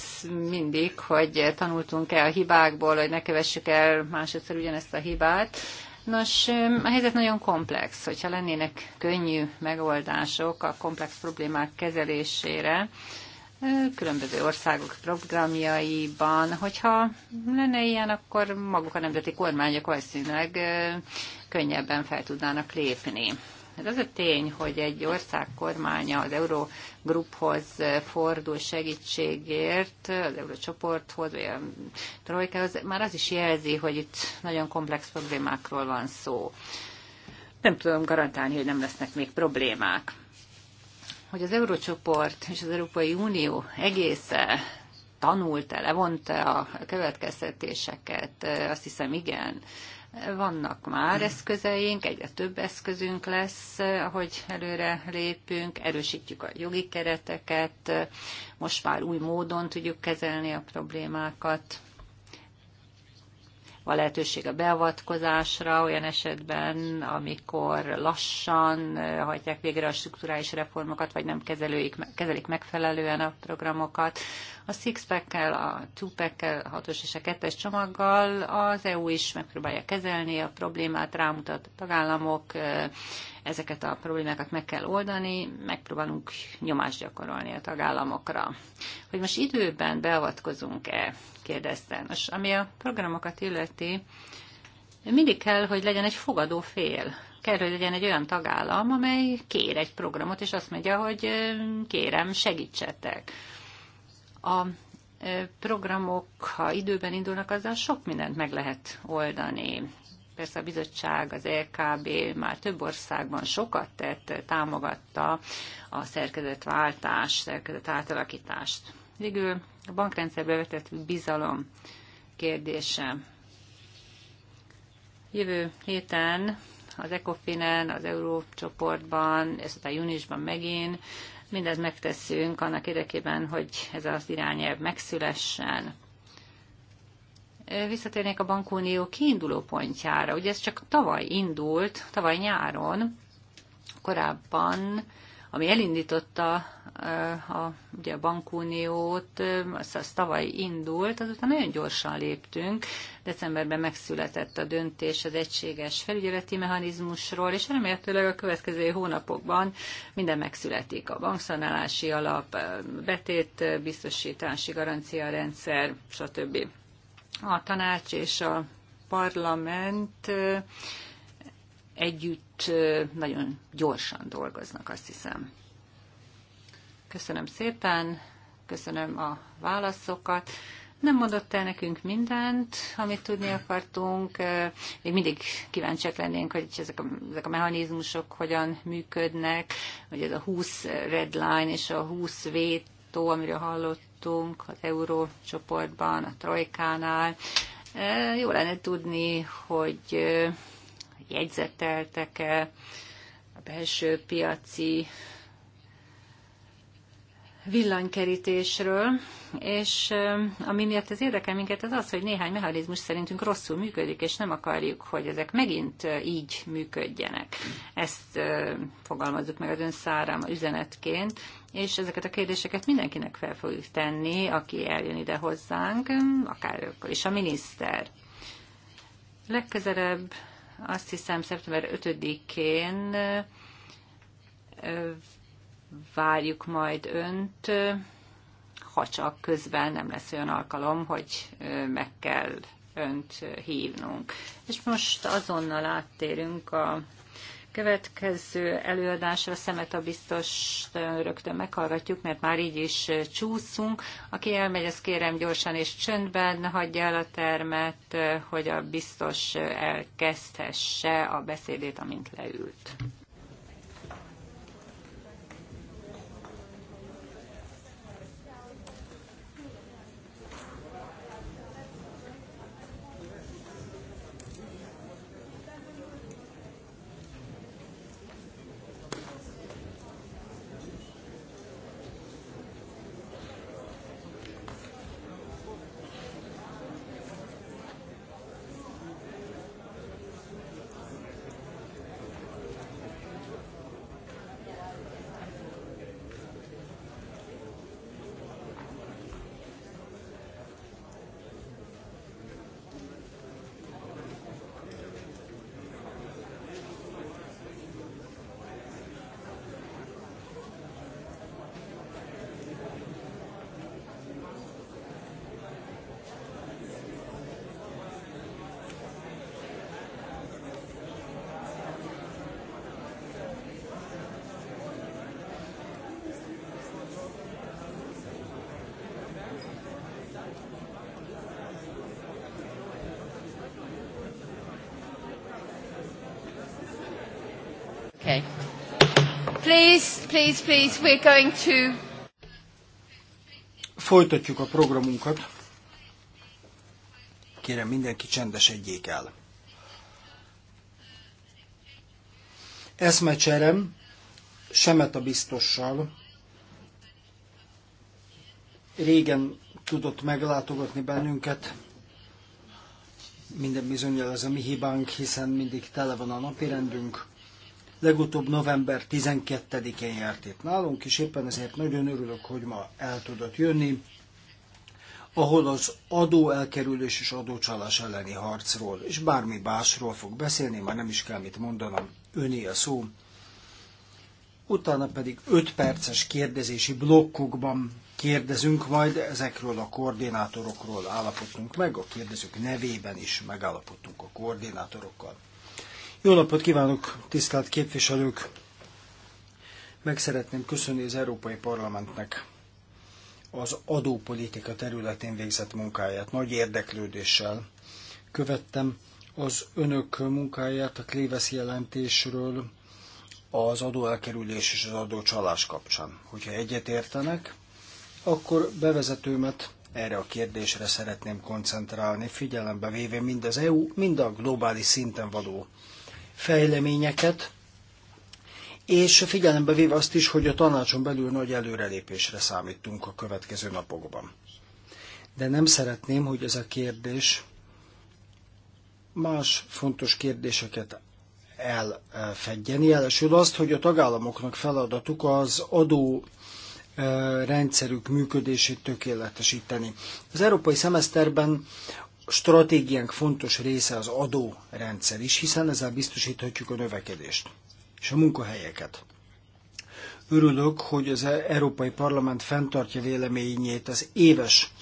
Speaker 1: mindig, hogy tanultunk-e a hibákból, hogy ne kövessük el másodszor ugyanezt a hibát. Nos, a helyzet nagyon komplex. Hogyha lennének könnyű megoldások a komplex problémák kezelésére, különböző országok programjaiban, hogyha lenne ilyen, akkor maguk a nemzeti kormányok valószínűleg könnyebben fel tudnának lépni. Hát az a tény, hogy egy ország kormánya az Eurogruphoz fordul segítségért, az Eurocsoporthoz, vagy a Trojkához, már az is jelzi, hogy itt nagyon komplex problémákról van szó. Nem tudom garantálni, hogy nem lesznek még problémák. Hogy az Eurocsoport és az Európai Unió egésze tanult-e, levonta a következtetéseket, azt hiszem igen vannak már eszközeink, egyre több eszközünk lesz, ahogy előre lépünk, erősítjük a jogi kereteket, most már új módon tudjuk kezelni a problémákat van lehetőség a beavatkozásra olyan esetben, amikor lassan eh, hagyják végre a struktúrális reformokat, vagy nem kezelőik, kezelik megfelelően a programokat. A Sixpack-kel, a Two-pack-kel, a hatos és a kettes csomaggal az EU is megpróbálja kezelni a problémát, rámutat a tagállamok, eh, ezeket a problémákat meg kell oldani, megpróbálunk nyomást gyakorolni a tagállamokra. Hogy most időben beavatkozunk-e, kérdezte. Most, ami a programokat illeti, mindig kell, hogy legyen egy fogadó fél. Kell, hogy legyen egy olyan tagállam, amely kér egy programot, és azt mondja, hogy kérem, segítsetek. A programok, ha időben indulnak, azzal sok mindent meg lehet oldani. Persze a bizottság, az LKB e már több országban sokat tett, támogatta a szerkezetváltást, szerkezet átalakítást. Végül a bankrendszerbe vetett bizalom kérdése. Jövő héten az ECOFIN-en, az Eurócsoportban, ez a júniusban megint, mindez megteszünk annak érdekében, hogy ez az irányelv megszülessen. Visszatérnék a bankunió kiinduló pontjára. Ugye ez csak tavaly indult, tavaly nyáron, korábban, ami elindította a, ugye a bankuniót, az, az tavaly indult, azután nagyon gyorsan léptünk. Decemberben megszületett a döntés az egységes felügyeleti mechanizmusról, és remélhetőleg a következő hónapokban minden megszületik. A bankszanálási alap, betét, biztosítási garancia rendszer, stb. A tanács és a parlament együtt nagyon gyorsan dolgoznak, azt hiszem. Köszönöm szépen, köszönöm a válaszokat. Nem mondott el nekünk mindent, amit tudni akartunk. Még mindig kíváncsiak lennénk, hogy ezek a, ezek a mechanizmusok hogyan működnek, hogy ez a 20 red line és a 20 vétó, amiről hallottunk az eurócsoportban, a trojkánál. Jó lenne tudni, hogy jegyzeteltek-e a belső piaci villanykerítésről, és ami miatt ez érdekel minket, az az, hogy néhány mechanizmus szerintünk rosszul működik, és nem akarjuk, hogy ezek megint így működjenek. Ezt fogalmazzuk meg az ön szárám üzenetként, és ezeket a kérdéseket mindenkinek fel fogjuk tenni, aki eljön ide hozzánk, akár ők is a miniszter. Legközelebb azt hiszem szeptember 5-én várjuk majd önt, ha csak közben nem lesz olyan alkalom, hogy meg kell önt hívnunk. És most azonnal áttérünk a következő előadásra Szemet a biztos rögtön meghallgatjuk, mert már így is csúszunk. Aki elmegy, az kérem gyorsan és csöndben hagyja el a termet, hogy a biztos elkezdhesse a beszédét, amint leült.
Speaker 4: Please, please, please, we're going to...
Speaker 2: Folytatjuk a programunkat. Kérem, mindenki csendesedjék el. Eszmecserem, Semet a biztossal, régen tudott meglátogatni bennünket, minden bizonyal ez a mi hibánk, hiszen mindig tele van a napirendünk legutóbb november 12-én járt itt nálunk, és éppen ezért nagyon örülök, hogy ma el tudott jönni, ahol az adó elkerülés és adócsalás elleni harcról, és bármi másról fog beszélni, már nem is kell mit mondanom, öné a szó. Utána pedig 5 perces kérdezési blokkokban kérdezünk majd, ezekről a koordinátorokról állapodtunk meg, a kérdezők nevében is megállapodtunk a koordinátorokkal. Jó napot kívánok, tisztelt képviselők! Meg szeretném köszönni az Európai Parlamentnek az adópolitika területén végzett munkáját. Nagy érdeklődéssel követtem az önök munkáját a Klévesz jelentésről az adóelkerülés és az adócsalás kapcsán. Hogyha egyetértenek, akkor bevezetőmet erre a kérdésre szeretném koncentrálni, figyelembe véve mind az EU, mind a globális szinten való fejleményeket, és figyelembe véve azt is, hogy a tanácson belül nagy előrelépésre számítunk a következő napokban. De nem szeretném, hogy ez a kérdés más fontos kérdéseket elfedjen. Jelesül azt, hogy a tagállamoknak feladatuk az adó rendszerük működését tökéletesíteni. Az európai szemeszterben stratégiánk fontos része az adórendszer is, hiszen ezzel biztosíthatjuk a növekedést és a munkahelyeket. Örülök, hogy az Európai Parlament fenntartja véleményét az éves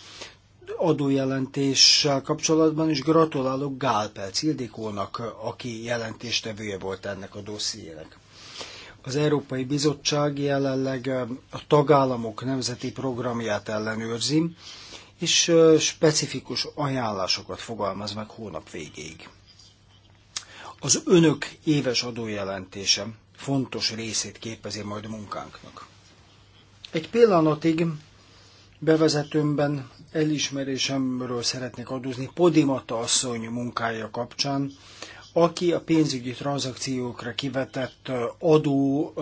Speaker 2: adójelentéssel kapcsolatban, és gratulálok Gálpelc Ildikónak, aki jelentéstevője volt ennek a dossziének. Az Európai Bizottság jelenleg a tagállamok nemzeti programját ellenőrzi, és specifikus ajánlásokat fogalmaz meg hónap végéig. Az önök éves adójelentése fontos részét képezi majd munkánknak. Egy pillanatig bevezetőmben elismerésemről szeretnék adózni Podimata asszony munkája kapcsán, aki a pénzügyi tranzakciókra kivetett adó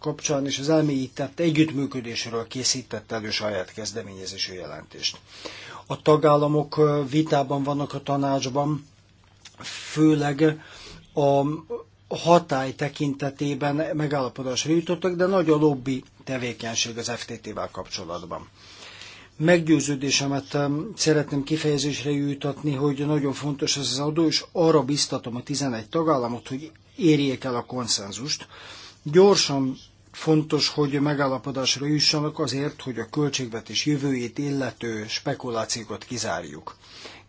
Speaker 2: kapcsán és az elmélyített együttműködésről készített elő saját kezdeményezésű jelentést. A tagállamok vitában vannak a tanácsban, főleg a hatály tekintetében megállapodásra jutottak, de nagy a lobby tevékenység az FTT-vel kapcsolatban meggyőződésemet szeretném kifejezésre jutatni, hogy nagyon fontos ez az adó, és arra biztatom a 11 tagállamot, hogy érjék el a konszenzust. Gyorsan fontos, hogy megállapodásra jussanak azért, hogy a költségvetés jövőjét illető spekulációkat kizárjuk.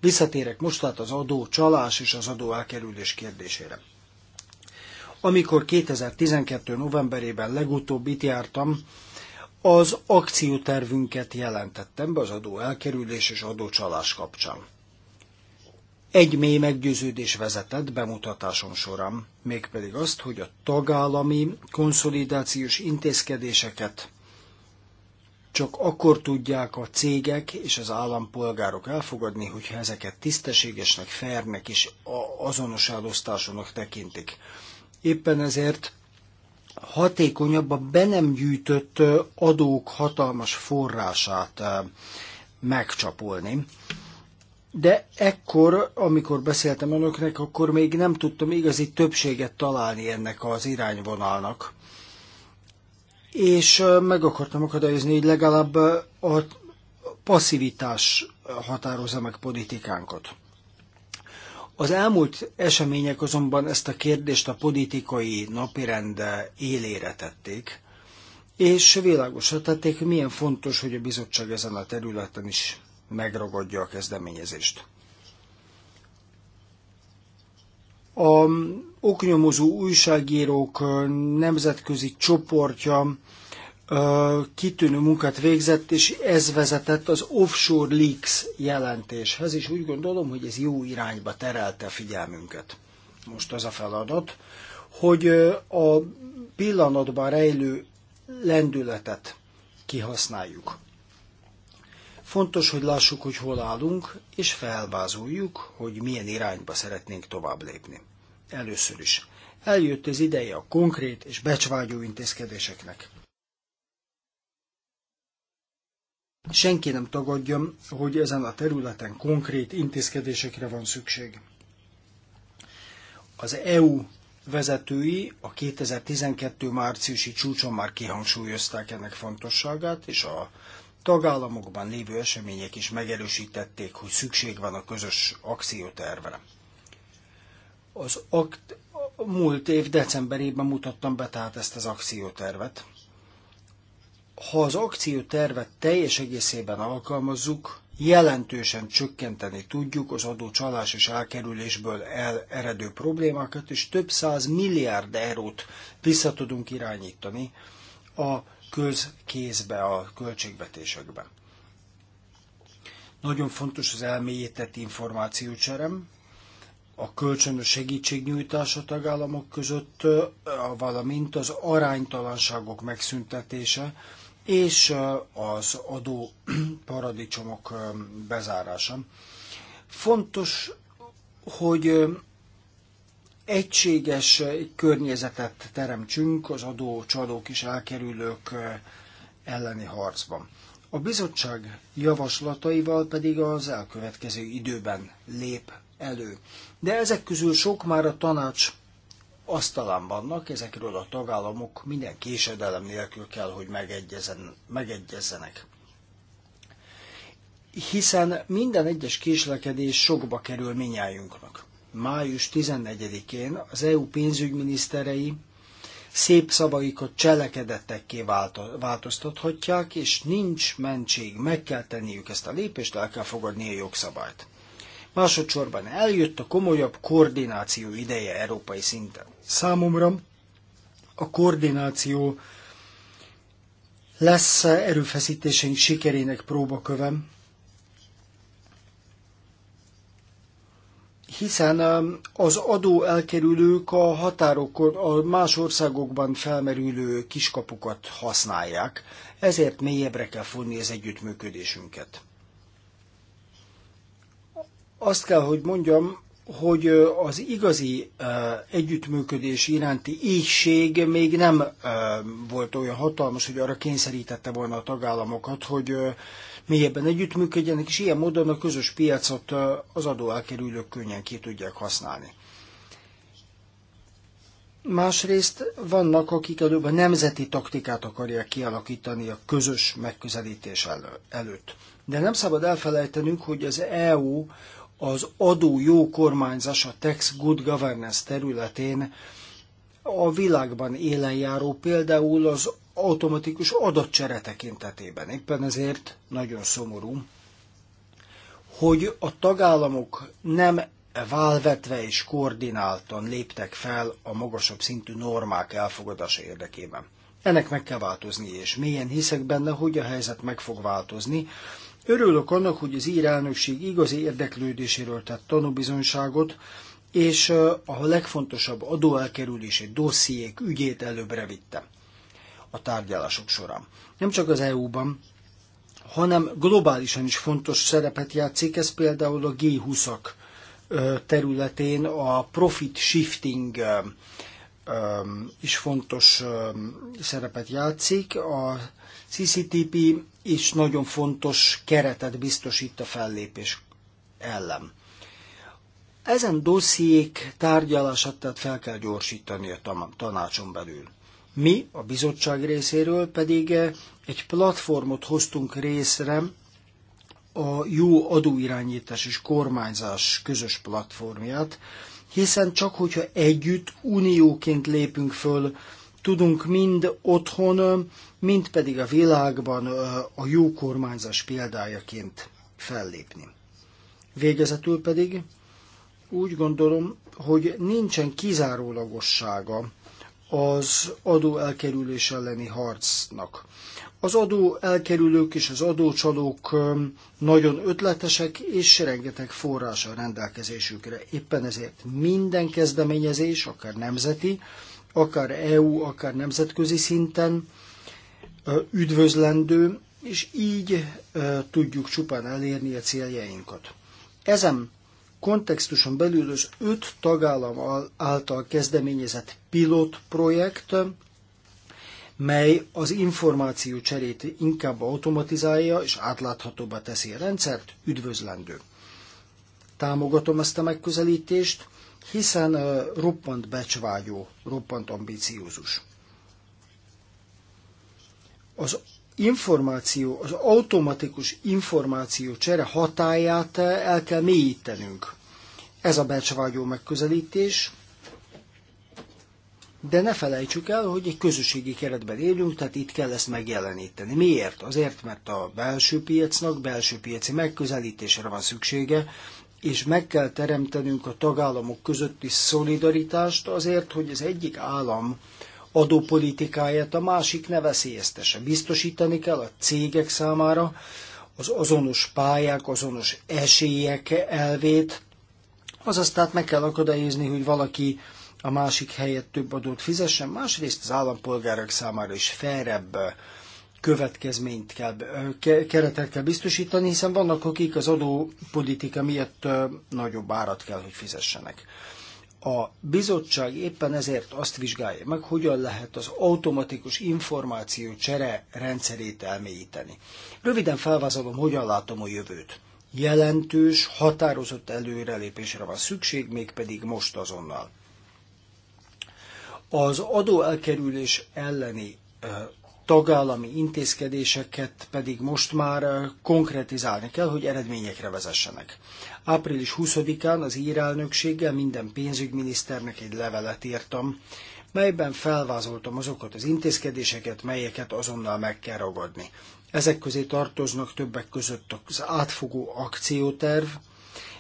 Speaker 2: Visszatérek most tehát az adó csalás és az adó elkerülés kérdésére. Amikor 2012. novemberében legutóbb itt jártam, az akciótervünket jelentettem be az adó elkerülés és adócsalás kapcsán. Egy mély meggyőződés vezetett bemutatásom során, mégpedig azt, hogy a tagállami konszolidációs intézkedéseket csak akkor tudják a cégek és az állampolgárok elfogadni, hogyha ezeket tisztességesnek, fernek és azonos elosztásonak tekintik. Éppen ezért hatékonyabb a be nem gyűjtött adók hatalmas forrását megcsapolni. De ekkor, amikor beszéltem önöknek, akkor még nem tudtam igazi többséget találni ennek az irányvonalnak. És meg akartam akadályozni, hogy legalább a passzivitás határozza meg politikánkat. Az elmúlt események azonban ezt a kérdést a politikai napirend élére tették, és világosra tették, hogy milyen fontos, hogy a bizottság ezen a területen is megragadja a kezdeményezést. A oknyomozó újságírók nemzetközi csoportja kitűnő munkát végzett, és ez vezetett az Offshore Leaks jelentéshez, és úgy gondolom, hogy ez jó irányba terelte figyelmünket. Most az a feladat, hogy a pillanatban rejlő lendületet kihasználjuk. Fontos, hogy lássuk, hogy hol állunk, és felvázoljuk, hogy milyen irányba szeretnénk tovább lépni. Először is. Eljött az ideje a konkrét és becsvágyó intézkedéseknek. senki nem tagadja, hogy ezen a területen konkrét intézkedésekre van szükség. Az EU vezetői a 2012. márciusi csúcson már kihangsúlyozták ennek fontosságát, és a tagállamokban lévő események is megerősítették, hogy szükség van a közös akciótervre. Az akt, múlt év decemberében mutattam be tehát ezt az akciótervet, ha az akciótervet teljes egészében alkalmazzuk, jelentősen csökkenteni tudjuk az adócsalás és elkerülésből el eredő problémákat, és több száz milliárd eurót vissza tudunk irányítani a közkézbe, a költségvetésekbe. Nagyon fontos az elmélyített információcserem, a kölcsönös segítségnyújtás a tagállamok között, valamint az aránytalanságok megszüntetése, és az adó <clears throat> paradicsomok bezárása. Fontos, hogy egységes környezetet teremtsünk az adó csalók és elkerülők elleni harcban. A bizottság javaslataival pedig az elkövetkező időben lép elő. De ezek közül sok már a tanács asztalán vannak, ezekről a tagállamok minden késedelem nélkül kell, hogy megegyezen, megegyezzenek. Hiszen minden egyes késlekedés sokba kerül minnyájunknak. Május 14-én az EU pénzügyminiszterei szép szavaikat cselekedettekké változtathatják, és nincs mentség, meg kell tenniük ezt a lépést, el kell fogadni a jogszabályt. Másodszorban eljött a komolyabb koordináció ideje európai szinten. Számomra a koordináció lesz erőfeszítéseink sikerének próbakövem, hiszen um, az adó elkerülők a határokon, a más országokban felmerülő kiskapukat használják, ezért mélyebbre kell fonni az együttműködésünket azt kell, hogy mondjam, hogy az igazi együttműködés iránti ígység még nem volt olyan hatalmas, hogy arra kényszerítette volna a tagállamokat, hogy mélyebben együttműködjenek, és ilyen módon a közös piacot az adó elkerülők könnyen ki tudják használni. Másrészt vannak, akik előbb a nemzeti taktikát akarják kialakítani a közös megközelítés elő, előtt. De nem szabad elfelejtenünk, hogy az EU az adó jó kormányzás a tax good governance területén a világban élen járó például az automatikus adatcsere tekintetében. Éppen ezért nagyon szomorú, hogy a tagállamok nem válvetve és koordináltan léptek fel a magasabb szintű normák elfogadása érdekében. Ennek meg kell változni, és mélyen hiszek benne, hogy a helyzet meg fog változni, Örülök annak, hogy az írelnökség igazi érdeklődéséről tett tanúbizonyságot, és a legfontosabb adóelkerülési dossziék ügyét előbbre vitte a tárgyalások során. Nem csak az EU-ban, hanem globálisan is fontos szerepet játszik, ez például a G20-ak területén a profit shifting is fontos szerepet játszik, a CCTP is nagyon fontos keretet biztosít a fellépés ellen. Ezen dossziék tárgyalását tehát fel kell gyorsítani a tanácson belül. Mi a bizottság részéről pedig eh, egy platformot hoztunk részre, a jó adóirányítás és kormányzás közös platformját, hiszen csak hogyha együtt, unióként lépünk föl, tudunk mind otthon, mind pedig a világban a jó kormányzás példájaként fellépni. Végezetül pedig úgy gondolom, hogy nincsen kizárólagossága az adó elkerülés elleni harcnak. Az adó elkerülők és az adócsalók nagyon ötletesek, és rengeteg forrás a rendelkezésükre. Éppen ezért minden kezdeményezés, akár nemzeti, akár EU, akár nemzetközi szinten üdvözlendő, és így tudjuk csupán elérni a céljainkat. Ezen kontextuson belül az öt tagállam által kezdeményezett pilot projekt, mely az információ cserét inkább automatizálja és átláthatóbbá teszi a rendszert, üdvözlendő. Támogatom ezt a megközelítést, hiszen roppant becsvágyó, roppant ambiciózus. Az információ, az automatikus információ csere hatáját el kell mélyítenünk. Ez a becsvágyó megközelítés, de ne felejtsük el, hogy egy közösségi keretben élünk, tehát itt kell ezt megjeleníteni. Miért? Azért, mert a belső piacnak belső piaci megközelítésre van szüksége, és meg kell teremtenünk a tagállamok közötti szolidaritást azért, hogy az egyik állam adópolitikáját a másik ne veszélyeztesse. Biztosítani kell a cégek számára az azonos pályák, azonos esélyek elvét, azaz tehát meg kell akadályozni, hogy valaki a másik helyett több adót fizessen, másrészt az állampolgárok számára is felrebb következményt kell, keretet kell biztosítani, hiszen vannak, akik az adópolitika miatt nagyobb árat kell, hogy fizessenek. A bizottság éppen ezért azt vizsgálja meg, hogyan lehet az automatikus információ csere rendszerét elmélyíteni. Röviden felvázolom, hogyan látom a jövőt. Jelentős, határozott előrelépésre van szükség, mégpedig most azonnal. Az adóelkerülés elleni tagállami intézkedéseket pedig most már konkretizálni kell, hogy eredményekre vezessenek. Április 20-án az ír elnökséggel minden pénzügyminiszternek egy levelet írtam, melyben felvázoltam azokat az intézkedéseket, melyeket azonnal meg kell ragadni. Ezek közé tartoznak többek között az átfogó akcióterv,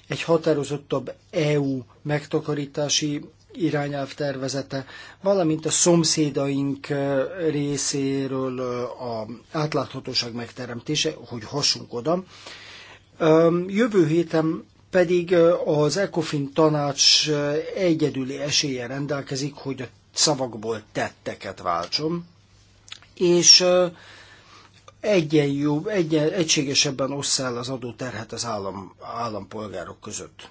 Speaker 2: egy határozottabb EU megtakarítási irányelv tervezete, valamint a szomszédaink részéről a átláthatóság megteremtése, hogy hassunk oda. Jövő héten pedig az ECOFIN tanács egyedüli esélye rendelkezik, hogy a szavakból tetteket váltson, és egyen jobb, egyen, egységesebben osszál az adóterhet az állam, állampolgárok között.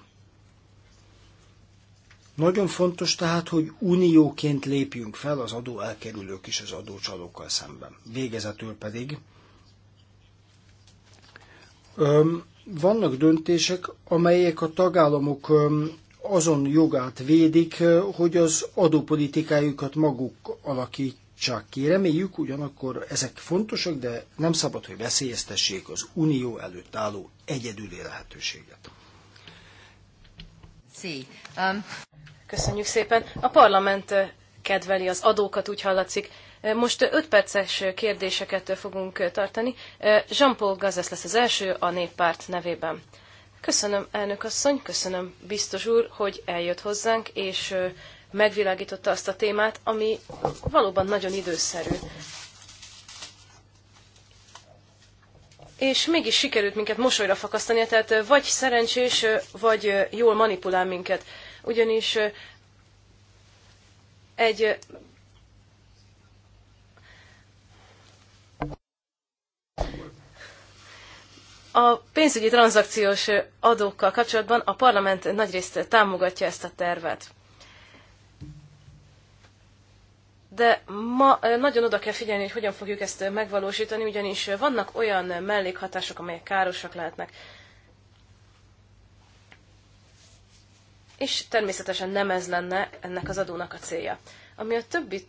Speaker 2: Nagyon fontos tehát, hogy unióként lépjünk fel az adó elkerülők és az adócsalókkal szemben. Végezetül pedig öm, vannak döntések, amelyek a tagállamok öm, azon jogát védik, hogy az adópolitikájukat maguk alakítsák ki. Reméljük ugyanakkor ezek fontosak, de nem szabad, hogy veszélyeztessék az unió előtt álló egyedüli lehetőséget.
Speaker 3: Sí. Um... Köszönjük szépen. A parlament kedveli az adókat, úgy hallatszik. Most 5 perces kérdéseket fogunk tartani. Jean-Paul Gazesz lesz az első a néppárt nevében. Köszönöm, elnök asszony, köszönöm, biztos úr, hogy eljött hozzánk, és megvilágította azt a témát, ami valóban nagyon időszerű. És mégis sikerült minket mosolyra fakasztani, tehát vagy szerencsés, vagy jól manipulál minket ugyanis egy A pénzügyi tranzakciós adókkal kapcsolatban a parlament nagyrészt támogatja ezt a tervet. De ma nagyon oda kell figyelni, hogy hogyan fogjuk ezt megvalósítani, ugyanis vannak olyan mellékhatások, amelyek károsak lehetnek. és természetesen nem ez lenne ennek az adónak a célja. Ami a többi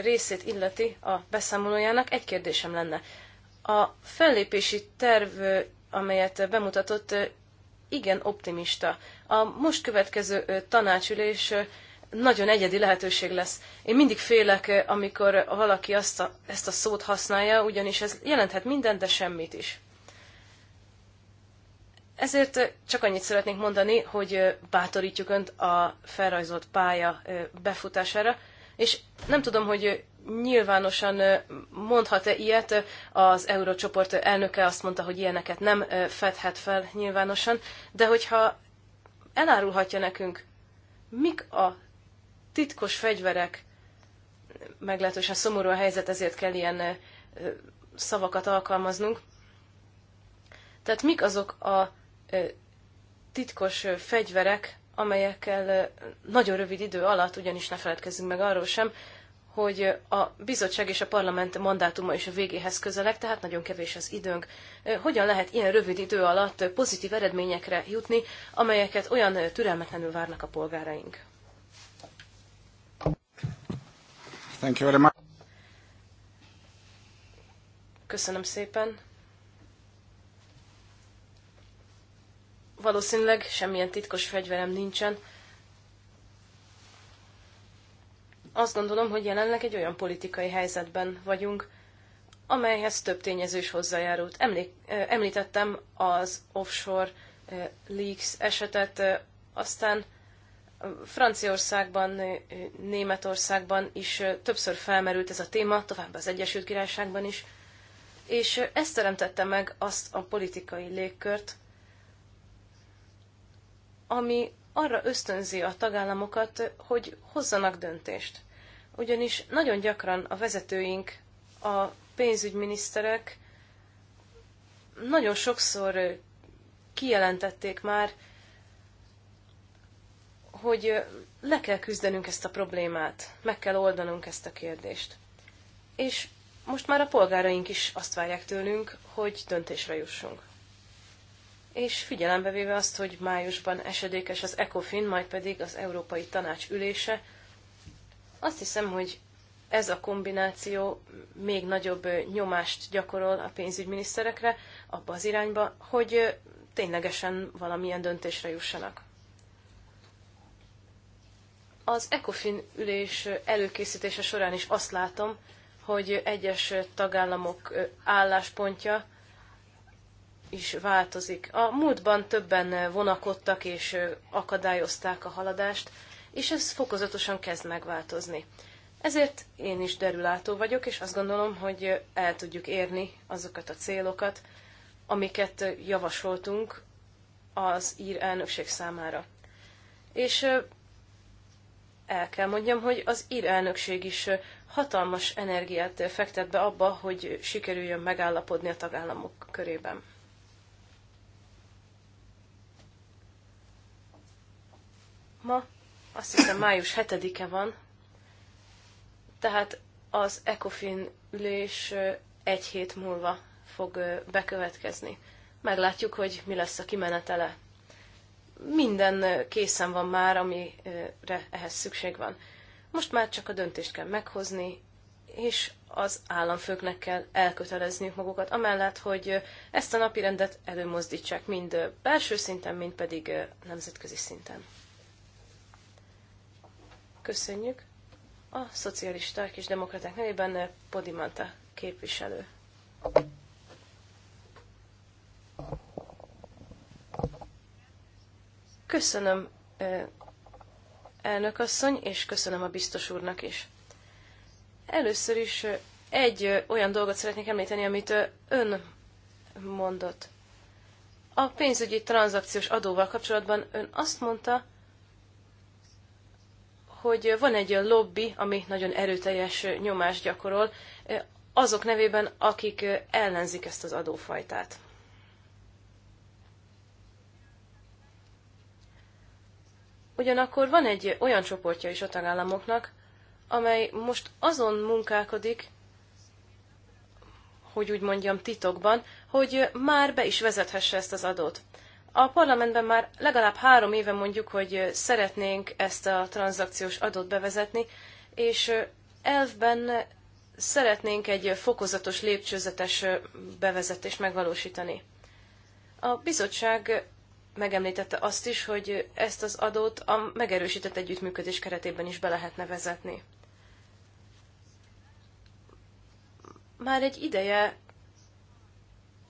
Speaker 3: részét illeti a beszámolójának, egy kérdésem lenne. A fellépési terv, amelyet bemutatott, igen optimista. A most következő tanácsülés nagyon egyedi lehetőség lesz. Én mindig félek, amikor valaki azt a, ezt a szót használja, ugyanis ez jelenthet mindent, de semmit is. Ezért csak annyit szeretnénk mondani, hogy bátorítjuk Önt a felrajzolt pálya befutására, és nem tudom, hogy nyilvánosan mondhat-e ilyet, az Eurocsoport elnöke azt mondta, hogy ilyeneket nem fedhet fel nyilvánosan, de hogyha elárulhatja nekünk, mik a titkos fegyverek, meglehetősen szomorú a helyzet, ezért kell ilyen szavakat alkalmaznunk. Tehát mik azok a titkos fegyverek, amelyekkel nagyon rövid idő alatt, ugyanis ne feledkezzünk meg arról sem, hogy a bizottság és a parlament mandátuma is a végéhez közelek, tehát nagyon kevés az időnk. Hogyan lehet ilyen rövid idő alatt pozitív eredményekre jutni, amelyeket olyan türelmetlenül várnak a polgáraink? Thank you very much. Köszönöm szépen. Valószínűleg semmilyen titkos fegyverem nincsen. Azt gondolom, hogy jelenleg egy olyan politikai helyzetben vagyunk, amelyhez több tényező is hozzájárult. Emlék, említettem az offshore leaks esetet, aztán Franciaországban, Németországban is többször felmerült ez a téma, továbbá az Egyesült Királyságban is, és ez teremtette meg azt a politikai légkört, ami arra ösztönzi a tagállamokat, hogy hozzanak döntést. Ugyanis nagyon gyakran a vezetőink, a pénzügyminiszterek nagyon sokszor kijelentették már, hogy le kell küzdenünk ezt a problémát, meg kell oldanunk ezt a kérdést. És most már a polgáraink is azt várják tőlünk, hogy döntésre jussunk és figyelembe véve azt, hogy májusban esedékes az ECOFIN, majd pedig az Európai Tanács ülése, azt hiszem, hogy ez a kombináció még nagyobb nyomást gyakorol a pénzügyminiszterekre abba az irányba, hogy ténylegesen valamilyen döntésre jussanak. Az ECOFIN ülés előkészítése során is azt látom, hogy egyes tagállamok álláspontja is változik. A múltban többen vonakodtak és akadályozták a haladást, és ez fokozatosan kezd megváltozni. Ezért én is derülátó vagyok, és azt gondolom, hogy el tudjuk érni azokat a célokat, amiket javasoltunk az ír elnökség számára. És el kell mondjam, hogy az ír elnökség is hatalmas energiát fektet be abba, hogy sikerüljön megállapodni a tagállamok körében. ma, azt hiszem május 7-e van, tehát az ECOFIN ülés egy hét múlva fog bekövetkezni. Meglátjuk, hogy mi lesz a kimenetele. Minden készen van már, amire ehhez szükség van. Most már csak a döntést kell meghozni, és az államfőknek kell elkötelezniük magukat, amellett, hogy ezt a napi rendet előmozdítsák mind belső szinten, mind pedig nemzetközi szinten. Köszönjük. A szocialisták és demokraták nevében Podimanta képviselő. Köszönöm, elnök asszony, és köszönöm a biztos úrnak is. Először is egy olyan dolgot szeretnék említeni, amit ön mondott. A pénzügyi tranzakciós adóval kapcsolatban ön azt mondta, hogy van egy olyan lobby, ami nagyon erőteljes nyomást gyakorol azok nevében, akik ellenzik ezt az adófajtát. Ugyanakkor van egy olyan csoportja is a tagállamoknak, amely most azon munkálkodik, hogy úgy mondjam titokban, hogy már be is vezethesse ezt az adót. A parlamentben már legalább három éve mondjuk, hogy szeretnénk ezt a tranzakciós adót bevezetni, és elvben szeretnénk egy fokozatos, lépcsőzetes bevezetést megvalósítani. A bizottság megemlítette azt is, hogy ezt az adót a megerősített együttműködés keretében is be lehetne vezetni. Már egy ideje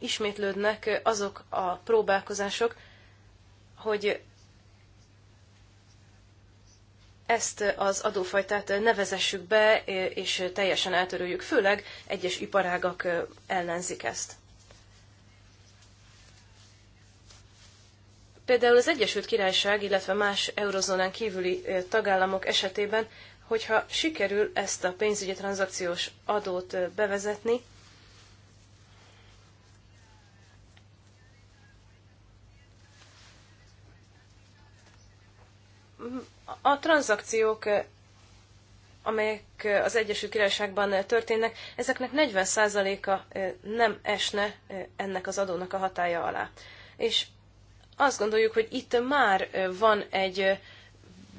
Speaker 3: ismétlődnek azok a próbálkozások, hogy ezt az adófajtát nevezessük be, és teljesen eltöröljük, főleg egyes iparágak ellenzik ezt. Például az Egyesült Királyság, illetve más eurozónán kívüli tagállamok esetében, hogyha sikerül ezt a pénzügyi tranzakciós adót bevezetni, A tranzakciók, amelyek az Egyesült Királyságban történnek, ezeknek 40%-a nem esne ennek az adónak a hatája alá. És azt gondoljuk, hogy itt már van egy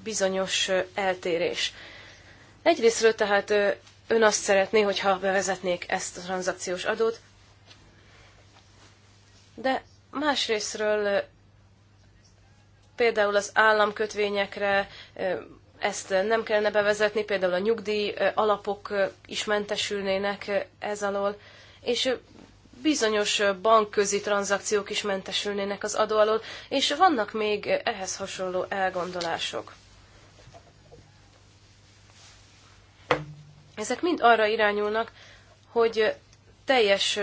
Speaker 3: bizonyos eltérés. Egyrésztről tehát ön azt szeretné, hogyha bevezetnék ezt a tranzakciós adót, de másrésztről például az államkötvényekre ezt nem kellene bevezetni, például a nyugdíj alapok is mentesülnének ez alól, és bizonyos bankközi tranzakciók is mentesülnének az adó alól, és vannak még ehhez hasonló elgondolások. Ezek mind arra irányulnak, hogy teljes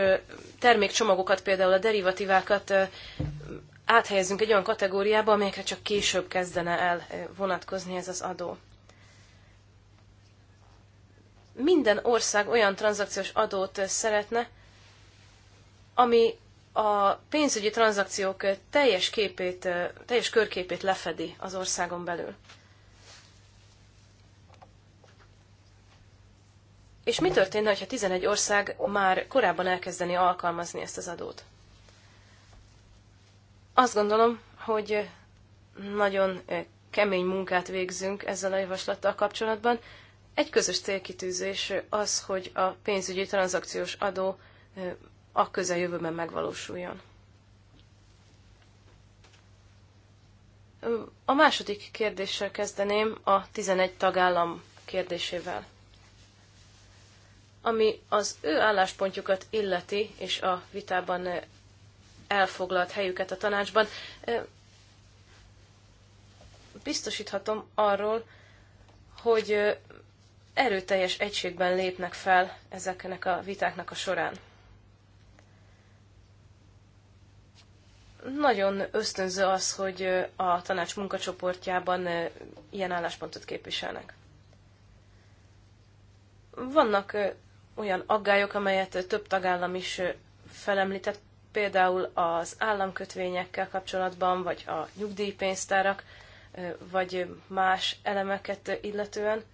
Speaker 3: termékcsomagokat, például a derivatívákat áthelyezünk egy olyan kategóriába, amelyekre csak később kezdene el vonatkozni ez az adó. Minden ország olyan tranzakciós adót szeretne, ami a pénzügyi tranzakciók teljes, képét, teljes körképét lefedi az országon belül. És mi történne, ha 11 ország már korábban elkezdeni alkalmazni ezt az adót? Azt gondolom, hogy nagyon kemény munkát végzünk ezzel a javaslattal kapcsolatban. Egy közös célkitűzés az, hogy a pénzügyi tranzakciós adó a közeljövőben megvalósuljon. A második kérdéssel kezdeném a 11 tagállam kérdésével. Ami az ő álláspontjukat illeti, és a vitában elfoglalt helyüket a tanácsban. Biztosíthatom arról, hogy erőteljes egységben lépnek fel ezeknek a vitáknak a során. Nagyon ösztönző az, hogy a tanács munkacsoportjában ilyen álláspontot képviselnek. Vannak olyan aggályok, amelyet több tagállam is felemlített, például az államkötvényekkel kapcsolatban, vagy a nyugdíjpénztárak, vagy más elemeket illetően.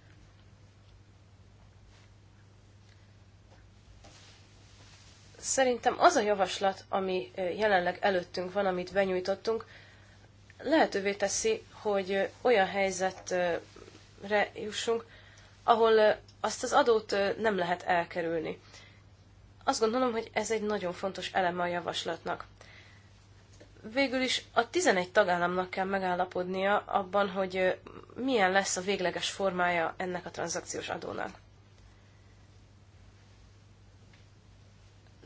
Speaker 3: Szerintem az a javaslat, ami jelenleg előttünk van, amit benyújtottunk, lehetővé teszi, hogy olyan helyzetre jussunk, ahol azt az adót nem lehet elkerülni. Azt gondolom, hogy ez egy nagyon fontos eleme a javaslatnak. Végül is a 11 tagállamnak kell megállapodnia abban, hogy milyen lesz a végleges formája ennek a tranzakciós adónak.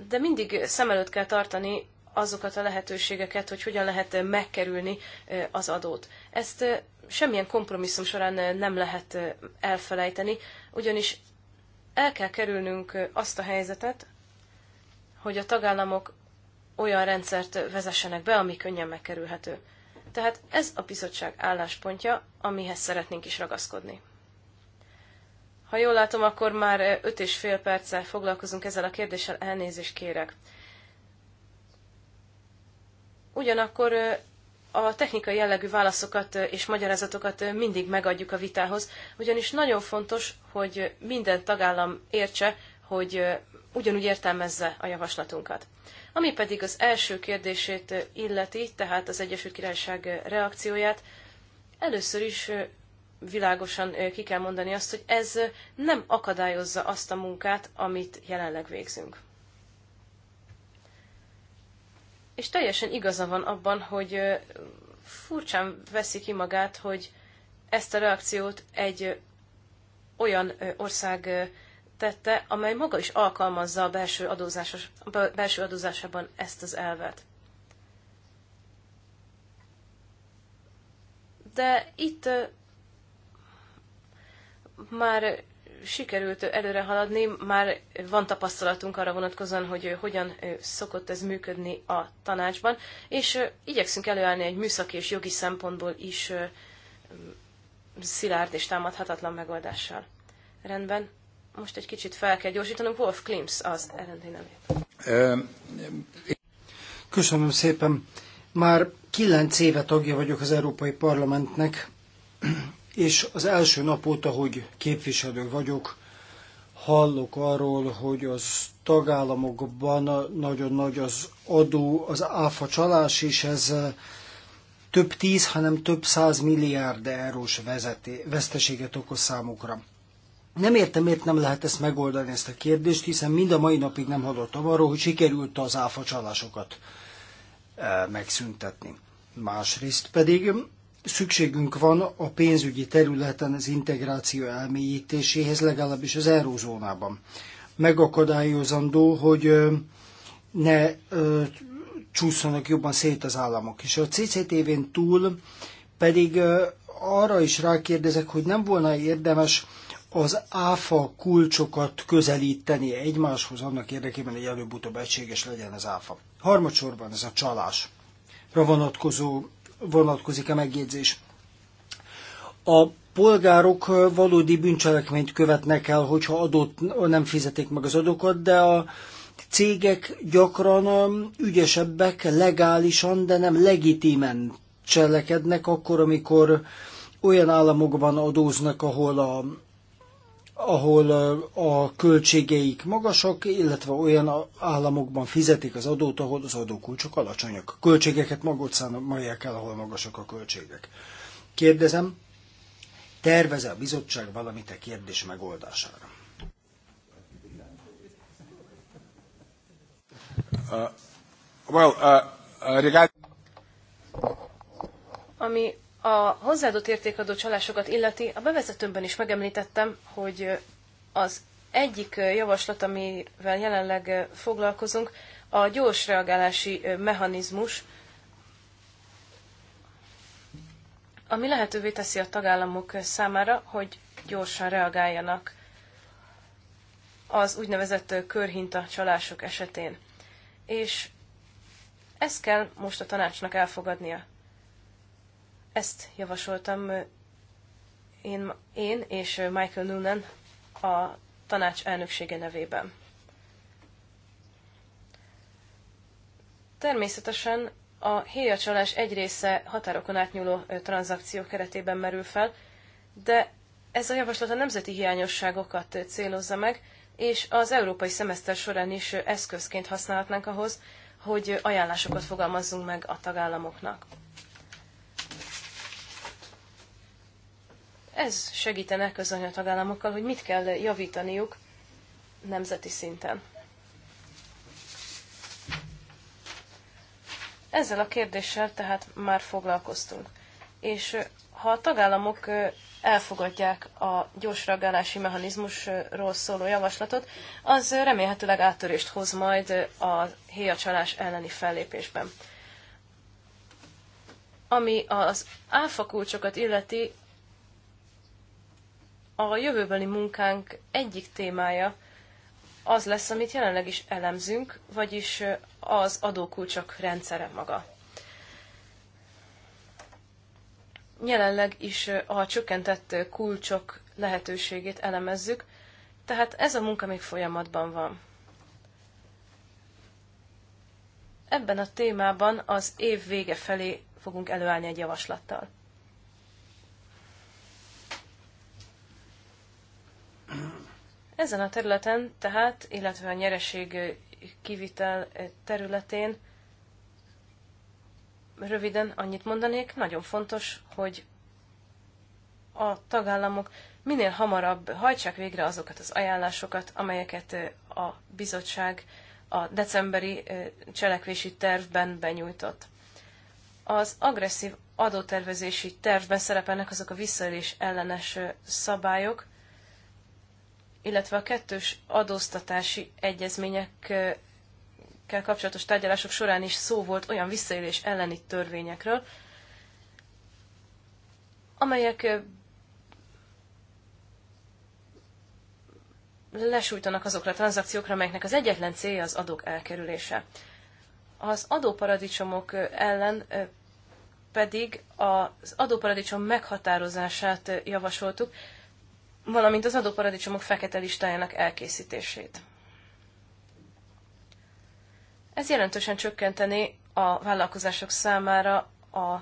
Speaker 3: De mindig szem előtt kell tartani azokat a lehetőségeket, hogy hogyan lehet megkerülni az adót. Ezt semmilyen kompromisszum során nem lehet elfelejteni, ugyanis el kell kerülnünk azt a helyzetet, hogy a tagállamok olyan rendszert vezessenek be, ami könnyen megkerülhető. Tehát ez a bizottság álláspontja, amihez szeretnénk is ragaszkodni. Ha jól látom, akkor már öt és fél perccel foglalkozunk ezzel a kérdéssel, elnézést kérek. Ugyanakkor a technikai jellegű válaszokat és magyarázatokat mindig megadjuk a vitához, ugyanis nagyon fontos, hogy minden tagállam értse, hogy ugyanúgy értelmezze a javaslatunkat. Ami pedig az első kérdését illeti, tehát az Egyesült Királyság reakcióját, először is világosan ki kell mondani azt, hogy ez nem akadályozza azt a munkát, amit jelenleg végzünk. És teljesen igaza van abban, hogy furcsán veszi ki magát, hogy ezt a reakciót egy olyan ország tette, amely maga is alkalmazza a belső, adózásos, belső adózásában ezt az elvet. De itt már sikerült előre haladni, már van tapasztalatunk arra vonatkozóan, hogy hogyan szokott ez működni a tanácsban, és igyekszünk előállni egy műszaki és jogi szempontból is szilárd és támadhatatlan megoldással. Rendben, most egy kicsit fel kell gyorsítanom. Wolf Klims az eredeti
Speaker 2: nevét. Köszönöm szépen. Már kilenc éve tagja vagyok az Európai Parlamentnek, és az első nap óta, hogy képviselő vagyok, hallok arról, hogy az tagállamokban nagyon nagy az adó, az áfa csalás, és ez több tíz, hanem több száz milliárd eurós vezeti, veszteséget okoz számukra. Nem értem, miért nem lehet ezt megoldani, ezt a kérdést, hiszen mind a mai napig nem hallottam arról, hogy sikerült az áfa csalásokat e, megszüntetni. Másrészt pedig um, szükségünk van a pénzügyi területen az integráció elmélyítéséhez, legalábbis az eurózónában. Megakadályozandó, hogy ne csúszanak jobban szét az államok. És a CCTV-n túl pedig arra is rákérdezek, hogy nem volna érdemes az áfa kulcsokat közelíteni egymáshoz, annak érdekében, hogy előbb-utóbb egységes legyen az áfa. Harmadsorban ez a csalásra vonatkozó, vonatkozik a megjegyzés. A polgárok valódi bűncselekményt követnek el, hogyha adót nem fizetik meg az adókat, de a cégek gyakran um, ügyesebbek legálisan, de nem legitimen cselekednek akkor, amikor olyan államokban adóznak, ahol a ahol a költségeik magasak, illetve olyan államokban fizetik az adót, ahol az adókulcsok alacsonyak. A költségeket magot számolják el, ahol magasak a költségek. Kérdezem, tervez a bizottság valamit a kérdés megoldására? Uh, well, uh, uh, regard...
Speaker 3: Ami a hozzáadott értékadó csalásokat illeti, a bevezetőmben is megemlítettem, hogy az egyik javaslat, amivel jelenleg foglalkozunk, a gyors reagálási mechanizmus, ami lehetővé teszi a tagállamok számára, hogy gyorsan reagáljanak az úgynevezett körhinta csalások esetén. És ezt kell most a tanácsnak elfogadnia. Ezt javasoltam én, én és Michael Noonan a tanács elnöksége nevében. Természetesen a héjacsalás egy része határokon átnyúló tranzakció keretében merül fel, de ez a javaslat a nemzeti hiányosságokat célozza meg, és az európai szemeszter során is eszközként használhatnánk ahhoz, hogy ajánlásokat fogalmazzunk meg a tagállamoknak. Ez segítene közölni a tagállamokkal, hogy mit kell javítaniuk nemzeti szinten. Ezzel a kérdéssel tehát már foglalkoztunk. És ha a tagállamok elfogadják a gyors reagálási mechanizmusról szóló javaslatot, az remélhetőleg áttörést hoz majd a héjacsalás elleni fellépésben. Ami az áfakulcsokat illeti, a jövőbeli munkánk egyik témája az lesz, amit jelenleg is elemzünk, vagyis az adókulcsok rendszere maga. Jelenleg is a csökkentett kulcsok lehetőségét elemezzük, tehát ez a munka még folyamatban van. Ebben a témában az év vége felé fogunk előállni egy javaslattal. Ezen a területen tehát, illetve a nyereség kivitel területén röviden annyit mondanék, nagyon fontos, hogy a tagállamok minél hamarabb hajtsák végre azokat az ajánlásokat, amelyeket a bizottság a decemberi cselekvési tervben benyújtott. Az agresszív adótervezési tervben szerepelnek azok a visszaélés ellenes szabályok, illetve a kettős adóztatási egyezményekkel kapcsolatos tárgyalások során is szó volt olyan visszaélés elleni törvényekről, amelyek lesújtanak azokra a tranzakciókra, amelyeknek az egyetlen célja az adók elkerülése. Az adóparadicsomok ellen pedig az adóparadicsom meghatározását javasoltuk, valamint az adóparadicsomok fekete listájának elkészítését. Ez jelentősen csökkenteni a vállalkozások számára a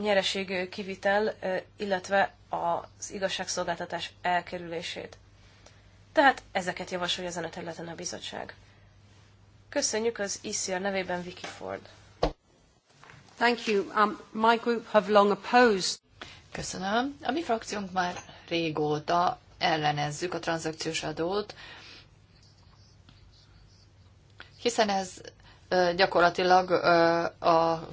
Speaker 3: nyereség kivitel, illetve az igazságszolgáltatás elkerülését. Tehát ezeket javasolja ezen a területen a bizottság. Köszönjük az ICR nevében Vicky Ford. Thank you. Um, my group have long opposed Köszönöm. A mi frakciónk már
Speaker 4: régóta ellenezzük a tranzakciós adót, hiszen ez gyakorlatilag a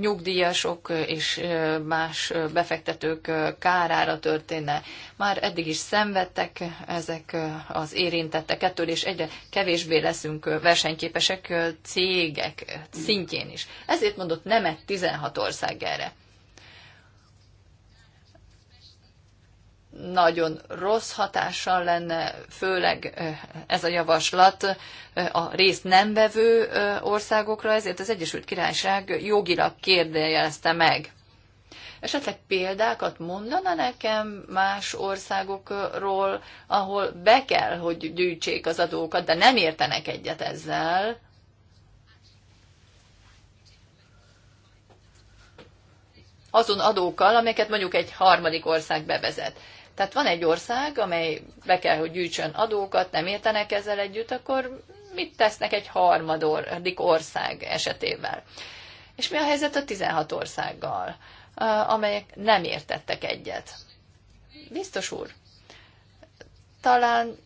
Speaker 4: nyugdíjasok és más befektetők kárára történne. Már eddig is szenvedtek ezek az érintettek ettől, és egyre kevésbé leszünk versenyképesek cégek szintjén is. Ezért mondott nemet 16 ország erre. nagyon rossz hatással lenne, főleg ez a javaslat a részt nem vevő országokra, ezért az Egyesült Királyság jogilag kérdőjelezte meg. Esetleg példákat mondana nekem más országokról, ahol be kell, hogy gyűjtsék az adókat, de nem értenek egyet ezzel, azon adókkal, amelyeket mondjuk egy harmadik ország bevezet. Tehát van egy ország, amely be kell, hogy gyűjtsön adókat, nem értenek ezzel együtt, akkor mit tesznek egy harmadik ország esetével? És mi a helyzet a 16 országgal, amelyek nem értettek egyet? Biztos úr, talán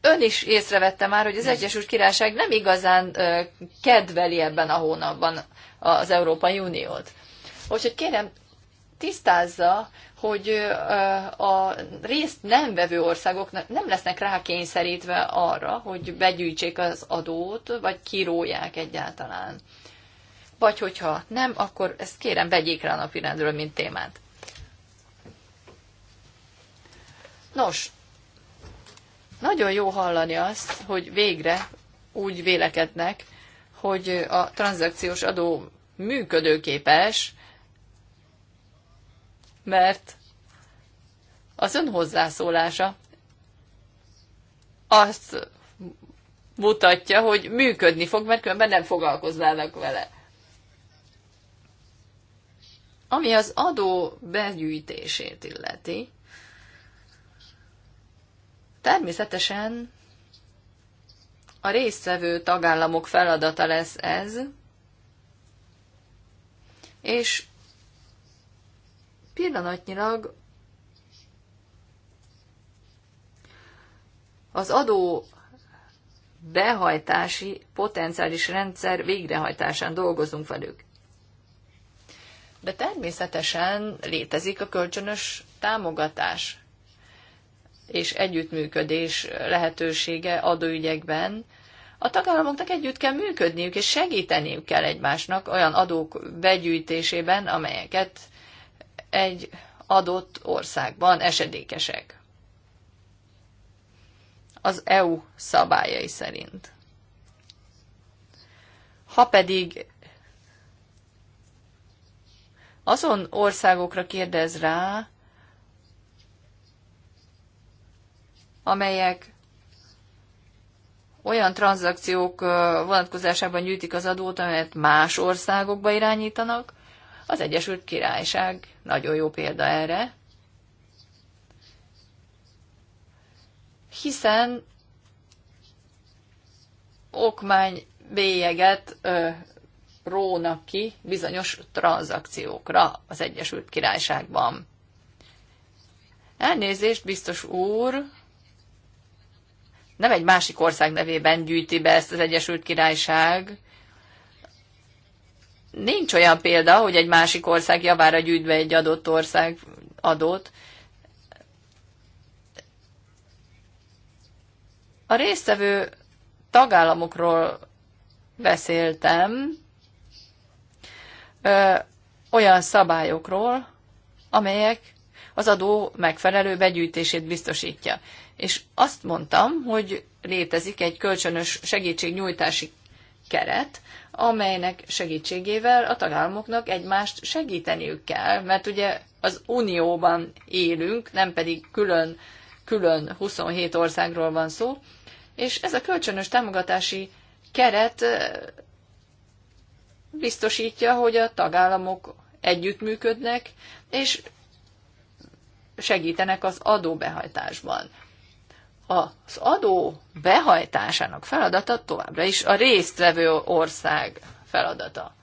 Speaker 4: ön is észrevette már, hogy az Egyesült Királyság nem igazán kedveli ebben a hónapban az Európai Uniót. Úgyhogy kérem, tisztázza, hogy a részt nem vevő országok nem lesznek rákényszerítve arra, hogy begyűjtsék az adót, vagy kirólják egyáltalán. Vagy hogyha nem, akkor ezt kérem, vegyék rá a napirendről, mint témát. Nos, nagyon jó hallani azt, hogy végre úgy vélekednek, hogy a tranzakciós adó működőképes, mert az ön hozzászólása azt mutatja, hogy működni fog, mert különben nem foglalkoznának vele. Ami az adó begyűjtését illeti, természetesen a résztvevő tagállamok feladata lesz ez, és Pillanatnyilag az adó behajtási potenciális rendszer végrehajtásán dolgozunk velük. De természetesen létezik a kölcsönös támogatás és együttműködés lehetősége adóügyekben. A tagállamoknak együtt kell működniük, és segíteniük kell egymásnak olyan adók begyűjtésében, amelyeket egy adott országban esedékesek. Az EU szabályai szerint. Ha pedig azon országokra kérdez rá, amelyek olyan tranzakciók vonatkozásában gyűjtik az adót, amelyet más országokba irányítanak, az Egyesült Királyság nagyon jó példa erre, hiszen okmány bélyeget ö, rónak ki bizonyos tranzakciókra az Egyesült Királyságban. Elnézést, biztos úr, nem egy másik ország nevében gyűjti be ezt az Egyesült Királyság, nincs olyan példa, hogy egy másik ország javára gyűjtve egy adott ország adót. A résztvevő tagállamokról beszéltem, ö, olyan szabályokról, amelyek az adó megfelelő begyűjtését biztosítja. És azt mondtam, hogy létezik egy kölcsönös segítségnyújtási keret, amelynek segítségével a tagállamoknak egymást segíteniük kell, mert ugye az Unióban élünk, nem pedig külön, külön 27 országról van szó, és ez a kölcsönös támogatási keret eh, biztosítja, hogy a tagállamok együttműködnek, és segítenek az adóbehajtásban az adó behajtásának feladata továbbra is a résztvevő ország feladata.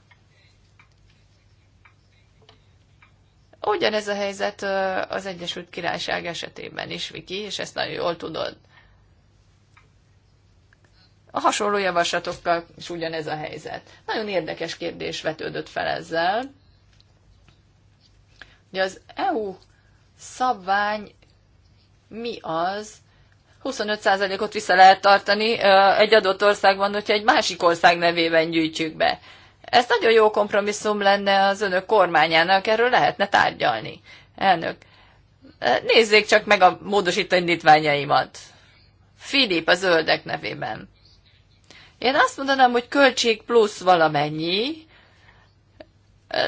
Speaker 4: Ugyanez a helyzet az Egyesült Királyság esetében is, Viki, és ezt nagyon jól tudod. A hasonló javaslatokkal is ugyanez a helyzet. Nagyon érdekes kérdés vetődött fel ezzel. Ugye az EU szabvány mi az, 25%-ot vissza lehet tartani egy adott országban, hogyha egy másik ország nevében gyűjtjük be. Ez nagyon jó kompromisszum lenne az önök kormányának, erről lehetne tárgyalni. Elnök, nézzék csak meg a módosító indítványaimat. Filip a zöldek nevében. Én azt mondanám, hogy költség plusz valamennyi,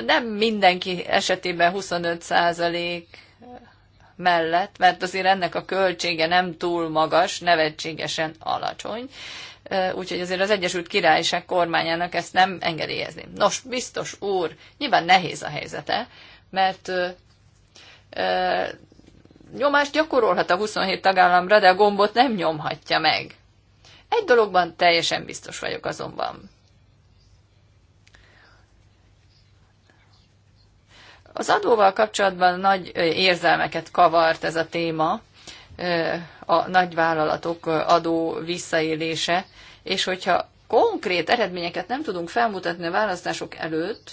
Speaker 4: nem mindenki esetében 25 százalék, mellett, mert azért ennek a költsége nem túl magas, nevetségesen alacsony. Úgyhogy azért az Egyesült Királyság kormányának ezt nem engedélyezni. Nos, biztos úr, nyilván nehéz a helyzete, mert ö, ö, nyomást gyakorolhat a 27 tagállamra, de a gombot nem nyomhatja meg. Egy dologban teljesen biztos vagyok azonban. Az adóval kapcsolatban nagy érzelmeket kavart ez a téma, a nagyvállalatok adó visszaélése, és hogyha konkrét eredményeket nem tudunk felmutatni a választások előtt,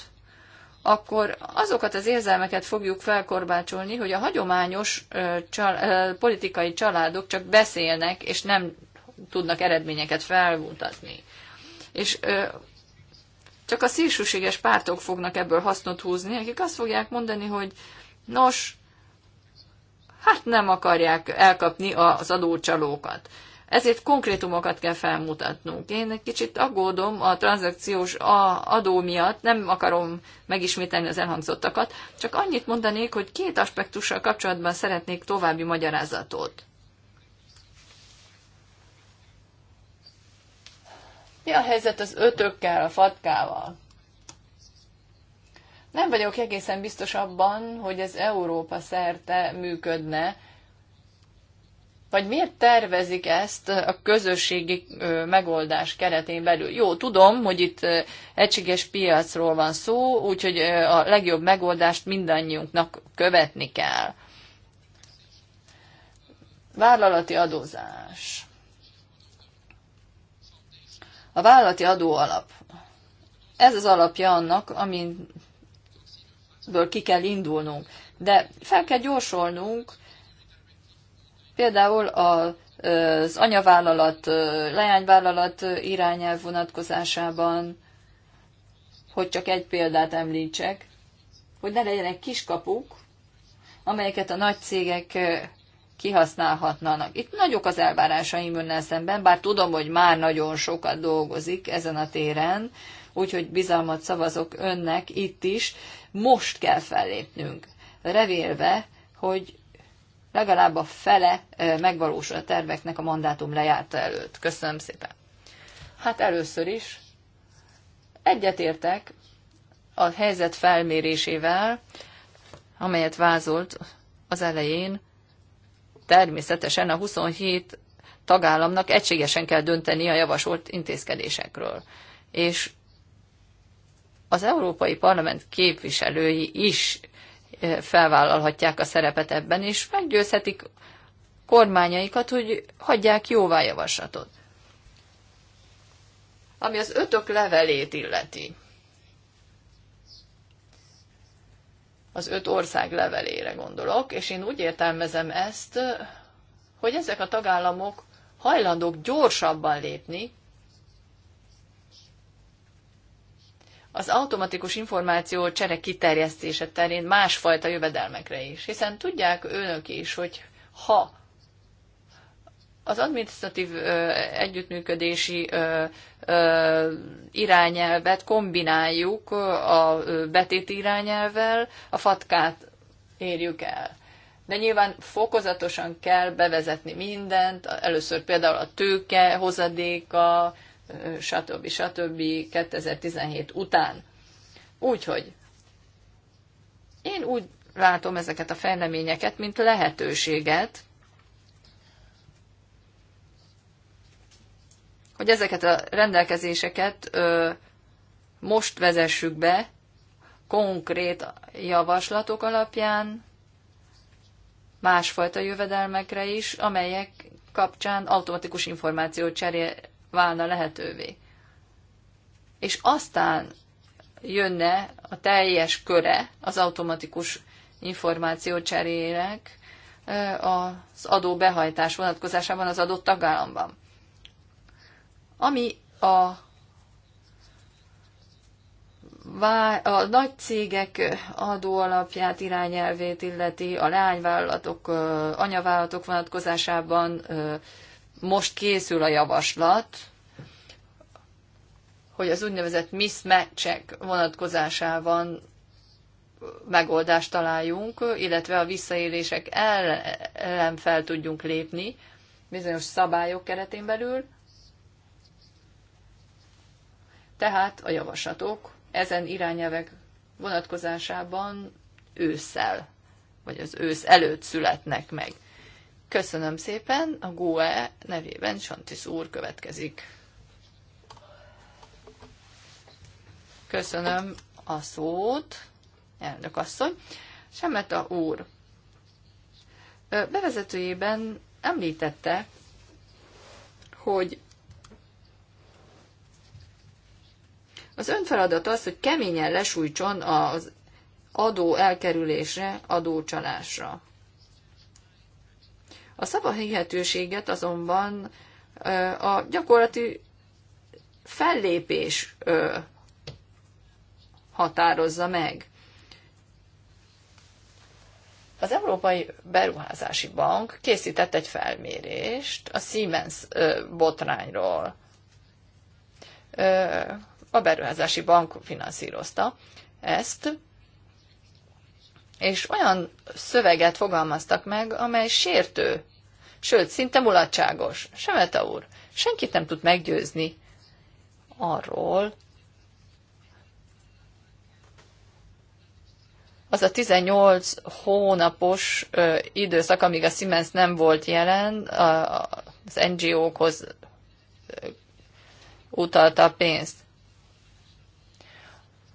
Speaker 4: akkor azokat az érzelmeket fogjuk felkorbácsolni, hogy a hagyományos csal- politikai családok csak beszélnek, és nem tudnak eredményeket felmutatni. És csak a szélsőséges pártok fognak ebből hasznot húzni, akik azt fogják mondani, hogy nos, hát nem akarják elkapni az adócsalókat. Ezért konkrétumokat kell felmutatnunk. Én egy kicsit aggódom a tranzakciós adó miatt, nem akarom megismételni az elhangzottakat, csak annyit mondanék, hogy két aspektussal kapcsolatban szeretnék további magyarázatot. Mi a helyzet az ötökkel, a fatkával? Nem vagyok egészen biztos abban, hogy ez Európa szerte működne, vagy miért tervezik ezt a közösségi megoldás keretén belül? Jó, tudom, hogy itt egységes piacról van szó, úgyhogy a legjobb megoldást mindannyiunknak követni kell. Vállalati adózás. A vállalati adó alap Ez az alapja annak, amiből ki kell indulnunk. De fel kell gyorsolnunk, például a az anyavállalat, leányvállalat irányelv vonatkozásában, hogy csak egy példát említsek, hogy ne legyenek kiskapuk, amelyeket a nagy cégek kihasználhatnának. Itt nagyok az elvárásaim önnel szemben, bár tudom, hogy már nagyon sokat dolgozik ezen a téren, úgyhogy bizalmat szavazok önnek itt is. Most kell fellépnünk, revélve, hogy legalább a fele megvalósul a terveknek a mandátum lejárta előtt. Köszönöm szépen. Hát először is egyetértek a helyzet felmérésével, amelyet vázolt az elején természetesen a 27 tagállamnak egységesen kell dönteni a javasolt intézkedésekről. És az Európai Parlament képviselői is eh, felvállalhatják a szerepet ebben, és meggyőzhetik kormányaikat, hogy hagyják jóvá javaslatot. Ami az ötök levelét illeti. az öt ország levelére gondolok, és én úgy értelmezem ezt, hogy ezek a tagállamok hajlandók gyorsabban lépni, az automatikus információ csere kiterjesztése terén másfajta jövedelmekre is. Hiszen tudják önök is, hogy ha az ö, együttműködési irányelvet kombináljuk a betéti irányelvel, a fatkát érjük el. De nyilván fokozatosan kell bevezetni mindent, először például a tőke hozadéka, stb. stb. 2017 után. Úgyhogy én úgy látom ezeket a fejleményeket, mint lehetőséget, hogy ezeket a rendelkezéseket ö, most vezessük be konkrét javaslatok alapján másfajta jövedelmekre is, amelyek kapcsán automatikus cseré válna lehetővé. És aztán jönne a teljes köre az automatikus cserének az adó behajtás vonatkozásában az adott tagállamban. Ami a a nagy cégek adóalapját, irányelvét illeti, a leányvállalatok, anyavállalatok vonatkozásában most készül a javaslat, hogy az úgynevezett mismatchek vonatkozásában megoldást találjunk, illetve a visszaélések ellen fel tudjunk lépni bizonyos szabályok keretén belül, tehát a javaslatok ezen irányelvek vonatkozásában ősszel, vagy az ősz előtt születnek meg. Köszönöm szépen, a GOE nevében Santis úr következik. Köszönöm a szót, elnök asszony. a úr, bevezetőjében említette, hogy Az ön feladat az, hogy keményen lesújtson az adó elkerülésre, adócsalásra. A hihetőséget azonban a gyakorlati fellépés határozza meg. Az Európai Beruházási Bank készített egy felmérést a Siemens botrányról a beruházási bank finanszírozta ezt, és olyan szöveget fogalmaztak meg, amely sértő, sőt, szinte mulatságos. Semeta úr, senkit nem tud meggyőzni arról, az a 18 hónapos ö, időszak, amíg a Siemens nem volt jelen, a, az NGO-khoz utalta a pénzt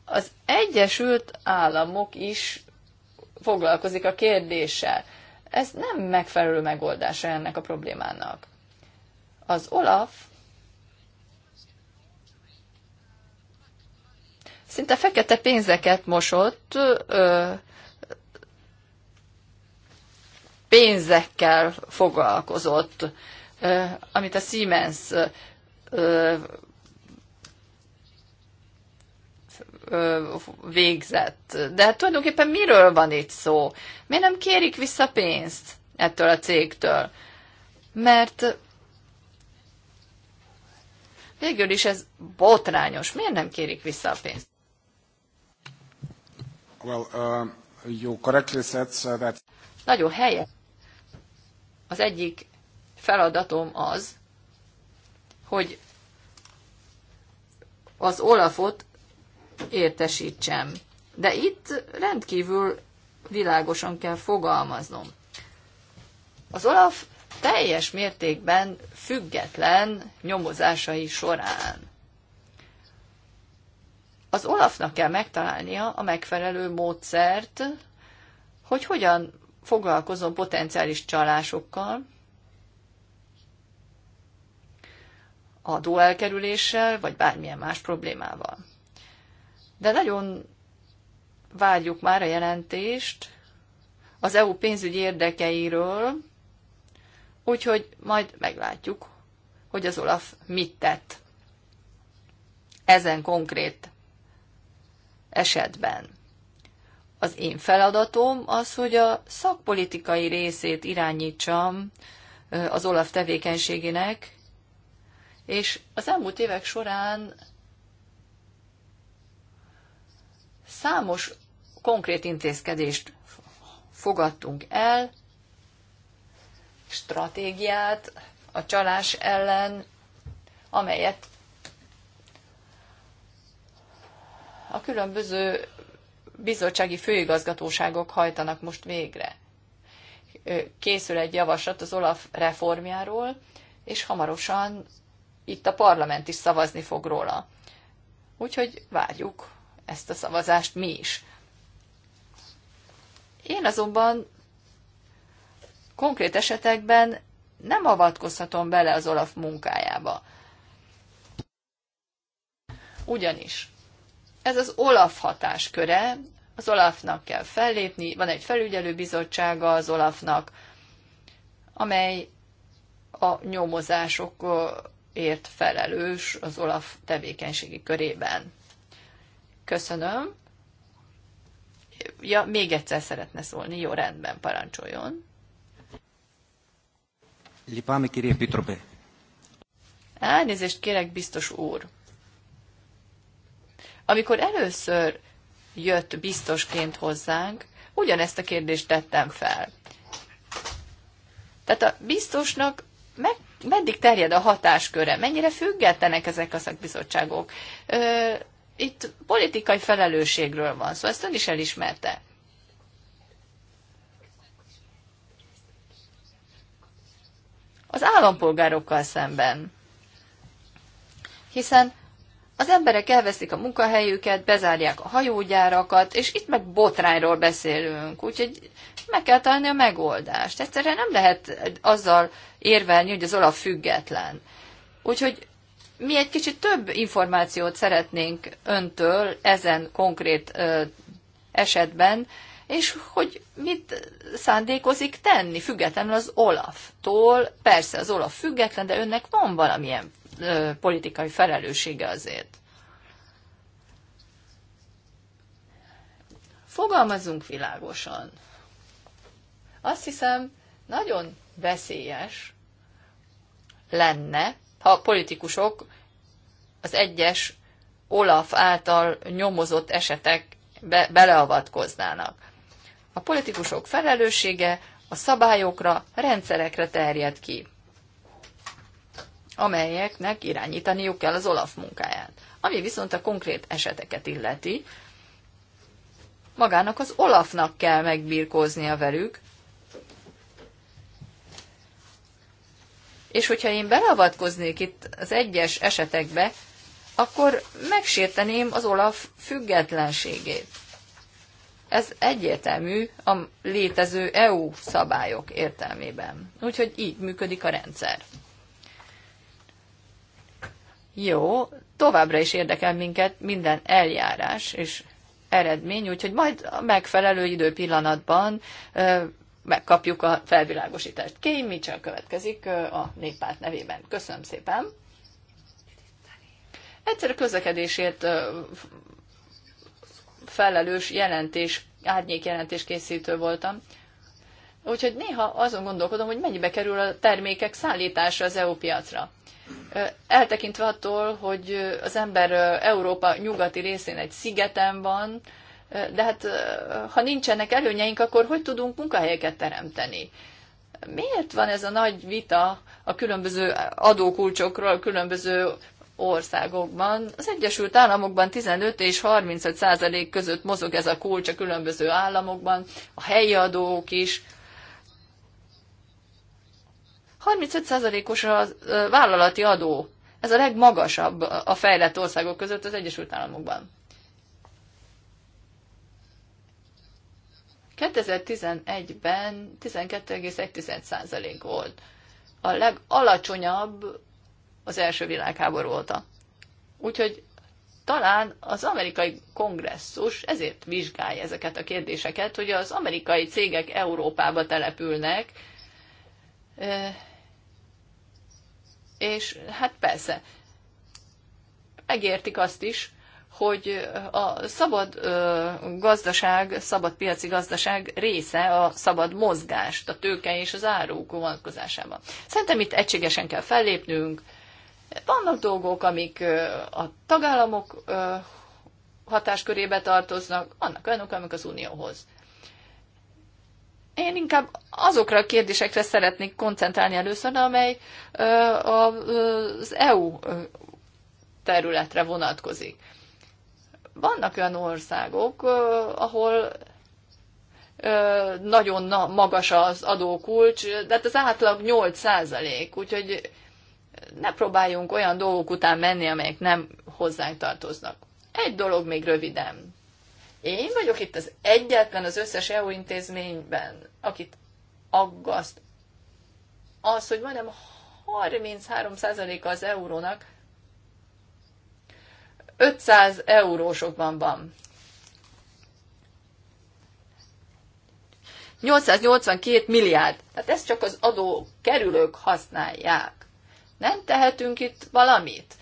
Speaker 4: az Egyesült Államok is foglalkozik a kérdéssel. Ez nem megfelelő megoldása ennek a problémának. Az Olaf szinte fekete pénzeket mosott, ö, pénzekkel foglalkozott, ö, amit a Siemens ö, végzett. De hát tulajdonképpen miről van itt szó? Miért nem kérik vissza pénzt ettől a cégtől? Mert végül is ez botrányos. Miért nem kérik vissza a pénzt?
Speaker 2: Well, uh, you correctly said that...
Speaker 4: Nagyon helyes. Az egyik feladatom az, hogy az Olafot értesítsem. De itt rendkívül világosan kell fogalmaznom. Az Olaf teljes mértékben független nyomozásai során. Az Olafnak kell megtalálnia a megfelelő módszert, hogy hogyan foglalkozom potenciális csalásokkal, adóelkerüléssel, vagy bármilyen más problémával de nagyon várjuk már a jelentést az EU pénzügyi érdekeiről, úgyhogy majd meglátjuk, hogy az Olaf mit tett ezen konkrét esetben. Az én feladatom az, hogy a szakpolitikai részét irányítsam az Olaf tevékenységének, és az elmúlt évek során Számos konkrét intézkedést fogadtunk el, stratégiát a csalás ellen, amelyet a különböző bizottsági főigazgatóságok hajtanak most végre. Készül egy javaslat az Olaf reformjáról, és hamarosan itt a parlament is szavazni fog róla. Úgyhogy várjuk ezt a szavazást mi is. Én azonban konkrét esetekben nem avatkozhatom bele az Olaf munkájába. Ugyanis ez az Olaf hatásköre, az Olafnak kell fellépni, van egy felügyelőbizottsága az Olafnak, amely a nyomozásokért felelős az Olaf tevékenységi körében. Köszönöm. Ja, még egyszer szeretne szólni. Jó, rendben, parancsoljon.
Speaker 2: Lipámi kirje Pitrope.
Speaker 4: Elnézést kérek, biztos úr. Amikor először jött biztosként hozzánk, ugyanezt a kérdést tettem fel. Tehát a biztosnak meg, meddig terjed a hatásköre? Mennyire függetlenek ezek a szakbizottságok? Ö, itt politikai felelősségről van szó, szóval ezt ön is elismerte. Az állampolgárokkal szemben. Hiszen az emberek elveszik a munkahelyüket, bezárják a hajógyárakat, és itt meg botrányról beszélünk, úgyhogy meg kell találni a megoldást. Egyszerűen nem lehet azzal érvelni, hogy az olaf független. Úgyhogy mi egy kicsit több információt szeretnénk öntől ezen konkrét ö, esetben, és hogy mit szándékozik tenni, függetlenül az Olaf-tól. Persze az Olaf független, de önnek van valamilyen ö, politikai felelőssége azért. Fogalmazunk világosan. Azt hiszem, nagyon veszélyes lenne, ha a politikusok az egyes Olaf által nyomozott esetek be, beleavatkoznának. A politikusok felelőssége a szabályokra, rendszerekre terjed ki, amelyeknek irányítaniuk kell az Olaf munkáját. Ami viszont a konkrét eseteket illeti, magának az Olafnak kell megbírkoznia velük, És hogyha én beleavatkoznék itt az egyes esetekbe, akkor megsérteném az Olaf függetlenségét. Ez egyértelmű a létező EU szabályok értelmében. Úgyhogy így működik a rendszer. Jó, továbbra is érdekel minket minden eljárás és eredmény, úgyhogy majd a megfelelő időpillanatban megkapjuk a felvilágosítást. Kény csak következik a néppárt nevében. Köszönöm szépen. Egyszerű közlekedésért felelős jelentés, árnyék jelentés készítő voltam. Úgyhogy néha azon gondolkodom, hogy mennyibe kerül a termékek szállítása az EU piacra. Eltekintve attól, hogy az ember Európa nyugati részén egy szigeten van, de hát ha nincsenek előnyeink, akkor hogy tudunk munkahelyeket teremteni? Miért van ez a nagy vita a különböző adókulcsokról, a különböző országokban? Az Egyesült Államokban 15 és 35 százalék között mozog ez a kulcs a különböző államokban, a helyi adók is. 35 százalékos a vállalati adó. Ez a legmagasabb a fejlett országok között az Egyesült Államokban. 2011-ben 12,1% volt. A legalacsonyabb az első világháború óta. Úgyhogy talán az amerikai kongresszus ezért vizsgálja ezeket a kérdéseket, hogy az amerikai cégek Európába települnek, és hát persze, megértik azt is, hogy a szabad gazdaság, szabad piaci gazdaság része a szabad mozgást, a tőke és az áruk vonatkozásában. Szerintem itt egységesen kell fellépnünk. Vannak dolgok, amik a tagállamok hatáskörébe tartoznak, vannak olyanok, amik az unióhoz. Én inkább azokra a kérdésekre szeretnék koncentrálni először, amely az EU területre vonatkozik vannak olyan országok, ahol nagyon magas az adókulcs, de hát az átlag 8 százalék, úgyhogy ne próbáljunk olyan dolgok után menni, amelyek nem hozzánk tartoznak. Egy dolog még röviden. Én vagyok itt az egyetlen az összes EU intézményben, akit aggaszt az, hogy majdnem 33%-a az eurónak 500 eurósokban van. 882 milliárd. Tehát ezt csak az adó kerülők használják. Nem tehetünk itt valamit?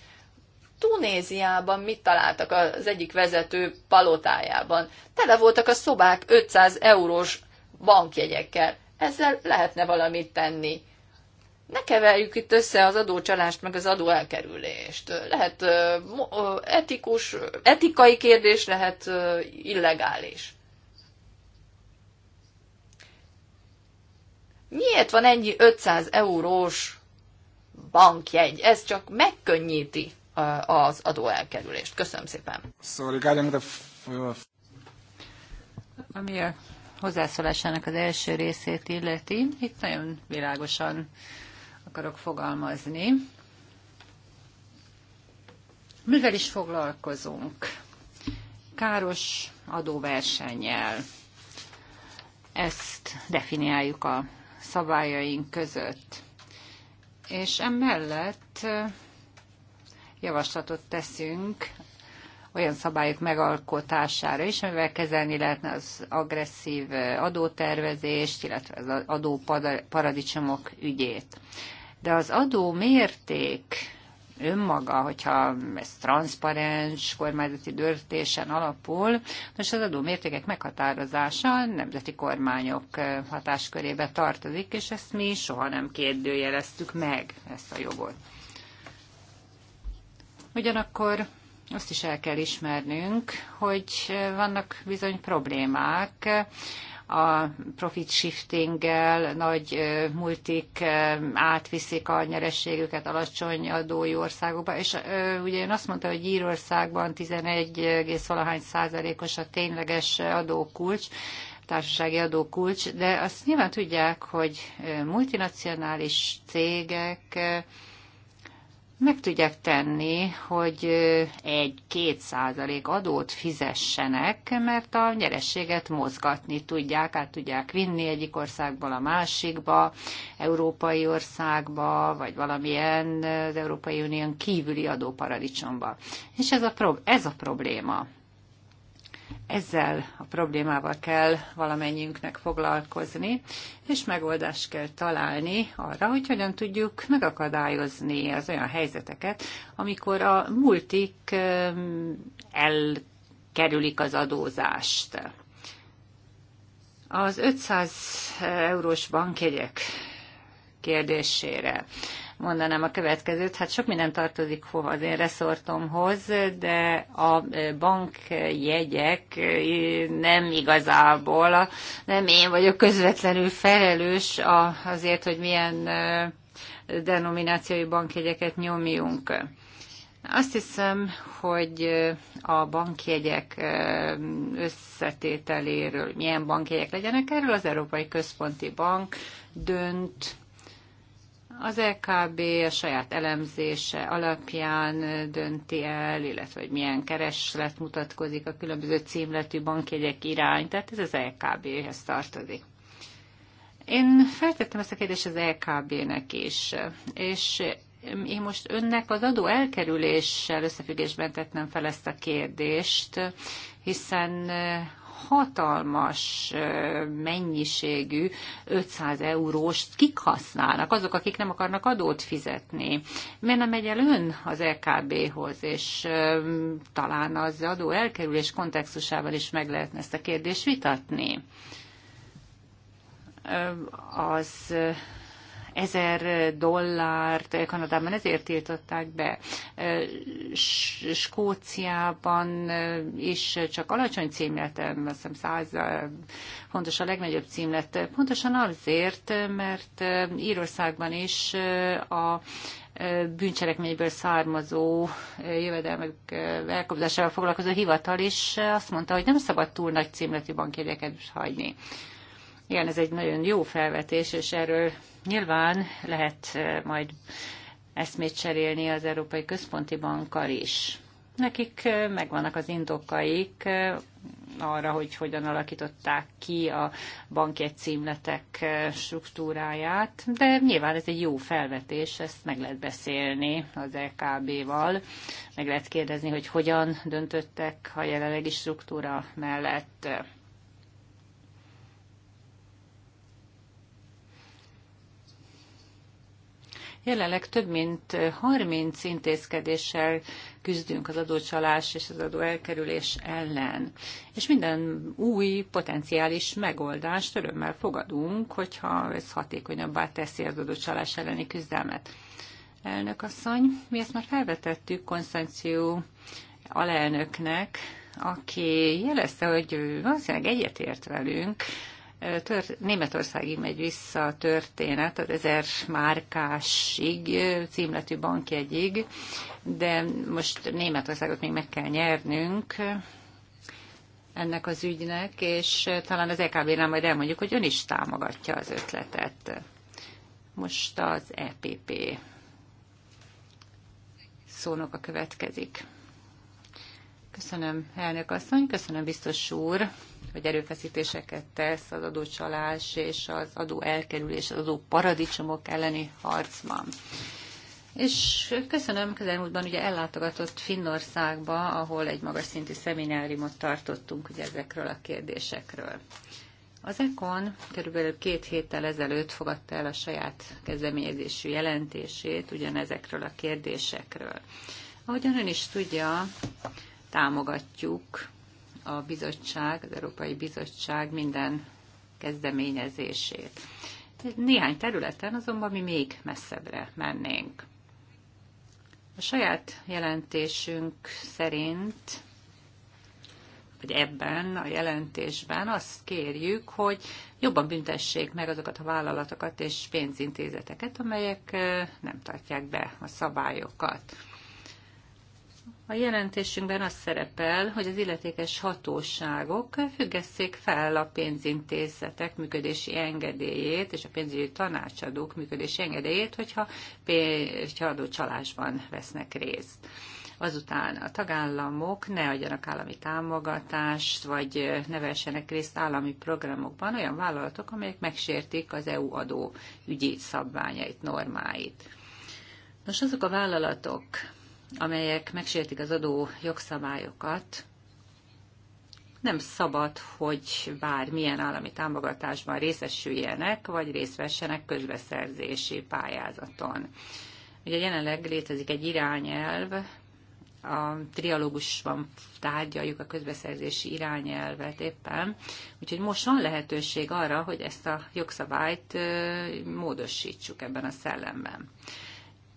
Speaker 4: Tunéziában mit találtak az egyik vezető palotájában? Tele voltak a szobák 500 eurós bankjegyekkel. Ezzel lehetne valamit tenni ne keverjük itt össze az adócsalást meg az adóelkerülést. Lehet etikus, etikai kérdés, lehet illegális. Miért van ennyi 500 eurós bankjegy? Ez csak
Speaker 1: megkönnyíti az adóelkerülést. Köszönöm szépen.
Speaker 2: So regarding the
Speaker 1: Ami a hozzászólásának az első részét illeti, itt nagyon világosan akarok fogalmazni. Mivel is foglalkozunk? Káros adóversennyel. Ezt definiáljuk a szabályaink között. És emellett eh, javaslatot teszünk olyan szabályok megalkotására is, amivel kezelni lehetne az agresszív adótervezést, illetve az adóparadicsomok ügyét. De az adó mérték önmaga, hogyha ez transzparens kormányzati döntésen alapul, most az adó mértékek meghatározása nemzeti kormányok hatáskörébe tartozik, és ezt mi soha nem kérdőjeleztük meg, ezt a jogot. Ugyanakkor azt is el kell ismernünk, hogy vannak bizony problémák, a profit shiftinggel, nagy multik átviszik a nyerességüket alacsony adói országokba, és ugye én azt mondta, hogy Írországban 11, százalékos a tényleges adókulcs, társasági adókulcs, de azt nyilván tudják, hogy multinacionális cégek meg tudják tenni, hogy egy-két százalék adót fizessenek, mert a nyerességet mozgatni tudják, át tudják vinni egyik országból a másikba, európai országba, vagy valamilyen az Európai Unión kívüli adóparadicsomba. És ez a, prob- ez a probléma. Ezzel a problémával kell valamennyiünknek foglalkozni, és megoldást kell találni arra, hogy hogyan tudjuk megakadályozni az olyan helyzeteket, amikor a multik elkerülik az adózást. Az 500 eurós bankjegyek kérdésére mondanám a következőt. Hát sok minden tartozik hova az én reszortomhoz, de a e, bankjegyek e, nem igazából, nem én vagyok közvetlenül felelős azért, hogy milyen e, denominációi bankjegyeket nyomjunk. Azt hiszem, hogy a bankjegyek összetételéről, milyen bankjegyek legyenek, erről az Európai Központi Bank dönt, az LKB e a saját elemzése alapján dönti el, illetve hogy milyen kereslet mutatkozik a különböző címletű bankjegyek irány, tehát ez az LKB-hez e tartozik. Én feltettem ezt a kérdést az LKB-nek e is, és én most önnek az adó elkerüléssel összefüggésben tettem fel ezt a kérdést, hiszen hatalmas mennyiségű 500 eurós használnak azok, akik nem akarnak adót fizetni. Miért nem megy el ön az LKB-hoz, és talán az adó elkerülés kontextusával is meg lehetne ezt a kérdést vitatni? Az ezer dollárt Kanadában ezért tiltották be. Skóciában is csak alacsony címlet, azt hiszem száz fontos a legnagyobb címlet. Pontosan azért, mert Írországban is a bűncselekményből származó jövedelmek elkobzásával foglalkozó hivatal is azt mondta, hogy nem szabad túl nagy címletű bankjegyeket hagyni. Igen, ez egy nagyon jó felvetés, és erről nyilván lehet eh, majd eszmét cserélni az Európai Központi Bankkal is. Nekik eh, megvannak az indokaik eh, arra, hogy hogyan alakították ki a bankjegy címletek struktúráját, de nyilván ez egy jó felvetés, ezt meg lehet beszélni az LKB-val, e meg lehet kérdezni, hogy hogyan döntöttek a jelenlegi struktúra mellett. Jelenleg több mint 30 intézkedéssel küzdünk az adócsalás és az adóelkerülés ellen. És minden új potenciális megoldást örömmel fogadunk, hogyha ez hatékonyabbá teszi az adócsalás elleni küzdelmet. Elnök asszony, mi ezt már felvetettük Konszenció alelnöknek, aki jelezte, hogy valószínűleg egyetért velünk, tört, Németországig megy vissza a történet, az ezer márkásig, címletű bankjegyig, de most Németországot még meg kell nyernünk ennek az ügynek, és talán az EKB-nál majd elmondjuk, hogy ön is támogatja az ötletet. Most az EPP szónoka következik. Köszönöm, elnök asszony, köszönöm biztos úr, hogy erőfeszítéseket tesz az adócsalás és az adó elkerülés, az adó paradicsomok elleni harcban. És köszönöm, közelmúltban ugye ellátogatott Finnországba, ahol egy magas szintű szemináriumot tartottunk ugye ezekről a kérdésekről. Az EKON körülbelül két héttel ezelőtt fogadta el a saját kezdeményezésű jelentését ugyanezekről a kérdésekről. Ahogyan ön is tudja, Támogatjuk a bizottság, az Európai Bizottság minden kezdeményezését. Néhány területen azonban mi még messzebbre mennénk. A saját jelentésünk szerint, vagy ebben a jelentésben azt kérjük, hogy jobban büntessék meg azokat a vállalatokat és pénzintézeteket, amelyek eh, nem tartják be a szabályokat. A jelentésünkben az szerepel, hogy az illetékes hatóságok függesszék fel a pénzintézetek működési engedélyét és a pénzügyi tanácsadók működési engedélyét, hogyha, hogyha adócsalásban vesznek részt azután a tagállamok ne adjanak állami támogatást, vagy ne vessenek részt állami programokban olyan vállalatok, amelyek megsértik az EU adó ügyi szabványait, normáit. Nos, azok a vállalatok, amelyek megsértik az adó jogszabályokat, nem szabad, hogy bármilyen állami támogatásban részesüljenek, vagy részt vessenek közbeszerzési pályázaton. Ugye jelenleg létezik egy irányelv, a trialógusban tárgyaljuk a közbeszerzési irányelvet éppen, úgyhogy most van lehetőség arra, hogy ezt a jogszabályt módosítsuk ebben a szellemben.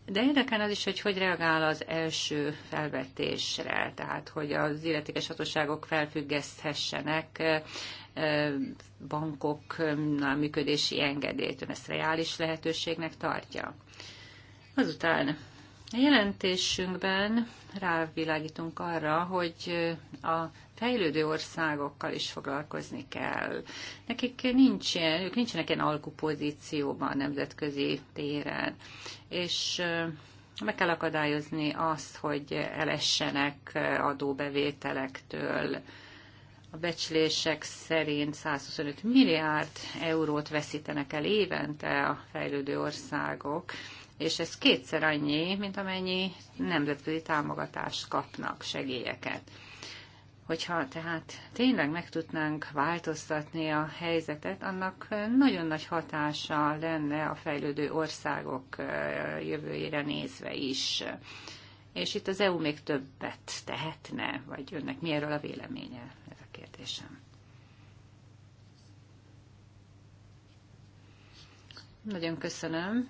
Speaker 1: De érdekel az is, hogy hogy reagál az első felvetésre, tehát hogy az illetékes hatóságok felfüggeszthessenek bankok működési engedélyt. Ön ezt reális lehetőségnek tartja? Azután a jelentésünkben rávilágítunk arra, hogy a fejlődő országokkal is foglalkozni kell. Nekik nincs ilyen, ők nincsenek ilyen alkupozícióban a nemzetközi téren. És meg kell akadályozni azt, hogy elessenek adóbevételektől. A becslések szerint 125 milliárd eurót veszítenek el évente a fejlődő országok, és ez kétszer annyi, mint amennyi nemzetközi támogatást kapnak, segélyeket. Hogyha tehát tényleg meg tudnánk változtatni a helyzetet, annak nagyon nagy hatása lenne a fejlődő országok jövőjére nézve is. És itt az EU még többet tehetne, vagy önnek mi erről a véleménye? Ez a kérdésem. Nagyon köszönöm.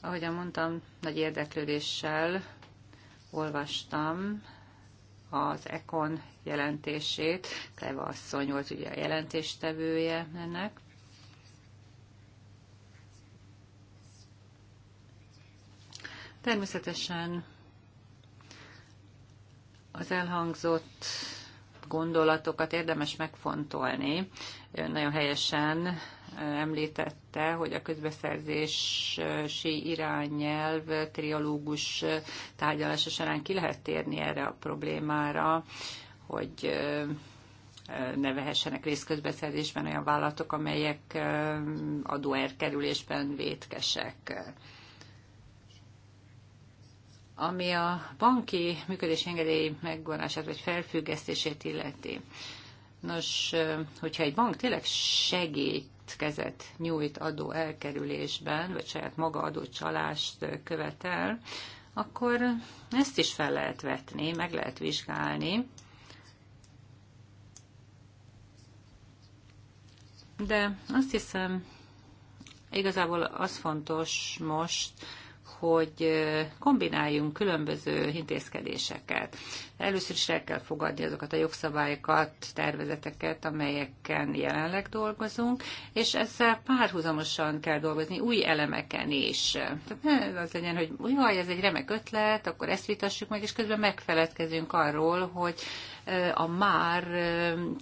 Speaker 1: Ahogyan mondtam, nagy érdeklődéssel olvastam az ECON jelentését. Kleva asszony volt ugye a jelentéstevője ennek. Természetesen az elhangzott gondolatokat érdemes megfontolni. nagyon helyesen említette, hogy a közbeszerzési irányelv triológus tárgyalása során ki lehet térni erre a problémára, hogy ne vehessenek részt közbeszerzésben olyan vállalatok, amelyek adóerkerülésben vétkesek. Ami a banki működési engedély megvonását vagy felfüggesztését illeti. Nos, hogyha egy bank tényleg segít kezet nyújt adó elkerülésben, vagy saját maga adócsalást követel, akkor ezt is fel lehet vetni, meg lehet vizsgálni. De azt hiszem, igazából az fontos most, hogy kombináljunk különböző intézkedéseket. Először is el kell fogadni azokat a jogszabályokat, tervezeteket, amelyeken jelenleg dolgozunk, és ezzel párhuzamosan kell dolgozni új elemeken is. Tehát ne az legyen, hogy jaj, ez egy remek ötlet, akkor ezt vitassuk meg, és közben megfeledkezünk arról, hogy a már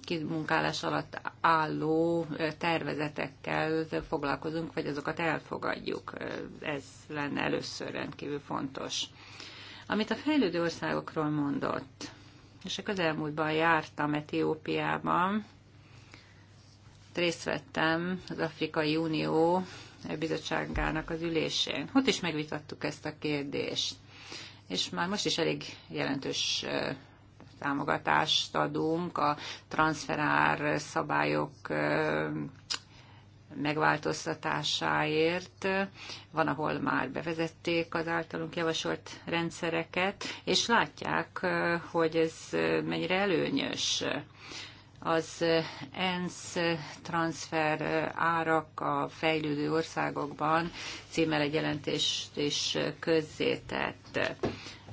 Speaker 1: kimunkálás alatt álló tervezetekkel foglalkozunk, vagy azokat elfogadjuk. Ez lenne először rendkívül fontos. Amit a fejlődő országokról mondott, és a közelmúltban jártam Etiópiában, részt vettem az Afrikai Unió bizottságának az ülésén. Ott is megvitattuk ezt a kérdést, és már most is elég jelentős támogatást adunk a transferár szabályok megváltoztatásáért. Van, ahol már bevezették az általunk javasolt rendszereket, és látják, hogy ez mennyire előnyös az ENSZ transfer árak a fejlődő országokban címmel egy jelentést is közzétett.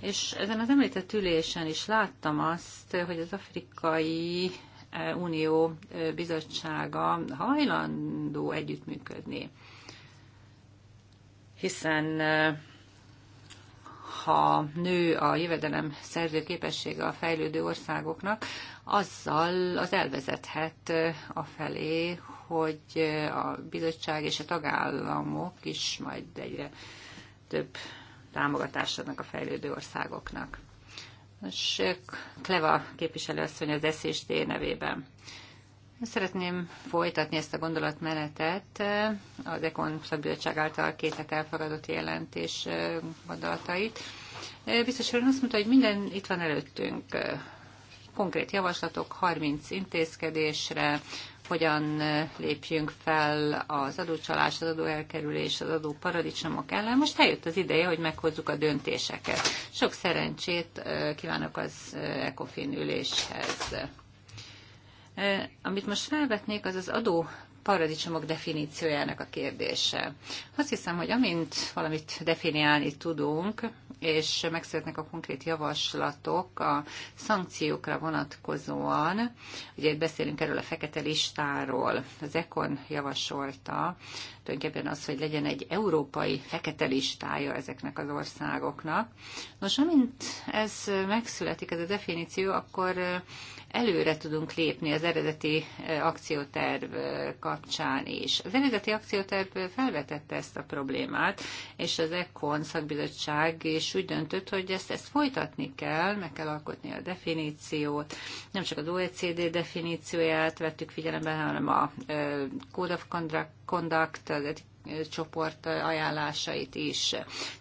Speaker 1: És ezen az említett ülésen is láttam azt, hogy az afrikai Unió bizottsága hajlandó együttműködni. Hiszen ha nő a jövedelem szerző képessége a fejlődő országoknak, azzal az elvezethet a felé, hogy a bizottság és a tagállamok is majd egyre több támogatást adnak a fejlődő országoknak. És Kleva képviselőasszony az SZST nevében. Szeretném folytatni ezt a gondolatmenetet, az Ekon Szabbizottság által két hát elfogadott jelentés gondolatait. Biztos úr azt mondta, hogy minden itt van előttünk, konkrét javaslatok 30 intézkedésre, hogyan lépjünk fel az adócsalás, az adóelkerülés, az adóparadicsomok ellen. Most eljött az ideje, hogy meghozzuk a döntéseket. Sok szerencsét kívánok az ECOFIN üléshez. Amit most felvetnék, az az adó paradicsomok definíciójának a kérdése. Azt hiszem, hogy amint valamit definiálni tudunk, és megszületnek a konkrét javaslatok a szankciókra vonatkozóan, ugye beszélünk erről a fekete listáról, az ECON javasolta tulajdonképpen az, hogy legyen egy európai fekete listája ezeknek az országoknak. Nos, amint ez megszületik, ez a definíció, akkor előre tudunk lépni az eredeti akcióterv kapcsán is. Az eredeti akcióterv felvetette ezt a problémát, és az ECON szakbizottság is úgy döntött, hogy ezt, ezt folytatni kell, meg kell alkotni a definíciót. Nem csak az OECD definícióját vettük figyelembe, hanem a Code of Conduct Conduct, csoport ajánlásait is.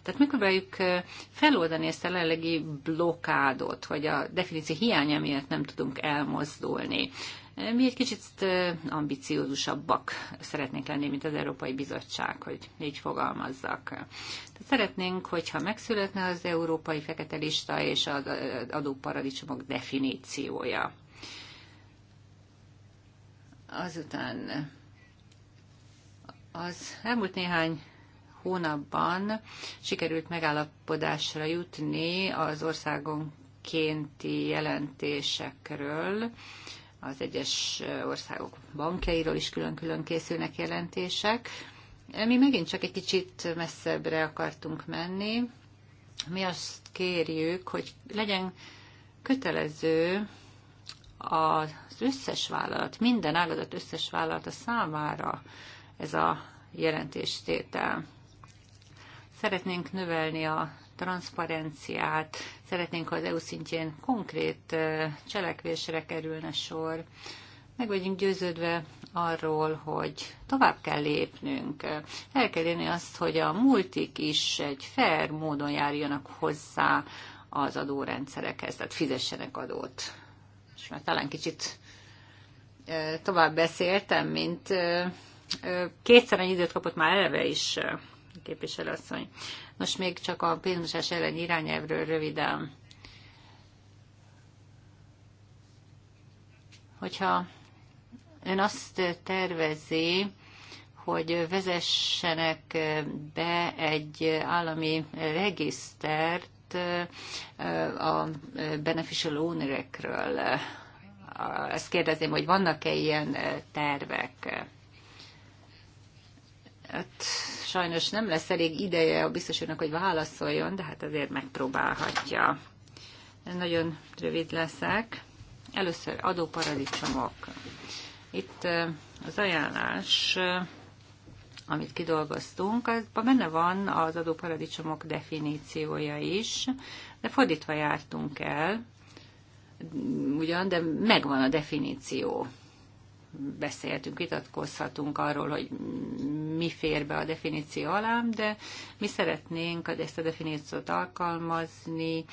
Speaker 1: Tehát megpróbáljuk feloldani ezt a lelegi blokádot, hogy a definíció hiánya miatt nem tudunk elmozdulni. Mi egy kicsit ambiciózusabbak szeretnénk lenni, mint az Európai Bizottság, hogy így fogalmazzak. Tehát szeretnénk, hogyha megszületne az Európai Fekete Lista és az adóparadicsomok definíciója. Azután az elmúlt néhány hónapban sikerült megállapodásra jutni az országonkénti jelentésekről, az egyes országok bankjairól is külön-külön készülnek jelentések. Mi megint csak egy kicsit messzebbre akartunk menni. Mi azt kérjük, hogy legyen kötelező az összes vállalat, minden ágazat összes vállalata számára, ez a jelentéstétel. Szeretnénk növelni a transzparenciát, szeretnénk, ha az EU szintjén konkrét cselekvésre kerülne sor. Meg vagyunk győződve arról, hogy tovább kell lépnünk. El kell érni azt, hogy a multik is egy fair módon járjanak hozzá az adórendszerekhez, tehát fizessenek adót. És már talán kicsit tovább beszéltem, mint kétszer annyi időt kapott már eleve is képviselőasszony. Most még csak a pénzmosás elleni irányelvről röviden. Hogyha ön azt tervezi, hogy vezessenek be egy állami regisztert a beneficial ownerekről. Ezt kérdezném, hogy vannak-e ilyen tervek? Hát sajnos nem lesz elég ideje a biztos úrnak, hogy válaszoljon, de hát azért megpróbálhatja. Nagyon rövid leszek. Először adóparadicsomok. Itt az ajánlás, amit kidolgoztunk, azban benne van az adóparadicsomok definíciója is, de fordítva jártunk el, ugyan, de megvan a definíció beszéltünk, vitatkozhatunk arról, hogy mi fér be a definíció alá, de mi szeretnénk ezt a definíciót alkalmazni,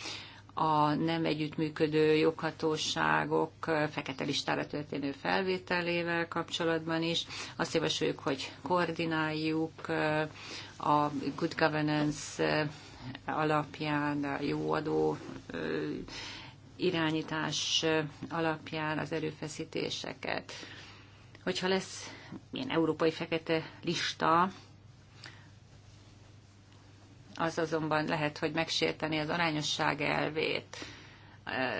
Speaker 1: a nem együttműködő joghatóságok fekete listára történő felvételével kapcsolatban is. Azt javasoljuk, hogy koordináljuk a good governance eh, alapján, a jó adó eh, irányítás eh, alapján az erőfeszítéseket hogyha lesz ilyen európai fekete lista, az azonban lehet, hogy megsérteni az arányosság elvét.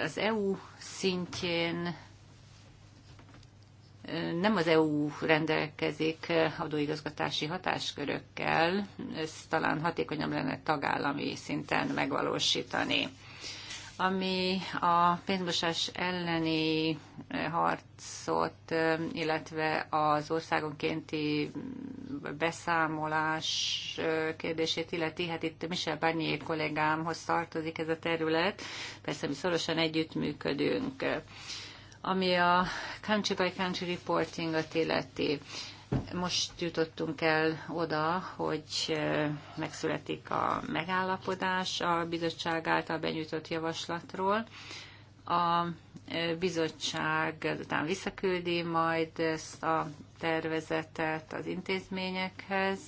Speaker 1: Az EU szintjén nem az EU rendelkezik adóigazgatási hatáskörökkel, ez talán hatékonyabb lenne tagállami szinten megvalósítani ami a pénzmosás elleni eh, harcot, eh, illetve az országonkénti mm, beszámolás eh, kérdését illeti. Hát itt Michel Barnier kollégámhoz tartozik ez a terület. Persze mi szorosan együttműködünk. Ami a country by country reportingot illeti most jutottunk el oda, hogy megszületik a megállapodás a bizottság által benyújtott javaslatról. A bizottság ezután visszaküldi majd ezt a tervezetet az intézményekhez,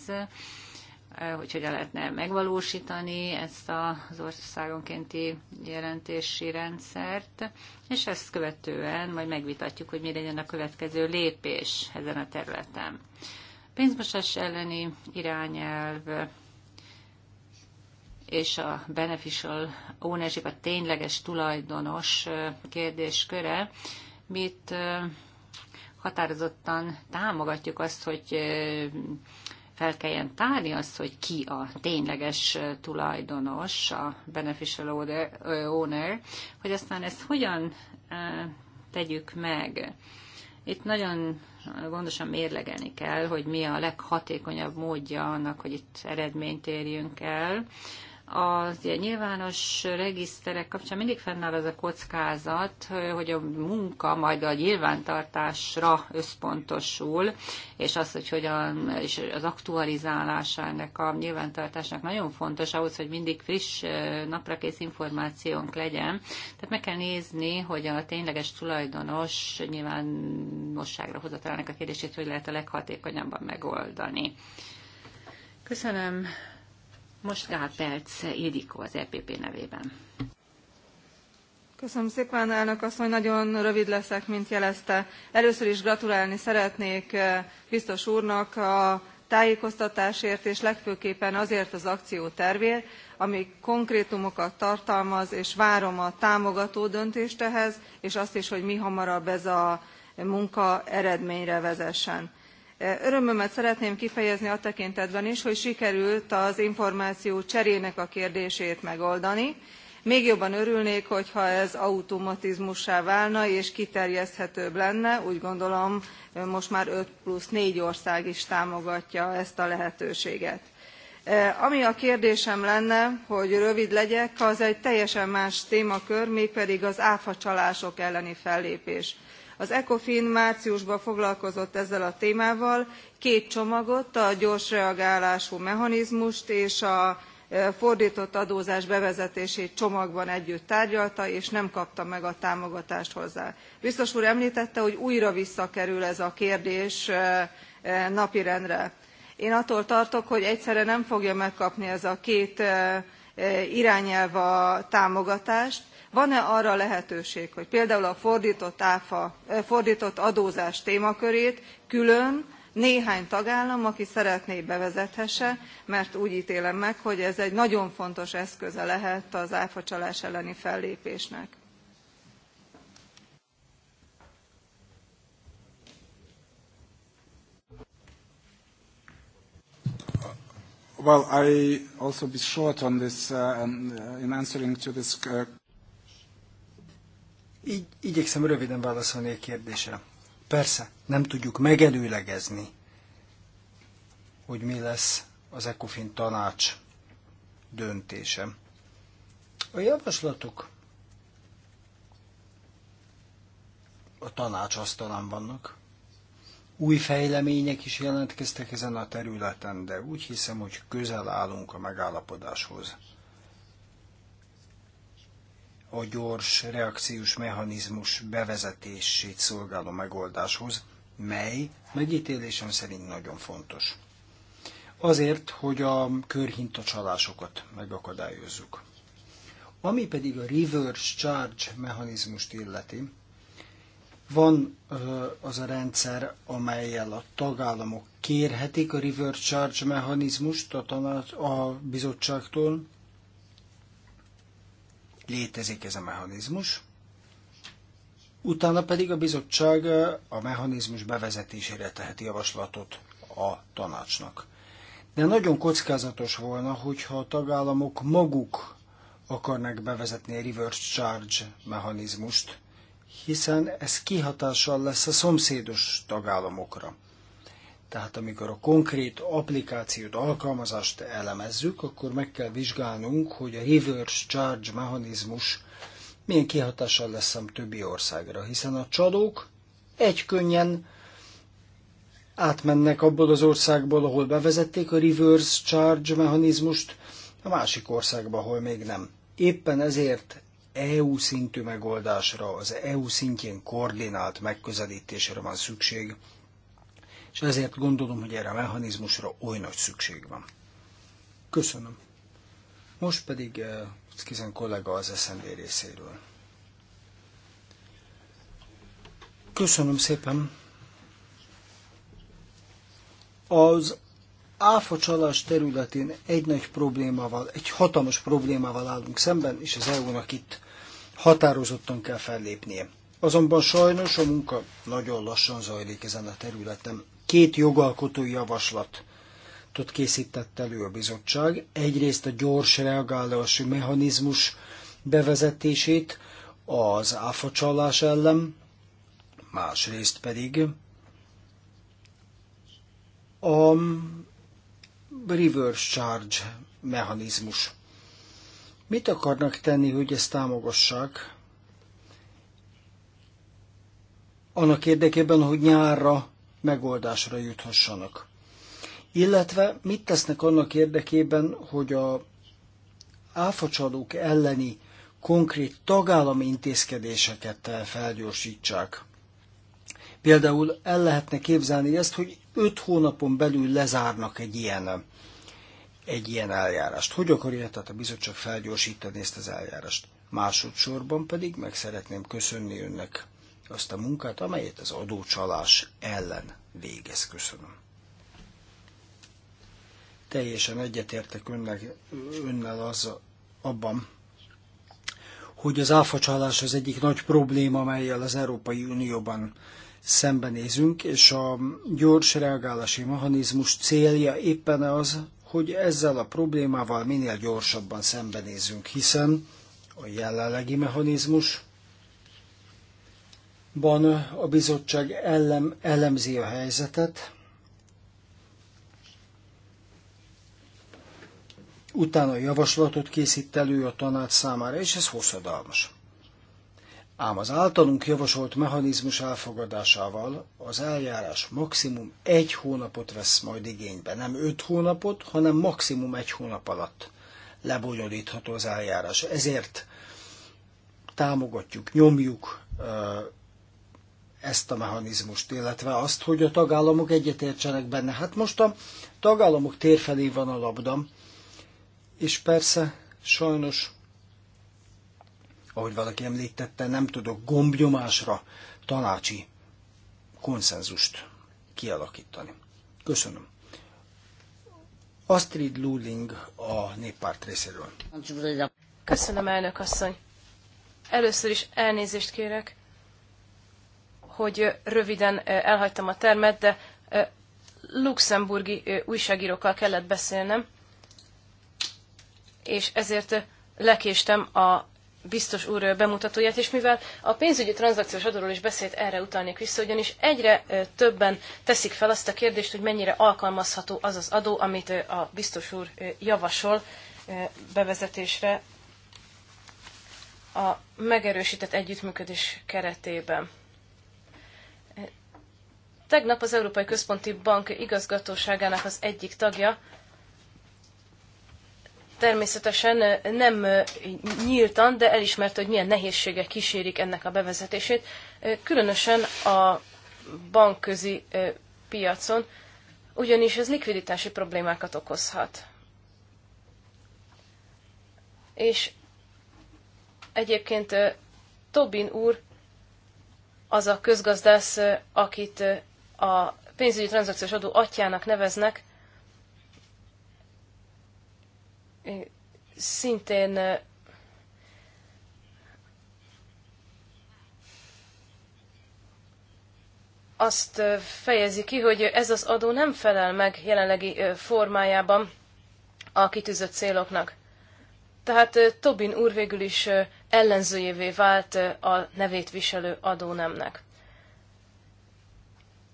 Speaker 1: Eh, hogy hogyan lehetne megvalósítani ezt az országonkénti jelentési rendszert, és ezt követően majd megvitatjuk, hogy mi legyen a következő lépés ezen a területen. Pénzmosás elleni irányelv és a beneficial ownership, a tényleges tulajdonos eh, kérdésköre, mit eh, határozottan támogatjuk azt, hogy fel kelljen tárni azt, hogy ki a tényleges tulajdonos, a beneficial owner, hogy aztán ezt hogyan tegyük meg. Itt nagyon gondosan mérlegelni kell, hogy mi a leghatékonyabb módja annak, hogy itt eredményt érjünk el a nyilvános regiszterek kapcsán mindig fennáll az a kockázat, hogy a munka majd a nyilvántartásra összpontosul, és az, hogy hogyan, és az aktualizálása ennek a nyilvántartásnak nagyon fontos ahhoz, hogy mindig friss, naprakész információnk legyen. Tehát meg kell nézni, hogy a tényleges tulajdonos nyilvánosságra hozatalának a kérdését, hogy lehet a leghatékonyabban megoldani. Köszönöm most Gál Pelc Ildikó az EPP nevében.
Speaker 5: Köszönöm szépen, elnök asszony, nagyon rövid leszek, mint jelezte. Először is gratulálni szeretnék eh, biztos úrnak a tájékoztatásért és legfőképpen azért az akciótervért ami konkrétumokat tartalmaz és várom a támogató döntést ehhez és azt is hogy hamarabb ez a munka eredményre vezessen örömömet szeretném kifejezni a tekintetben is hogy sikerült az információ a kérdését megoldani még jobban örülnék hogyha ez automatizmussá válna és kiterjeszthetőbb lenne úgy gondolom most már öt plusz négy ország is támogatja ezt a lehetőséget. ami a kérdésem lenne hogy rövid legyek az egy teljesen más témakör mégpedig az áfacsalások elleni fellépés az ecofin márciusban foglalkozott ezzel a témával két csomagot a gyors reagálású mechanizmust és a e, fordtott adózás bevezetését csomagban együtt tárgyalta és nem kapta meg a támogatást hozzá. biztos úr emltette hogy újra visszakerül ez a kérdés e, e, napirendre. én attól tartok hogy egyszerre nem fogja megkapni ez a két irányelv a támogatást van e arra lehetőség hogy például a fordtott, adózás témakörét külön néhány tagállam aki szeretné bevezethesse mert úgy télem meg hogy ez egy nagyon fontos eszköze lehet az áfacsalás elleni fellépésnek.
Speaker 2: Well, I also be short on this uh, uh in answering to this uh, így igyekszem röviden válaszolni a kérdésre. Persze, nem tudjuk megelőlegezni, hogy mi lesz az ECOFIN tanács döntése. A javaslatok a tanács asztalán vannak. Új fejlemények is jelentkeztek ezen a területen, de úgy hiszem, hogy közel állunk a megállapodáshoz a gyors reakciós mechanizmus bevezetését szolgáló megoldáshoz, mely megítélésem szerint nagyon fontos. Azért, hogy a csalásokat megakadályozzuk. Ami pedig a reverse charge mechanizmust illeti, van az a rendszer, amelyel a tagállamok kérhetik a reverse charge mechanizmust a, tanács, a bizottságtól, létezik ez a mechanizmus, utána pedig a bizottság a mechanizmus bevezetésére teheti javaslatot a tanácsnak. De nagyon kockázatos volna, hogyha a tagállamok maguk akarnak bevezetni a reverse charge mechanizmust, hiszen ez kihatással lesz a szomszédos tagállamokra. Tehát amikor a konkrét applikációt, alkalmazást elemezzük, akkor meg kell vizsgálnunk, hogy a reverse charge mechanizmus milyen kihatással lesz a többi országra, hiszen a csadók egy könnyen átmennek abból az országból, ahol bevezették a reverse charge mechanizmust, a másik országba, ahol még nem. Éppen ezért EU szintű megoldásra, az EU szintjén koordinált megközelítésre van szükség és ezért gondolom, hogy erre a mechanizmusra oly nagy szükség van. Köszönöm. Most pedig eh, Kizen kollega az SZND részéről. Köszönöm szépen. Az áfa csalás területén egy nagy problémával, egy hatalmas problémával állunk szemben, és az EU-nak itt határozottan kell fellépnie. Azonban sajnos a munka nagyon lassan zajlik ezen a területen. Két jogalkotói javaslat készített elő a bizottság. Egyrészt a gyors reagálási mechanizmus bevezetését az csalás ellen, másrészt pedig a reverse charge mechanizmus. Mit akarnak tenni, hogy ezt támogassák? Annak érdekében, hogy nyárra megoldásra juthassanak. Illetve mit tesznek annak érdekében, hogy a áfacsalók elleni konkrét tagállami intézkedéseket felgyorsítsák. Például el lehetne képzelni ezt, hogy öt hónapon belül lezárnak egy ilyen, egy ilyen eljárást. Hogy akarja tehát a bizottság felgyorsítani ezt az eljárást? Másodszorban pedig meg szeretném köszönni önnek azt a munkát, amelyet az adócsalás ellen végez. Köszönöm. Teljesen egyetértek önnek, önnel az abban, hogy az áfacsalás az egyik nagy probléma, amelyel az Európai Unióban szembenézünk, és a gyors reagálási mechanizmus célja éppen az, hogy ezzel a problémával minél gyorsabban szembenézünk, hiszen a jelenlegi mechanizmus ban a bizottság elemzi a helyzetet, utána javaslatot készít elő a tanács számára, és ez hosszadalmas. Ám az általunk javasolt mechanizmus elfogadásával az eljárás maximum egy hónapot vesz majd igénybe, nem öt hónapot, hanem maximum egy hónap alatt lebonyolítható az eljárás. Ezért támogatjuk, nyomjuk ezt a mechanizmust, illetve azt, hogy a tagállamok egyetértsenek benne. Hát most a tagállamok felé van a labda, és persze sajnos, ahogy valaki említette, nem tudok gombnyomásra tanácsi konszenzust kialakítani. Köszönöm. Astrid Luling a néppárt részéről.
Speaker 3: Köszönöm, elnök asszony. Először is elnézést kérek hogy röviden elhagytam a termet, de luxemburgi újságírókkal kellett beszélnem, és ezért lekéstem a biztos úr bemutatóját, és mivel a pénzügyi tranzakciós adóról is beszélt, erre utalnék vissza, ugyanis egyre többen teszik fel azt a kérdést, hogy mennyire alkalmazható az az adó, amit a biztos úr javasol bevezetésre a megerősített együttműködés keretében. Tegnap az Európai Központi Bank igazgatóságának az egyik tagja természetesen nem nyíltan, de elismerte, hogy milyen nehézségek kísérik ennek a bevezetését, különösen a bankközi piacon, ugyanis ez likviditási problémákat okozhat. És egyébként Tobin úr az a közgazdász, akit a pénzügyi tranzakciós adó atyának neveznek, szintén azt fejezi ki, hogy ez az adó nem felel meg jelenlegi formájában a kitűzött céloknak. Tehát Tobin úr végül is ellenzőjévé vált a nevét viselő adónemnek.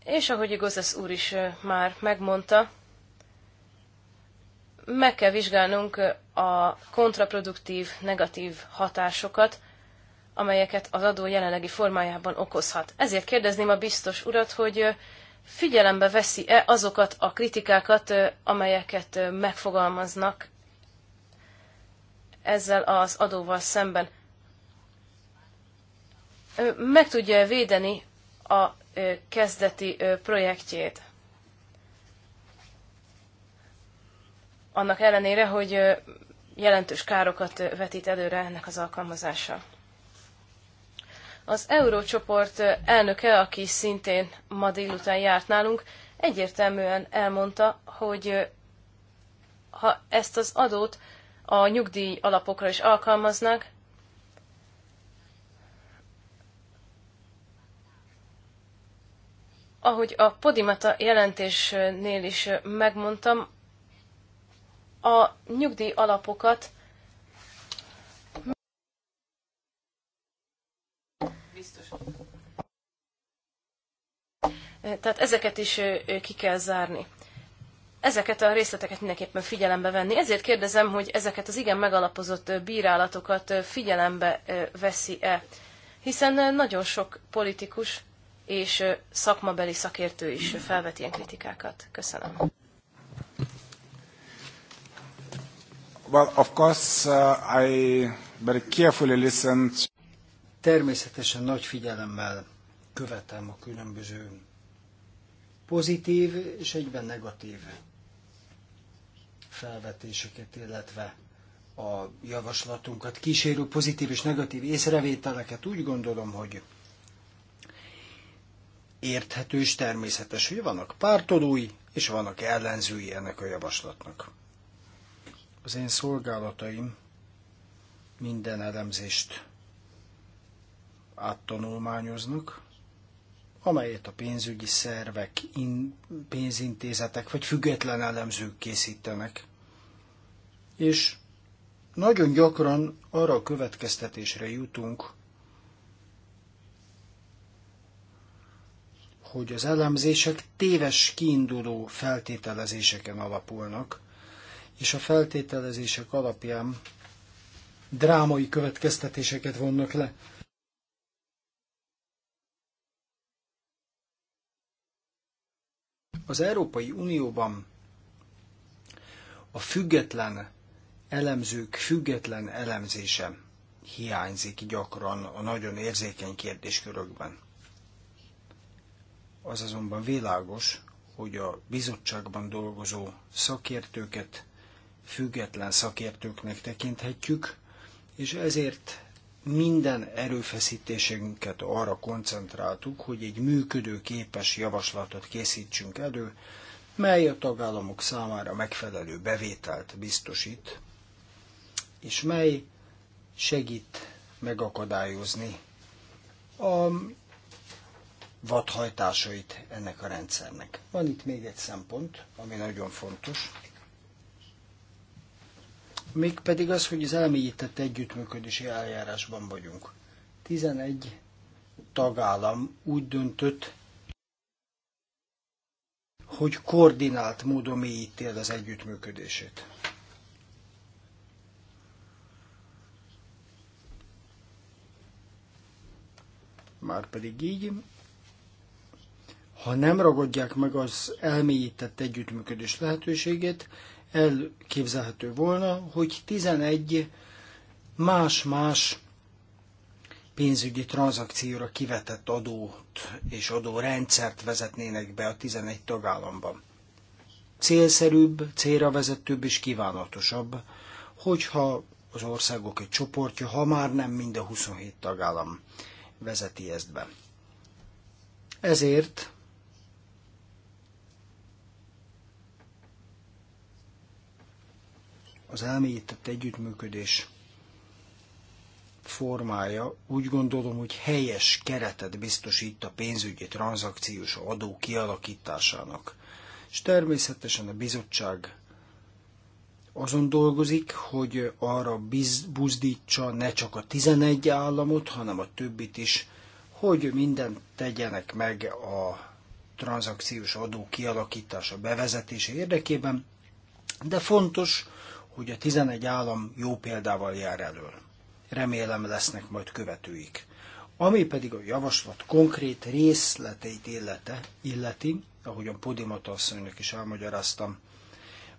Speaker 3: És ahogy az úr is már megmondta, meg kell vizsgálnunk a kontraproduktív, negatív hatásokat, amelyeket az adó jelenlegi formájában okozhat. Ezért kérdezném a biztos urat, hogy figyelembe veszi-e azokat a kritikákat, amelyeket megfogalmaznak ezzel az adóval szemben. Meg tudja védeni a kezdeti projektjét. Annak ellenére, hogy jelentős károkat vetít előre ennek az alkalmazása. Az eurócsoport elnöke, aki szintén ma délután járt nálunk, egyértelműen elmondta, hogy ha ezt az adót a nyugdíj alapokra is alkalmaznak, Ahogy a Podimata jelentésnél is megmondtam, a nyugdíj alapokat Tehát ezeket is ki kell zárni. Ezeket a részleteket mindenképpen figyelembe venni. Ezért kérdezem, hogy ezeket az igen megalapozott bírálatokat figyelembe veszi-e. Hiszen nagyon sok politikus és szakmabeli szakértő is felvet ilyen kritikákat. Köszönöm.
Speaker 2: Well, of course, uh, I very carefully listened. Természetesen nagy figyelemmel követem a különböző pozitív és egyben negatív felvetéseket, illetve a javaslatunkat kísérő pozitív és negatív észrevételeket. Úgy gondolom, hogy érthető és természetes, hogy vannak pártolói és vannak ellenzői ennek a javaslatnak. Az én szolgálataim minden elemzést áttanulmányoznak, amelyet a pénzügyi szervek, in, pénzintézetek vagy független elemzők készítenek. És nagyon gyakran arra a következtetésre jutunk, hogy az elemzések téves kiinduló feltételezéseken alapulnak, és a feltételezések alapján drámai következtetéseket vonnak le. Az Európai Unióban a független elemzők független elemzése hiányzik gyakran a nagyon érzékeny kérdéskörökben. Az azonban világos, hogy a bizottságban dolgozó szakértőket független szakértőknek tekinthetjük, és ezért minden erőfeszítésünket arra koncentráltuk, hogy egy működőképes javaslatot készítsünk elő, mely a tagállamok számára megfelelő bevételt biztosít, és mely segít megakadályozni a vadhajtásait ennek a rendszernek. Van itt még egy szempont, ami nagyon fontos, pedig az, hogy az elmélyített együttműködési eljárásban vagyunk. 11 tagállam úgy döntött, hogy koordinált módon mélyíti el az együttműködését. Már pedig így ha nem ragadják meg az elmélyített együttműködés lehetőségét, elképzelhető volna, hogy 11 más-más pénzügyi tranzakcióra kivetett adót és adórendszert vezetnének be a 11 tagállamban. Célszerűbb, célra vezetőbb és kívánatosabb, hogyha az országok egy csoportja, ha már nem mind a 27 tagállam vezeti ezt be. Ezért az elmélyített együttműködés formája úgy gondolom, hogy helyes keretet biztosít a pénzügyi tranzakciós adó kialakításának. És természetesen a bizottság azon dolgozik, hogy arra biz, buzdítsa ne csak a 11 államot, hanem a többit is, hogy mindent tegyenek meg a tranzakciós adó kialakítása bevezetése érdekében, de fontos, hogy a 11 állam jó példával jár elől. Remélem lesznek majd követőik. Ami pedig a javaslat konkrét részleteit illete, illeti, a Podimata asszonynak is elmagyaráztam,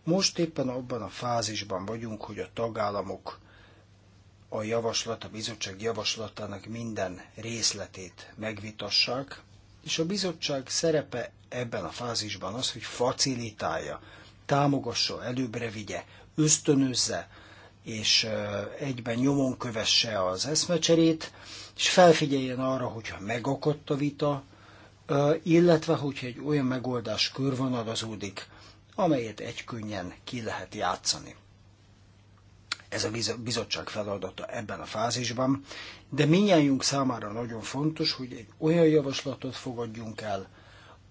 Speaker 2: most éppen abban a fázisban vagyunk, hogy a tagállamok a javaslat, a bizottság javaslatának minden részletét megvitassák, és a bizottság szerepe ebben a fázisban az, hogy facilitálja, támogassa, előbbre vigye, ösztönözze, és egyben nyomon kövesse az eszmecserét, és felfigyeljen arra, hogyha megakadt a vita, illetve hogyha egy olyan megoldás körvonalazódik, amelyet egykönnyen ki lehet játszani. Ez a bizottság feladata ebben a fázisban, de minnyájunk számára nagyon fontos, hogy egy olyan javaslatot fogadjunk el,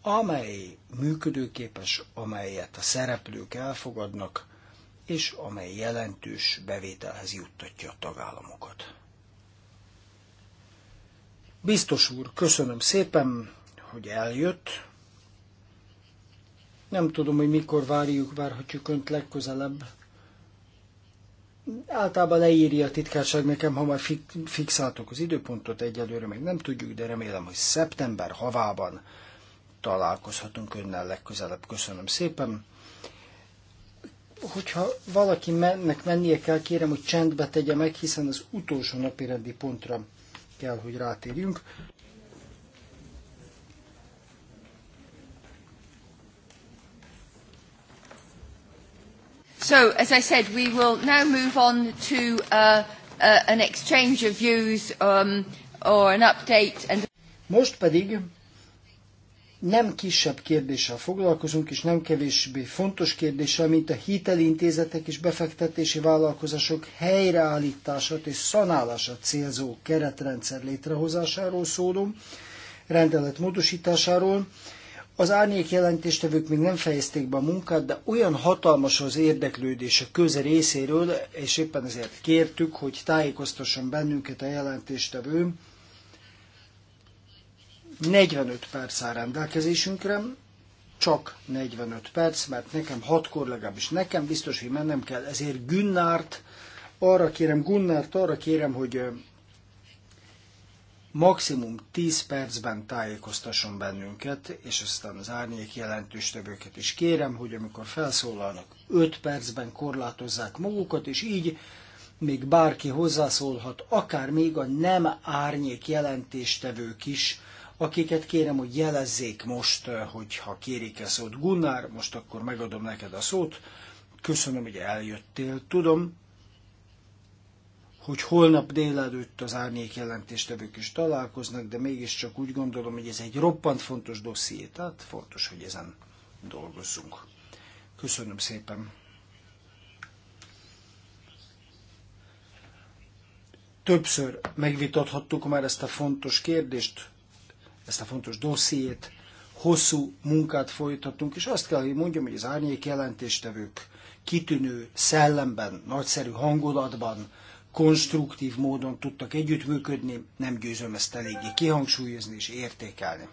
Speaker 2: amely működőképes, amelyet a szereplők elfogadnak, és amely jelentős bevételhez juttatja a tagállamokat. Biztos úr, köszönöm szépen, hogy eljött. Nem tudom, hogy mikor várjuk, várhatjuk önt legközelebb. Általában leírja a titkárság nekem, ha már fixáltok az időpontot, egyelőre még nem tudjuk, de remélem, hogy szeptember havában találkozhatunk önnel legközelebb. Köszönöm szépen hogyha valaki mennek mennie kell, kérem, hogy csendbe tegye meg, hiszen az utolsó napi rendi pontra kell, hogy rátérjünk.
Speaker 4: So, as I said, we will now move on to uh, uh, an exchange of views um, or an update. And...
Speaker 2: Most pedig nem kisebb kérdéssel foglalkozunk, és nem kevésbé fontos kérdéssel, mint a hitelintézetek és befektetési vállalkozások helyreállítását és szanálását célzó keretrendszer létrehozásáról szóló rendelet módosításáról. Az árnyék jelentéstevők még nem fejezték be a munkát, de olyan hatalmas az érdeklődés a köze részéről, és éppen ezért kértük, hogy tájékoztasson bennünket a jelentéstevő 45 perc áll rendelkezésünkre, csak 45 perc, mert nekem 6-kor legalábbis nekem biztos, hogy mennem kell, ezért Günnárt, arra kérem, Gunnárt arra kérem, hogy maximum 10 percben tájékoztasson bennünket, és aztán az árnyék jelentős tevőket is kérem, hogy amikor felszólalnak, 5 percben korlátozzák magukat, és így még bárki hozzászólhat, akár még a nem árnyék jelentéstevők is, akiket kérem, hogy jelezzék most, eh, hogyha kérik a szót. Gunnár, most akkor megadom neked a szót. Köszönöm, hogy eljöttél. Tudom, hogy holnap délelőtt az árnyék jelentéstevők is találkoznak, de mégiscsak úgy gondolom, hogy ez egy roppant fontos dosszié, tehát fontos, hogy ezen dolgozzunk. Köszönöm szépen! Többször megvitathattuk már ezt a fontos kérdést, ezt a fontos dossziét, hosszú munkát folytattunk, és azt kell, hogy mondjam, hogy az árnyék jelentéstevők kitűnő szellemben, nagyszerű hangulatban, konstruktív módon tudtak együttműködni, nem győzöm ezt eléggé kihangsúlyozni és értékelni.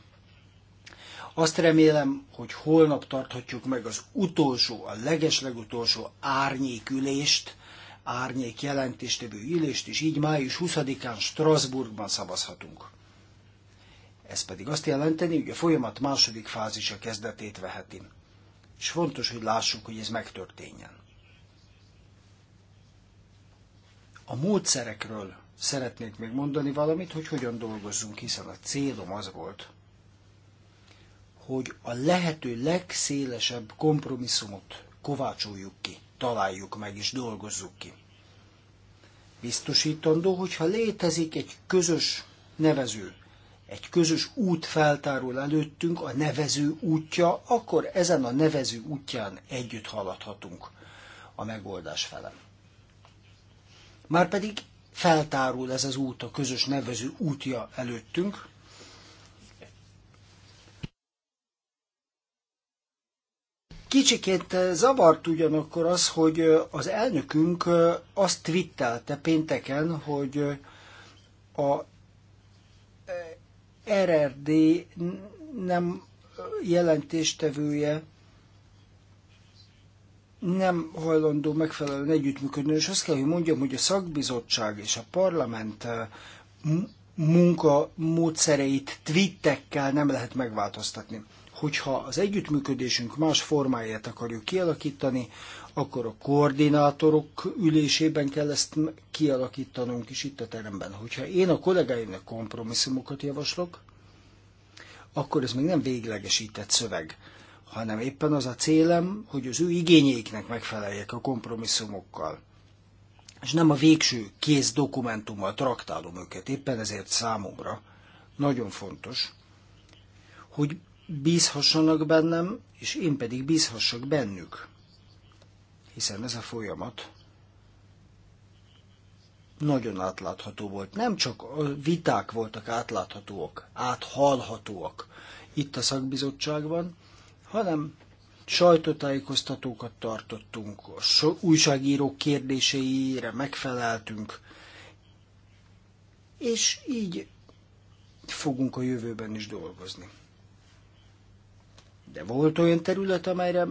Speaker 2: Azt remélem, hogy holnap tarthatjuk meg az utolsó, a legeslegutolsó árnyékülést, árnyék jelentéstevő ülést, és így május 20-án Strasbourgban szavazhatunk. Ez pedig azt jelenteni, hogy a folyamat második fázisa kezdetét veheti. És fontos, hogy lássuk, hogy ez megtörténjen. A módszerekről szeretnék még mondani valamit, hogy hogyan dolgozzunk, hiszen a célom az volt, hogy a lehető legszélesebb kompromisszumot kovácsoljuk ki, találjuk meg és dolgozzuk ki. Biztosítandó, hogyha létezik egy közös nevező, egy közös út feltárul előttünk, a nevező útja, akkor ezen a nevező útján együtt haladhatunk a megoldás felem. Márpedig feltárul ez az út, a közös nevező útja előttünk, Kicsiként zavart ugyanakkor az, hogy az elnökünk azt twittelte pénteken, hogy a RRD nem jelentéstevője nem hajlandó megfelelően együttműködni, és azt kell, hogy mondjam, hogy a szakbizottság és a parlament eh, munka módszereit twittekkel nem lehet megváltoztatni. Hogyha az együttműködésünk más formáját akarjuk kialakítani, akkor a koordinátorok ülésében kell ezt kialakítanunk is itt a teremben. Hogyha én a kollégáimnak kompromisszumokat javaslok, akkor ez még nem véglegesített szöveg, hanem éppen az a célem, hogy az ő igényeiknek megfeleljek a kompromisszumokkal. És nem a végső kész dokumentummal traktálom őket, éppen ezért számomra nagyon fontos, hogy bízhassanak bennem, és én pedig bízhassak bennük hiszen ez a folyamat nagyon átlátható volt. Nem csak a viták voltak átláthatóak, áthallhatóak itt a szakbizottságban, hanem sajtótájékoztatókat tartottunk, a újságírók kérdéseire megfeleltünk, és így fogunk a jövőben is dolgozni. De volt olyan terület, amelyre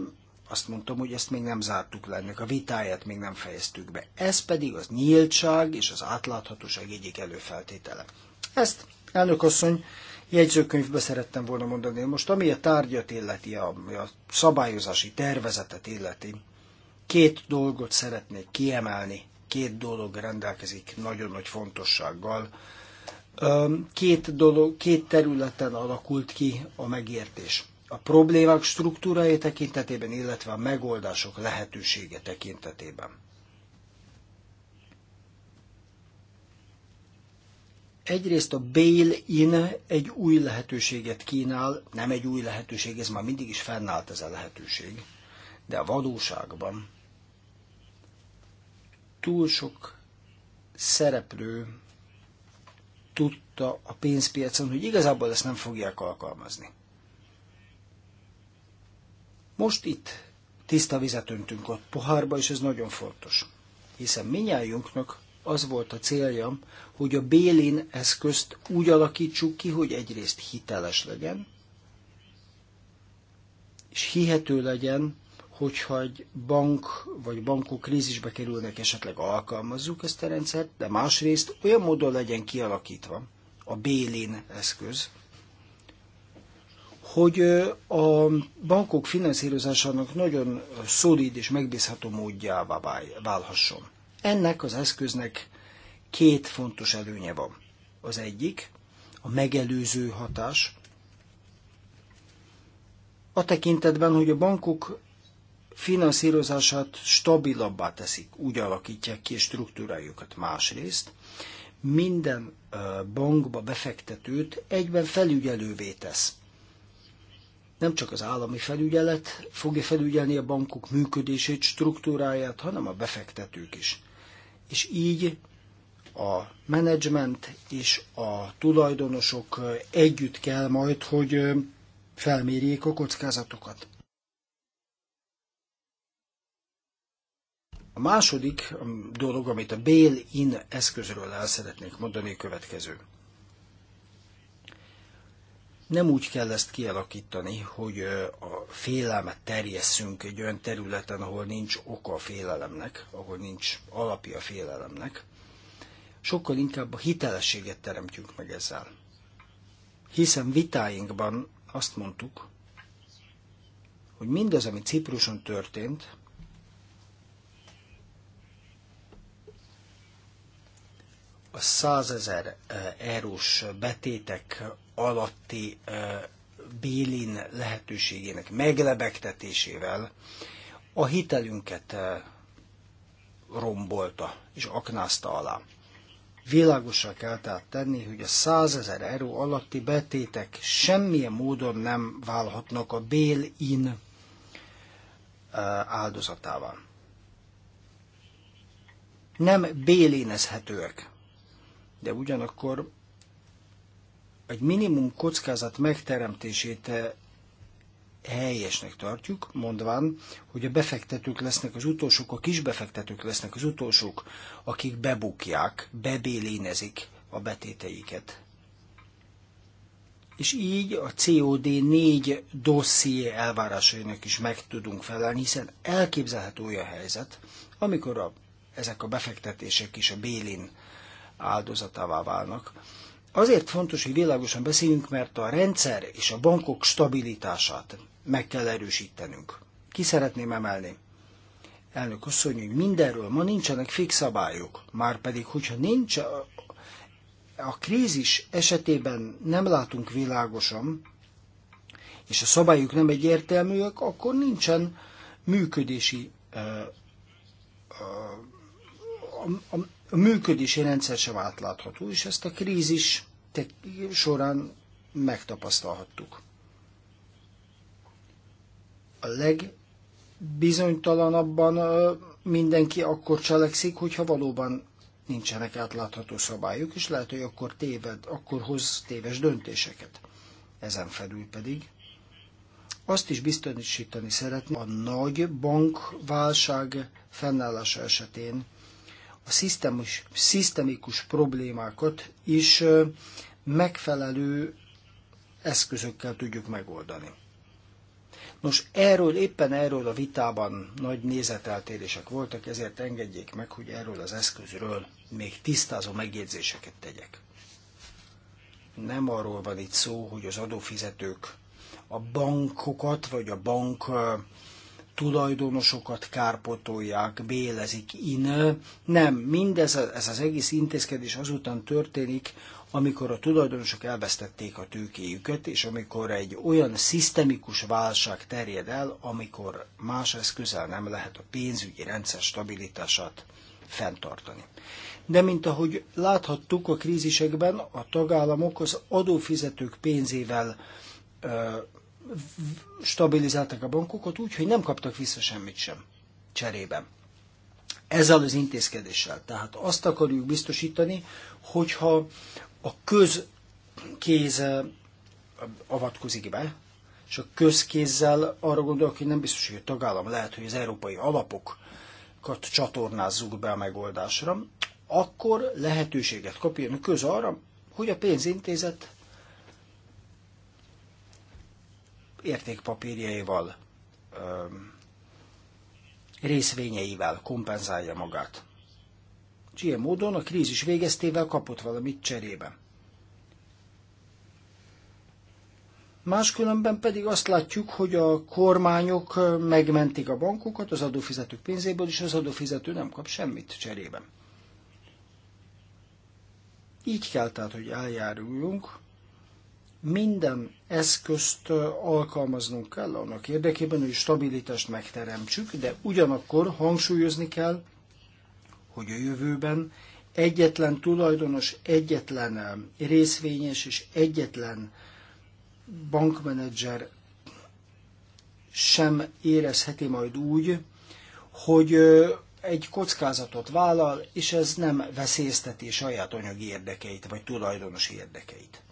Speaker 2: azt mondtam, hogy ezt még nem zártuk le, ennek a vitáját még nem fejeztük be. Ez pedig az nyíltság és az átláthatóság egyik előfeltétele. Ezt, elnök asszony, jegyzőkönyvbe szerettem volna mondani. Most ami a tárgyat illeti, a, a szabályozási tervezetet illeti, két dolgot szeretnék kiemelni. Két dolog rendelkezik nagyon nagy fontossággal. Két, dolog, két területen alakult ki a megértés a problémák struktúrája tekintetében, illetve a megoldások lehetősége tekintetében. Egyrészt a bail-in egy új lehetőséget kínál, nem egy új lehetőség, ez már mindig is fennállt ez a lehetőség, de a valóságban túl sok szereplő tudta a pénzpiacon, hogy igazából ezt nem fogják alkalmazni. Most itt tiszta vizet öntünk a pohárba, és ez nagyon fontos. Hiszen minnyájunknak az volt a célja, hogy a Bélin eszközt úgy alakítsuk ki, hogy egyrészt hiteles legyen, és hihető legyen, hogyha egy bank vagy bankok krízisbe kerülnek, esetleg alkalmazzuk ezt a rendszert, de másrészt olyan módon legyen kialakítva a Bélin eszköz, hogy a bankok finanszírozásának nagyon szolid és megbízható módjává válhasson. Ennek az eszköznek két fontos előnye van. Az egyik a megelőző hatás, a tekintetben, hogy a bankok finanszírozását stabilabbá teszik, úgy alakítják ki a struktúrájukat másrészt, minden bankba befektetőt egyben felügyelővé tesz nem csak az állami felügyelet fogja felügyelni a bankok működését, struktúráját, hanem a befektetők is. És így a menedzsment és a tulajdonosok együtt kell majd, hogy felmérjék a kockázatokat. A második um, dolog, amit a bail-in eszközről el szeretnék mondani, a következő nem úgy kell ezt kialakítani, hogy a félelmet terjesszünk egy olyan területen, ahol nincs oka a félelemnek, ahol nincs alapja a félelemnek. Sokkal inkább a hitelességet teremtjünk meg ezzel. Hiszen vitáinkban azt mondtuk, hogy mindaz, ami Cipruson történt, a 100 ezer e, eurós betétek alatti e, bélin lehetőségének meglebegtetésével a hitelünket e, rombolta és aknázta alá. Világosra kell tehát tenni, hogy a 100 ezer euró alatti betétek semmilyen módon nem válhatnak a bélin áldozatával. Nem bélénezhetőek de ugyanakkor egy minimum kockázat megteremtését eh, helyesnek tartjuk, mondván, hogy a befektetők lesznek az utolsók, a kisbefektetők lesznek az utolsók, akik bebukják, bebélénezik a betéteiket. És így a COD4 dosszié elvárásainak is meg tudunk felelni, hiszen elképzelhető olyan helyzet, amikor a, ezek a befektetések is a bélin áldozatává válnak. Azért fontos, hogy világosan beszéljünk, mert a rendszer és a bankok stabilitását meg kell erősítenünk. Ki szeretném emelni? Elnök asszony, hogy mindenről ma nincsenek fix szabályok, már pedig, hogyha nincs, a krízis esetében nem látunk világosan, és a szabályok nem egyértelműek, akkor nincsen működési a, a, a működési rendszer sem átlátható, és ezt a krízis során megtapasztalhattuk. A legbizonytalanabban mindenki akkor cselekszik, hogyha valóban nincsenek átlátható szabályok, és lehet, hogy akkor téved, akkor hoz téves döntéseket. Ezen felül pedig azt is biztosítani szeretném, a nagy bankválság fennállása esetén a szisztemis, szisztemikus problémákat is megfelelő eszközökkel tudjuk megoldani. Nos, erről, éppen erről a vitában nagy nézeteltérések voltak, ezért engedjék meg, hogy erről az eszközről még tisztázó megjegyzéseket tegyek. Nem arról van itt szó, hogy az adófizetők a bankokat vagy a bank tulajdonosokat kárpotolják, bélezik in. Nem, mindez ez az egész intézkedés azután történik, amikor a tulajdonosok elvesztették a tőkéjüket, és amikor egy olyan szisztemikus válság terjed el, amikor más eszközzel nem lehet a pénzügyi rendszer stabilitását fenntartani. De mint ahogy láthattuk a krízisekben, a tagállamok az adófizetők pénzével stabilizálták a bankokat úgy, hogy nem kaptak vissza semmit sem cserében. Ezzel az intézkedéssel. Tehát azt akarjuk biztosítani, hogyha a közkéz eh, avatkozik be, és a közkézzel arra gondolok, hogy nem biztos, hogy a tagállam lehet, hogy az európai alapokat csatornázzuk be a megoldásra, akkor lehetőséget kapjon a köz arra, hogy a pénzintézet értékpapírjaival, részvényeivel kompenzálja magát. És ilyen módon a krízis végeztével kapott valamit cserébe. Máskülönben pedig azt látjuk, hogy a kormányok megmentik a bankokat az adófizetők pénzéből, és az adófizető nem kap semmit cserében. Így kell tehát, hogy eljáruljunk, minden eszközt alkalmaznunk kell annak érdekében, hogy stabilitást megteremtsük, de ugyanakkor hangsúlyozni kell, hogy a jövőben egyetlen tulajdonos, egyetlen részvényes és egyetlen bankmenedzser sem érezheti majd úgy, hogy egy kockázatot vállal, és ez nem veszélyezteti saját anyagi érdekeit, vagy tulajdonos érdekeit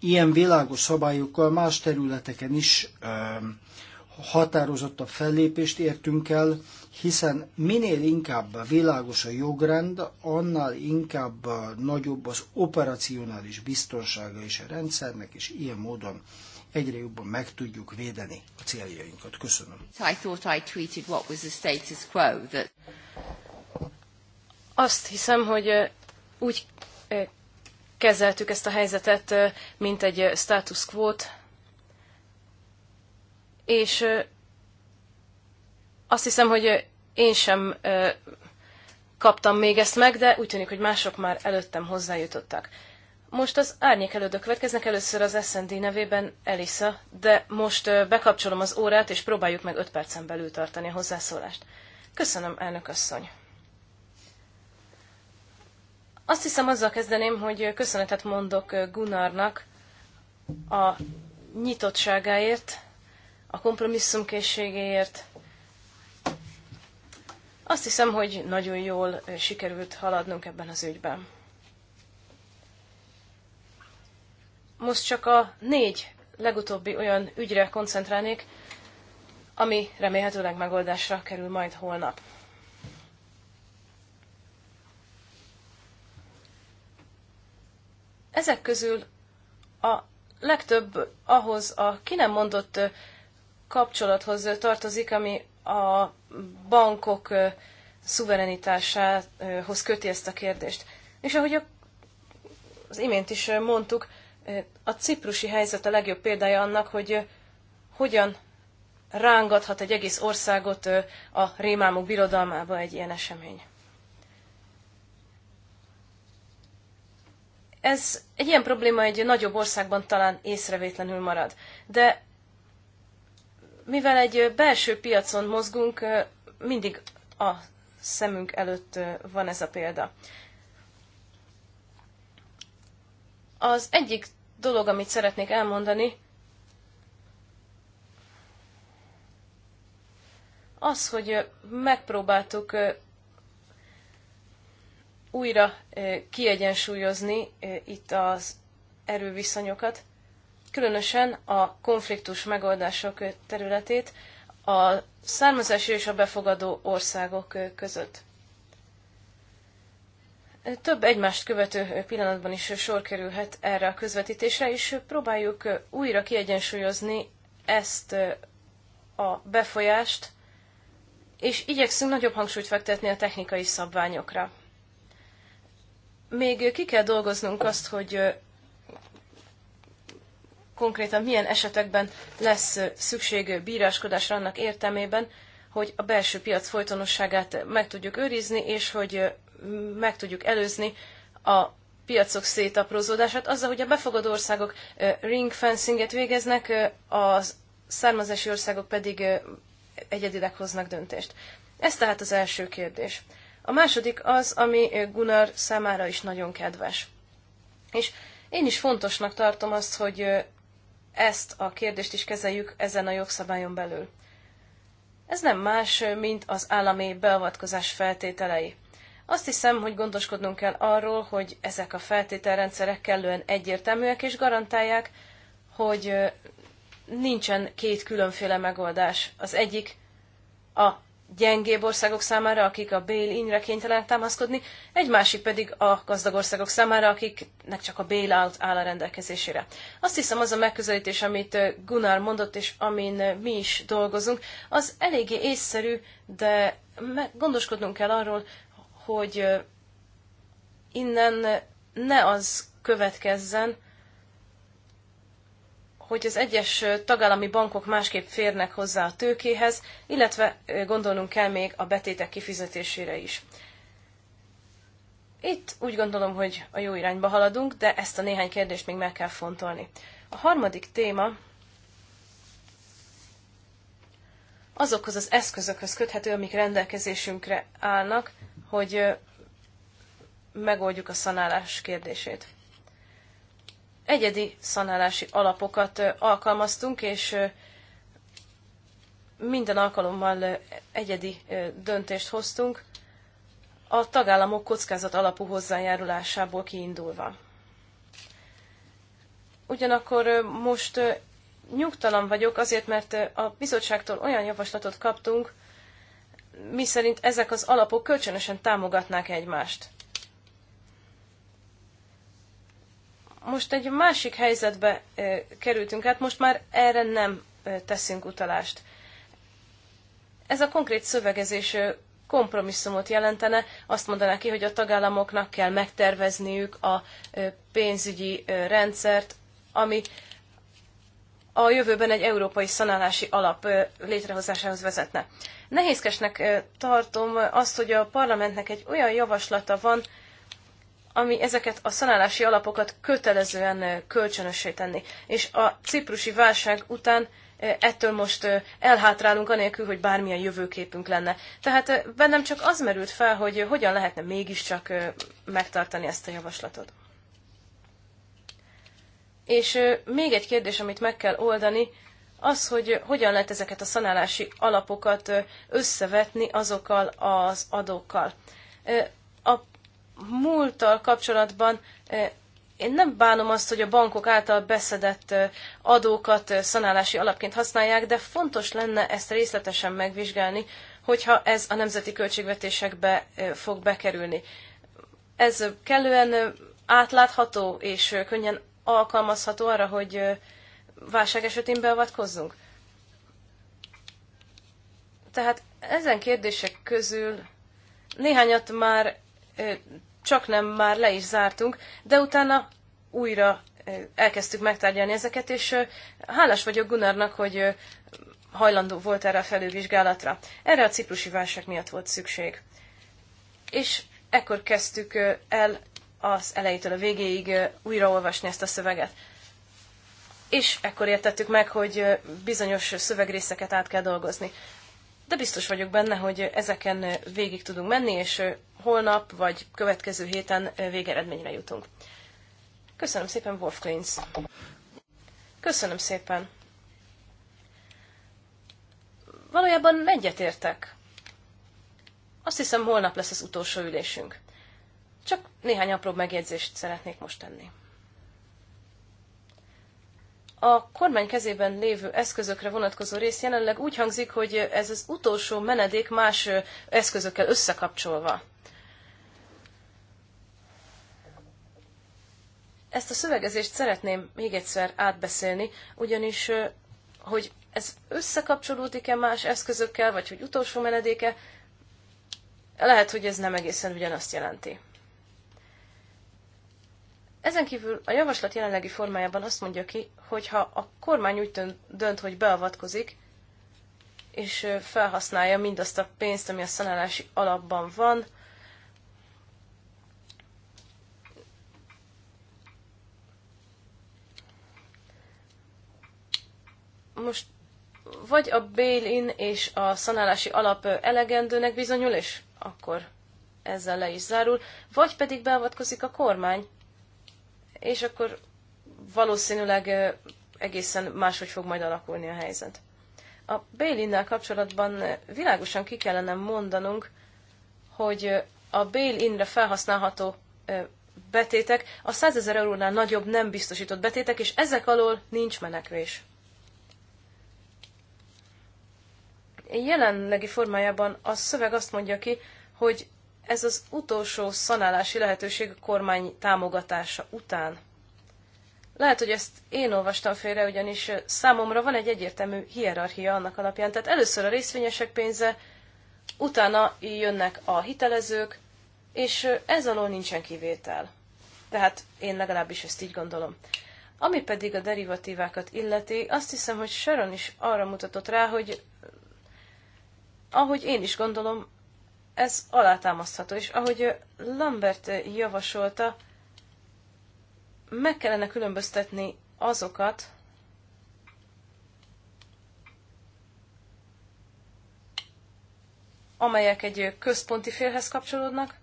Speaker 2: ilyen világos szabályokkal más területeken is határozottabb fellépést értünk el, hiszen minél inkább világos a jogrend, annál inkább nagyobb az operacionális biztonsága is a rendszernek, és ilyen módon egyre jobban meg tudjuk védeni a céljainkat. Köszönöm.
Speaker 4: I thought I
Speaker 3: tweeted what was the status quo that... Azt hiszem, hogy úgy kezeltük ezt a helyzetet, mint egy status quo-t, és azt hiszem, hogy én sem kaptam még ezt meg, de úgy tűnik, hogy mások már előttem hozzájutottak. Most az árnyék elődök következnek, először az SND nevében Elisa, de most bekapcsolom az órát, és próbáljuk meg 5 percen belül tartani a hozzászólást. Köszönöm, elnök asszony! Azt hiszem azzal kezdeném, hogy köszönetet mondok Gunnarnak a nyitottságáért, a kompromisszumkészségéért. Azt hiszem, hogy nagyon jól sikerült haladnunk ebben az ügyben. Most csak a négy legutóbbi olyan ügyre koncentrálnék, ami remélhetőleg megoldásra kerül majd holnap. Ezek közül a legtöbb ahhoz a ki nem mondott kapcsolathoz tartozik, ami a bankok szuverenitásához köti ezt a kérdést. És ahogy az imént is mondtuk, a ciprusi helyzet a legjobb példája annak, hogy hogyan rángathat egy egész országot a rémálmok birodalmába egy ilyen esemény. Ez egy ilyen probléma egy nagyobb országban talán észrevétlenül marad. De mivel egy belső piacon mozgunk, mindig a szemünk előtt van ez a példa. Az egyik dolog, amit szeretnék elmondani, az, hogy megpróbáltuk újra kiegyensúlyozni itt az erőviszonyokat, különösen a konfliktus megoldások területét a származási és a befogadó országok között. Több egymást követő pillanatban is sor kerülhet erre a közvetítésre, és próbáljuk újra kiegyensúlyozni ezt a befolyást, és igyekszünk nagyobb hangsúlyt fektetni a technikai szabványokra. Még ki kell dolgoznunk azt, hogy konkrétan milyen esetekben lesz szükség bíráskodásra annak értelmében, hogy a belső piac folytonosságát meg tudjuk őrizni, és hogy meg tudjuk előzni a piacok szétaprózódását, azzal, hogy a befogadó országok ring fencinget végeznek, a származási országok pedig egyedileg hoznak döntést. Ez tehát az első kérdés. A második az, ami Gunnar számára is nagyon kedves. És én is fontosnak tartom azt, hogy ezt a kérdést is kezeljük ezen a jogszabályon belül. Ez nem más, mint az állami beavatkozás feltételei. Azt hiszem, hogy gondoskodnunk kell arról, hogy ezek a feltételrendszerek kellően egyértelműek és garantálják, hogy nincsen két különféle megoldás. Az egyik a gyengébb országok számára, akik a bail-inre kénytelenek támaszkodni, egy másik pedig a gazdag országok számára, akiknek csak a bail-out áll a rendelkezésére. Azt hiszem, az a megközelítés, amit Gunnar mondott, és amin mi is dolgozunk, az eléggé észszerű, de gondoskodnunk kell arról, hogy innen ne az következzen, hogy az egyes tagállami bankok másképp férnek hozzá a tőkéhez, illetve gondolnunk kell még a betétek kifizetésére is. Itt úgy gondolom, hogy a jó irányba haladunk, de ezt a néhány kérdést még meg kell fontolni. A harmadik téma azokhoz az eszközökhöz köthető, amik rendelkezésünkre állnak, hogy megoldjuk a szanálás kérdését egyedi szanálási alapokat alkalmaztunk, és minden alkalommal egyedi döntést hoztunk, a tagállamok kockázat alapú hozzájárulásából kiindulva. Ugyanakkor most nyugtalan vagyok azért, mert a bizottságtól olyan javaslatot kaptunk, miszerint ezek az alapok kölcsönösen támogatnák egymást. most egy másik helyzetbe kerültünk át, most már erre nem teszünk utalást. Ez a konkrét szövegezés kompromisszumot jelentene, azt mondaná ki, hogy a tagállamoknak kell megtervezniük a pénzügyi rendszert, ami a jövőben egy európai szanálási alap létrehozásához vezetne. Nehézkesnek tartom azt, hogy a parlamentnek egy olyan javaslata van, ami ezeket a szanálási alapokat kötelezően kölcsönössé tenni. És a ciprusi válság után ettől most elhátrálunk anélkül, hogy bármilyen jövőképünk lenne. Tehát bennem csak az merült fel, hogy hogyan lehetne mégiscsak megtartani ezt a javaslatot. És még egy kérdés, amit meg kell oldani, az, hogy hogyan lehet ezeket a szanálási alapokat összevetni azokkal az adókkal múlttal kapcsolatban eh, én nem bánom azt, hogy a bankok által beszedett eh, adókat eh, szanálási alapként használják, de fontos lenne ezt részletesen megvizsgálni, hogyha ez a nemzeti költségvetésekbe fog bekerülni. Ez kellően átlátható és könnyen alkalmazható arra, hogy válság esetén beavatkozzunk? Tehát ezen kérdések közül néhányat már csak nem már le is zártunk, de utána újra elkezdtük megtárgyalni ezeket, és hálás vagyok Gunnarnak, hogy hajlandó volt erre a felülvizsgálatra. Erre a ciprusi válság miatt volt szükség. És ekkor kezdtük el az elejétől a végéig újraolvasni ezt a szöveget. És ekkor értettük meg, hogy bizonyos szövegrészeket át kell dolgozni de biztos vagyok benne, hogy ezeken végig tudunk menni, és holnap vagy következő héten végeredményre jutunk. Köszönöm szépen, Wolf Klintz. Köszönöm szépen. Valójában egyetértek. Azt hiszem, holnap lesz az utolsó ülésünk. Csak néhány apró megjegyzést szeretnék most tenni. A kormány kezében lévő eszközökre vonatkozó rész jelenleg úgy hangzik, hogy ez az utolsó menedék más eszközökkel összekapcsolva. Ezt a szövegezést szeretném még egyszer átbeszélni, ugyanis, hogy ez összekapcsolódik-e más eszközökkel, vagy hogy utolsó menedéke, lehet, hogy ez nem egészen ugyanazt jelenti. Ezen kívül a javaslat jelenlegi formájában azt mondja ki, hogy ha a kormány úgy dönt, hogy beavatkozik, és felhasználja mindazt a pénzt, ami a szanálási alapban van, most vagy a bail-in és a szanálási alap elegendőnek bizonyul, és akkor ezzel le is zárul, vagy pedig beavatkozik a kormány, és akkor valószínűleg egészen máshogy fog majd alakulni a helyzet. A bail kapcsolatban világosan ki kellene mondanunk, hogy a bail-inre felhasználható betétek a 100 ezer eurónál nagyobb nem biztosított betétek, és ezek alól nincs menekvés. Jelenlegi formájában a szöveg azt mondja ki, hogy ez az utolsó szanálási lehetőség a kormány támogatása után. Lehet, hogy ezt én olvastam félre, ugyanis számomra van egy egyértelmű hierarchia annak alapján. Tehát először a részvényesek pénze, utána jönnek a hitelezők, és ez alól nincsen kivétel. Tehát én legalábbis ezt így gondolom. Ami pedig a derivatívákat illeti, azt hiszem, hogy Sharon is arra mutatott rá, hogy ahogy én is gondolom, ez alátámasztható, és ahogy Lambert javasolta, meg kellene különböztetni azokat, amelyek egy központi félhez kapcsolódnak,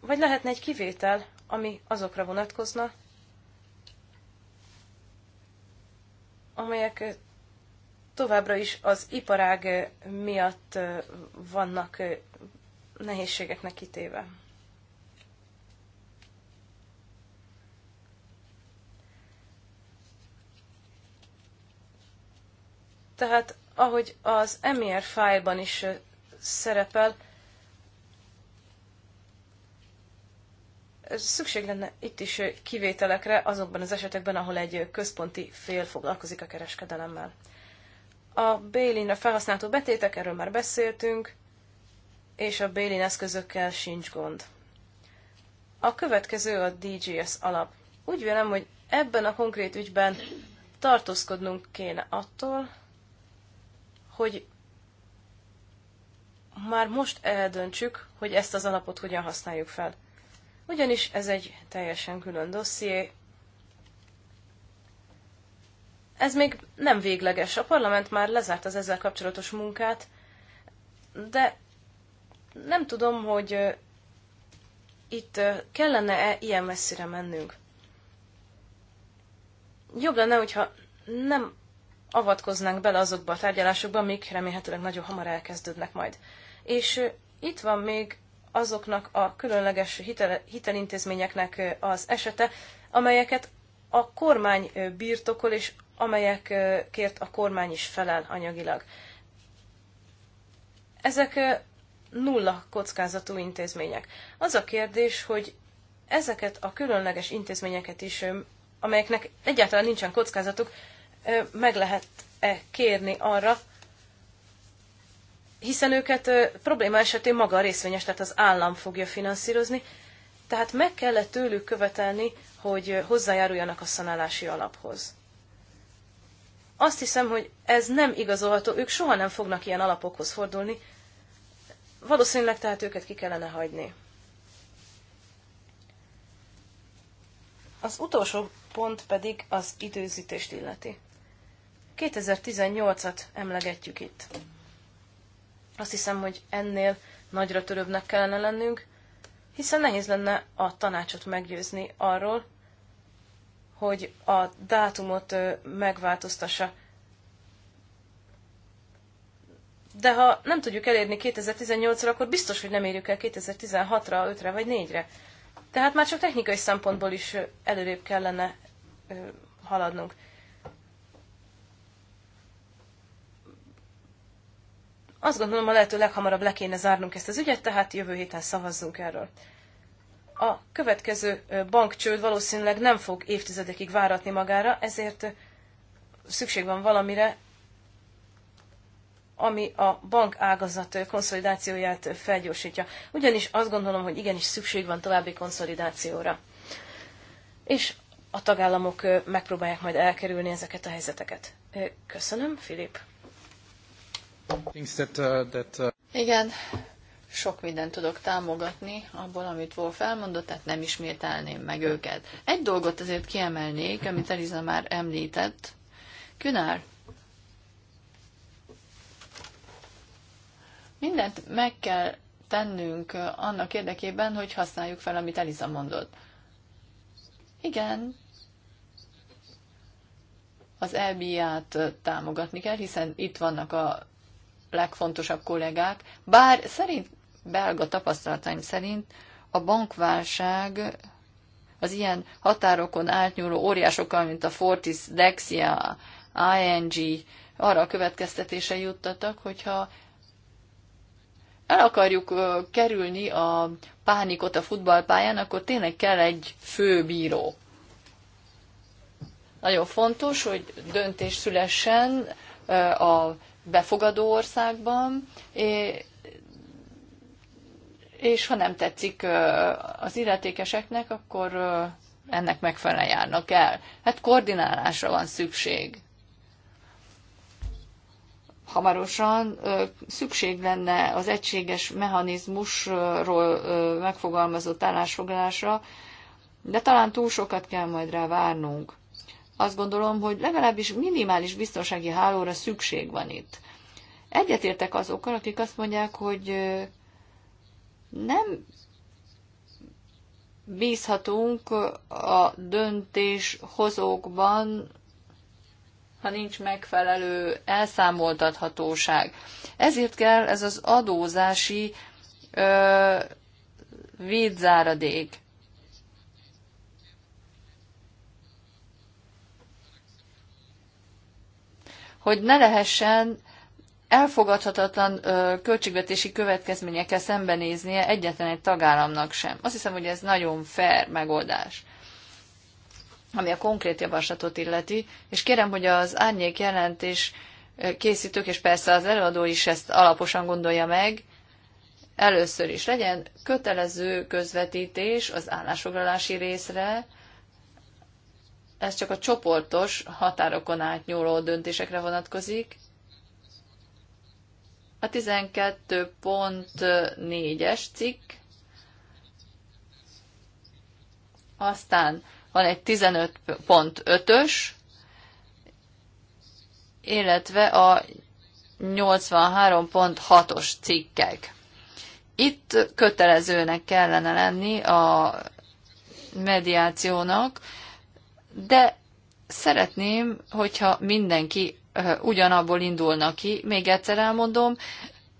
Speaker 3: vagy lehetne egy kivétel, ami azokra vonatkozna, amelyek továbbra is az iparág eh, miatt eh, vannak eh, nehézségeknek kitéve. Tehát, ahogy az MR fájlban is szerepel, szükség lenne itt is kivételekre azokban az esetekben, ahol egy központi fél foglalkozik a kereskedelemmel. A Bélin a felhasználható betétek, erről már beszéltünk, és a Bélin eszközökkel sincs gond. A következő a DGS alap. Úgy vélem, hogy ebben a konkrét ügyben tartózkodnunk kéne attól, hogy már most eldöntsük, hogy ezt az alapot hogyan használjuk fel. Ugyanis ez egy teljesen külön dosszié, ez még nem végleges. A parlament már lezárt az ezzel kapcsolatos munkát, de nem tudom, hogy itt kellene-e ilyen messzire mennünk. Jobb lenne, hogyha nem avatkoznánk bele azokba a tárgyalásokba, amik remélhetőleg nagyon hamar elkezdődnek majd. És itt van még azoknak a különleges hitel, hitelintézményeknek az esete, amelyeket a kormány birtokol, és amelyekért a kormány is felel anyagilag. Ezek nulla kockázatú intézmények. Az a kérdés, hogy ezeket a különleges intézményeket is, amelyeknek egyáltalán nincsen kockázatuk, meg lehet-e kérni arra, hiszen őket probléma esetén maga a részvényes, tehát az állam fogja finanszírozni, tehát meg kellett tőlük követelni hogy hozzájáruljanak a szanálási alaphoz. Azt hiszem, hogy ez nem igazolható, ők soha nem fognak ilyen alapokhoz fordulni, valószínűleg tehát őket ki kellene hagyni. Az utolsó pont pedig az időzítést illeti. 2018-at emlegetjük itt. Azt hiszem, hogy ennél nagyra törőbbnek kellene lennünk, hiszen nehéz lenne a tanácsot meggyőzni arról, hogy a dátumot megváltoztassa. De ha nem tudjuk elérni 2018-ra, akkor biztos, hogy nem érjük el 2016-ra, 5-re vagy 4-re. Tehát már csak technikai szempontból is előrébb kellene haladnunk. Azt gondolom, a lehető leghamarabb le kéne zárnunk ezt az ügyet, tehát jövő héten szavazzunk erről. A következő bankcsőd valószínűleg nem fog évtizedekig váratni magára, ezért szükség van valamire, ami a bank ágazat konszolidációját felgyorsítja. Ugyanis azt gondolom, hogy igenis szükség van további konszolidációra. És a tagállamok megpróbálják majd elkerülni ezeket a helyzeteket. Köszönöm, Filip.
Speaker 2: That, uh, that, uh...
Speaker 4: Igen, sok mindent tudok támogatni abból, amit Wolf elmondott, tehát nem ismételném meg őket. Egy dolgot azért kiemelnék, amit Eliza már említett. Künár, mindent meg kell tennünk annak érdekében, hogy használjuk fel, amit Eliza mondott. Igen, az EBI-át támogatni kell, hiszen itt vannak a legfontosabb kollégák, bár szerint belga tapasztalataim szerint a bankválság az ilyen határokon átnyúló óriásokkal, mint a Fortis, Dexia, ING, arra a következtetése juttatak, hogyha el akarjuk kerülni a pánikot a futballpályán, akkor tényleg kell egy főbíró. Nagyon fontos, hogy döntés szülessen a befogadó országban, és ha nem tetszik az illetékeseknek, akkor ennek megfelelően járnak el. Hát koordinálásra van szükség. Hamarosan szükség lenne az egységes mechanizmusról megfogalmazott állásfoglalásra, de talán túl sokat kell majd rá várnunk. Azt gondolom, hogy legalábbis minimális biztonsági hálóra szükség van itt. Egyetértek azokkal, akik azt mondják, hogy nem bízhatunk a döntéshozókban, ha nincs megfelelő elszámoltathatóság. Ezért kell ez az adózási ö, védzáradék. Hogy ne lehessen elfogadhatatlan költségvetési következményekkel szembenéznie egyetlen egy tagállamnak sem. Azt hiszem, hogy ez nagyon fair megoldás ami a konkrét javaslatot illeti, és kérem, hogy az árnyék jelentés készítők, és persze az előadó is ezt alaposan gondolja meg, először is legyen kötelező közvetítés az állásfoglalási részre, ez csak a csoportos határokon átnyúló döntésekre vonatkozik, a 12.4-es cikk, aztán van egy 15.5-ös, illetve a 83.6-os cikkek. Itt kötelezőnek kellene lenni a mediációnak, de szeretném, hogyha mindenki ugyanabból indulnak ki. Még egyszer elmondom,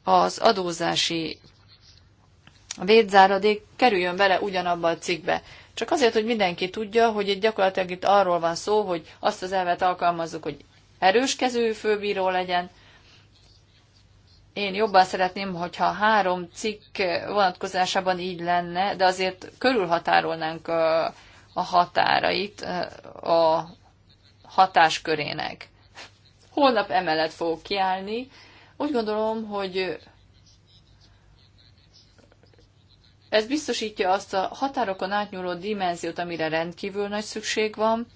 Speaker 4: az adózási védzáradék kerüljön bele ugyanabba a cikkbe. Csak azért, hogy mindenki tudja, hogy itt gyakorlatilag itt arról van szó, hogy azt az elvet alkalmazzuk, hogy erős kezű főbíró legyen. Én jobban szeretném, hogyha három cikk vonatkozásában így lenne, de azért körülhatárolnánk a határait a hatáskörének holnap emellett fogok kiállni. Úgy gondolom, hogy ez biztosítja azt a határokon átnyúló dimenziót, amire rendkívül nagy szükség van,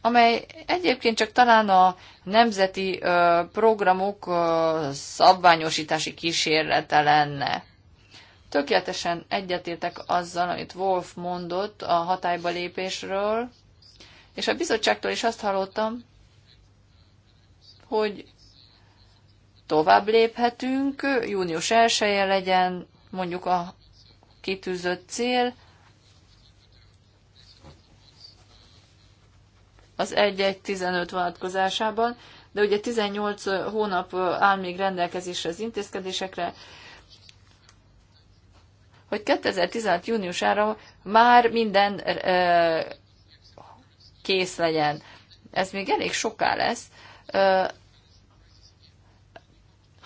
Speaker 4: amely egyébként csak talán a nemzeti programok szabványosítási kísérlete lenne. Tökéletesen egyetértek azzal, amit Wolf mondott a hatályba lépésről, és a bizottságtól is azt hallottam, hogy tovább léphetünk, június 1 -e legyen mondjuk a kitűzött cél, az 1-1-15 vonatkozásában, de ugye 18 hónap áll még rendelkezésre az intézkedésekre, hogy 2016 júniusára már minden eh, kész legyen. Ez még elég soká lesz, eh,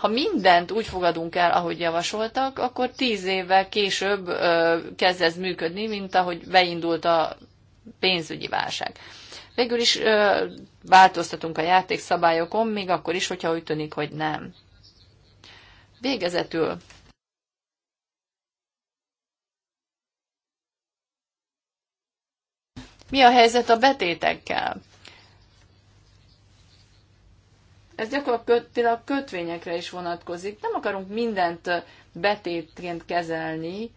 Speaker 4: ha mindent úgy fogadunk el, ahogy javasoltak, akkor tíz évvel később ö, kezd ez működni, mint ahogy beindult a pénzügyi válság. Végül is ö, változtatunk a játékszabályokon, még akkor is, hogyha úgy tűnik, hogy nem. Végezetül Mi a helyzet a betétekkel? ez gyakorlatilag kötvényekre is vonatkozik. Nem akarunk mindent betétként kezelni,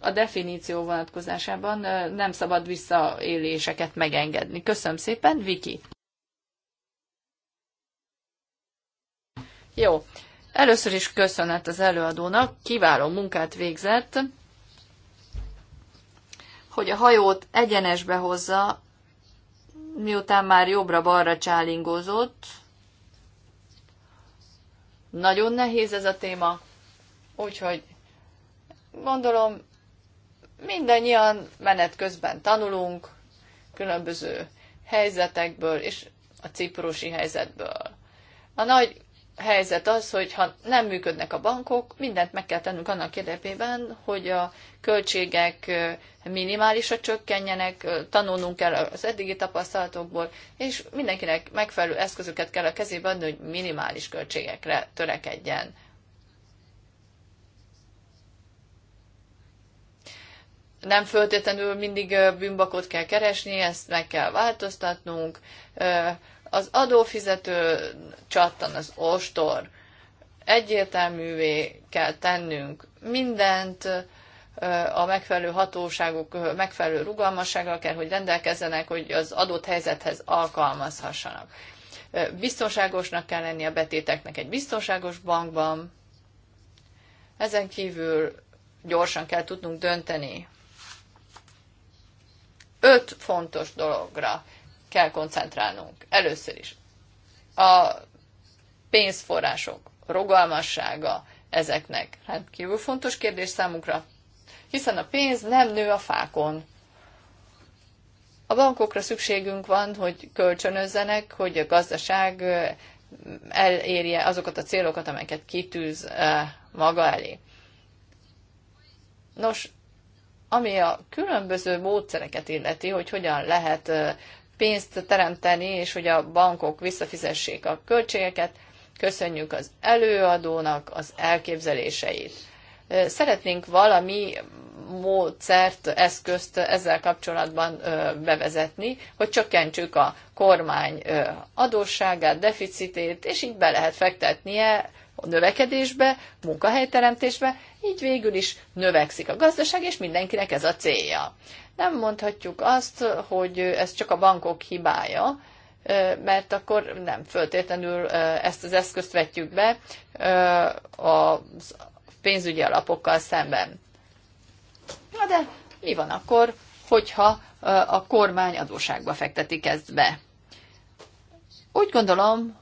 Speaker 4: a definíció vonatkozásában nem szabad visszaéléseket megengedni. Köszönöm szépen, Viki! Jó, először is köszönet az előadónak, kiváló munkát végzett, hogy a hajót egyenesbe hozza miután már jobbra-balra csálingozott, nagyon nehéz ez a téma, úgyhogy gondolom mindannyian menet közben tanulunk különböző helyzetekből és a ciprusi helyzetből. A nagy helyzet az, hogy ha nem működnek a bankok, mindent meg kell tennünk annak érdekében, hogy a költségek minimálisra csökkenjenek, tanulnunk kell az eddigi tapasztalatokból, és mindenkinek megfelelő eszközöket kell a kezébe adni, hogy minimális költségekre törekedjen. nem föltétlenül mindig bűnbakot kell keresni, ezt meg kell változtatnunk, az adófizető csattan az ostor. Egyértelművé kell tennünk mindent, a megfelelő hatóságok megfelelő rugalmassággal kell, hogy rendelkezzenek, hogy az adott helyzethez alkalmazhassanak. Biztonságosnak kell lenni a betéteknek egy biztonságos bankban, ezen kívül gyorsan kell tudnunk dönteni. Öt fontos dologra kell koncentrálnunk. Először is. A pénzforrások, rogalmassága ezeknek rendkívül fontos kérdés számunkra, hiszen a pénz nem nő a fákon. A bankokra szükségünk van, hogy kölcsönözzenek, hogy a gazdaság elérje azokat a célokat, amelyeket kitűz maga elé. Nos, ami a különböző módszereket illeti, hogy hogyan lehet pénzt teremteni, és hogy a bankok visszafizessék a költségeket. Köszönjük az előadónak az elképzeléseit. Szeretnénk valami módszert, eszközt ezzel kapcsolatban bevezetni, hogy csökkentsük a kormány adósságát, deficitét, és így be lehet fektetnie a növekedésbe, munkahelyteremtésbe, így végül is növekszik a gazdaság, és mindenkinek ez a célja. Nem mondhatjuk azt, hogy ez csak a bankok hibája, mert akkor nem föltétlenül ezt az eszközt vetjük be a pénzügyi alapokkal szemben. Na de mi van akkor, hogyha a kormány adóságba fektetik ezt be? Úgy gondolom,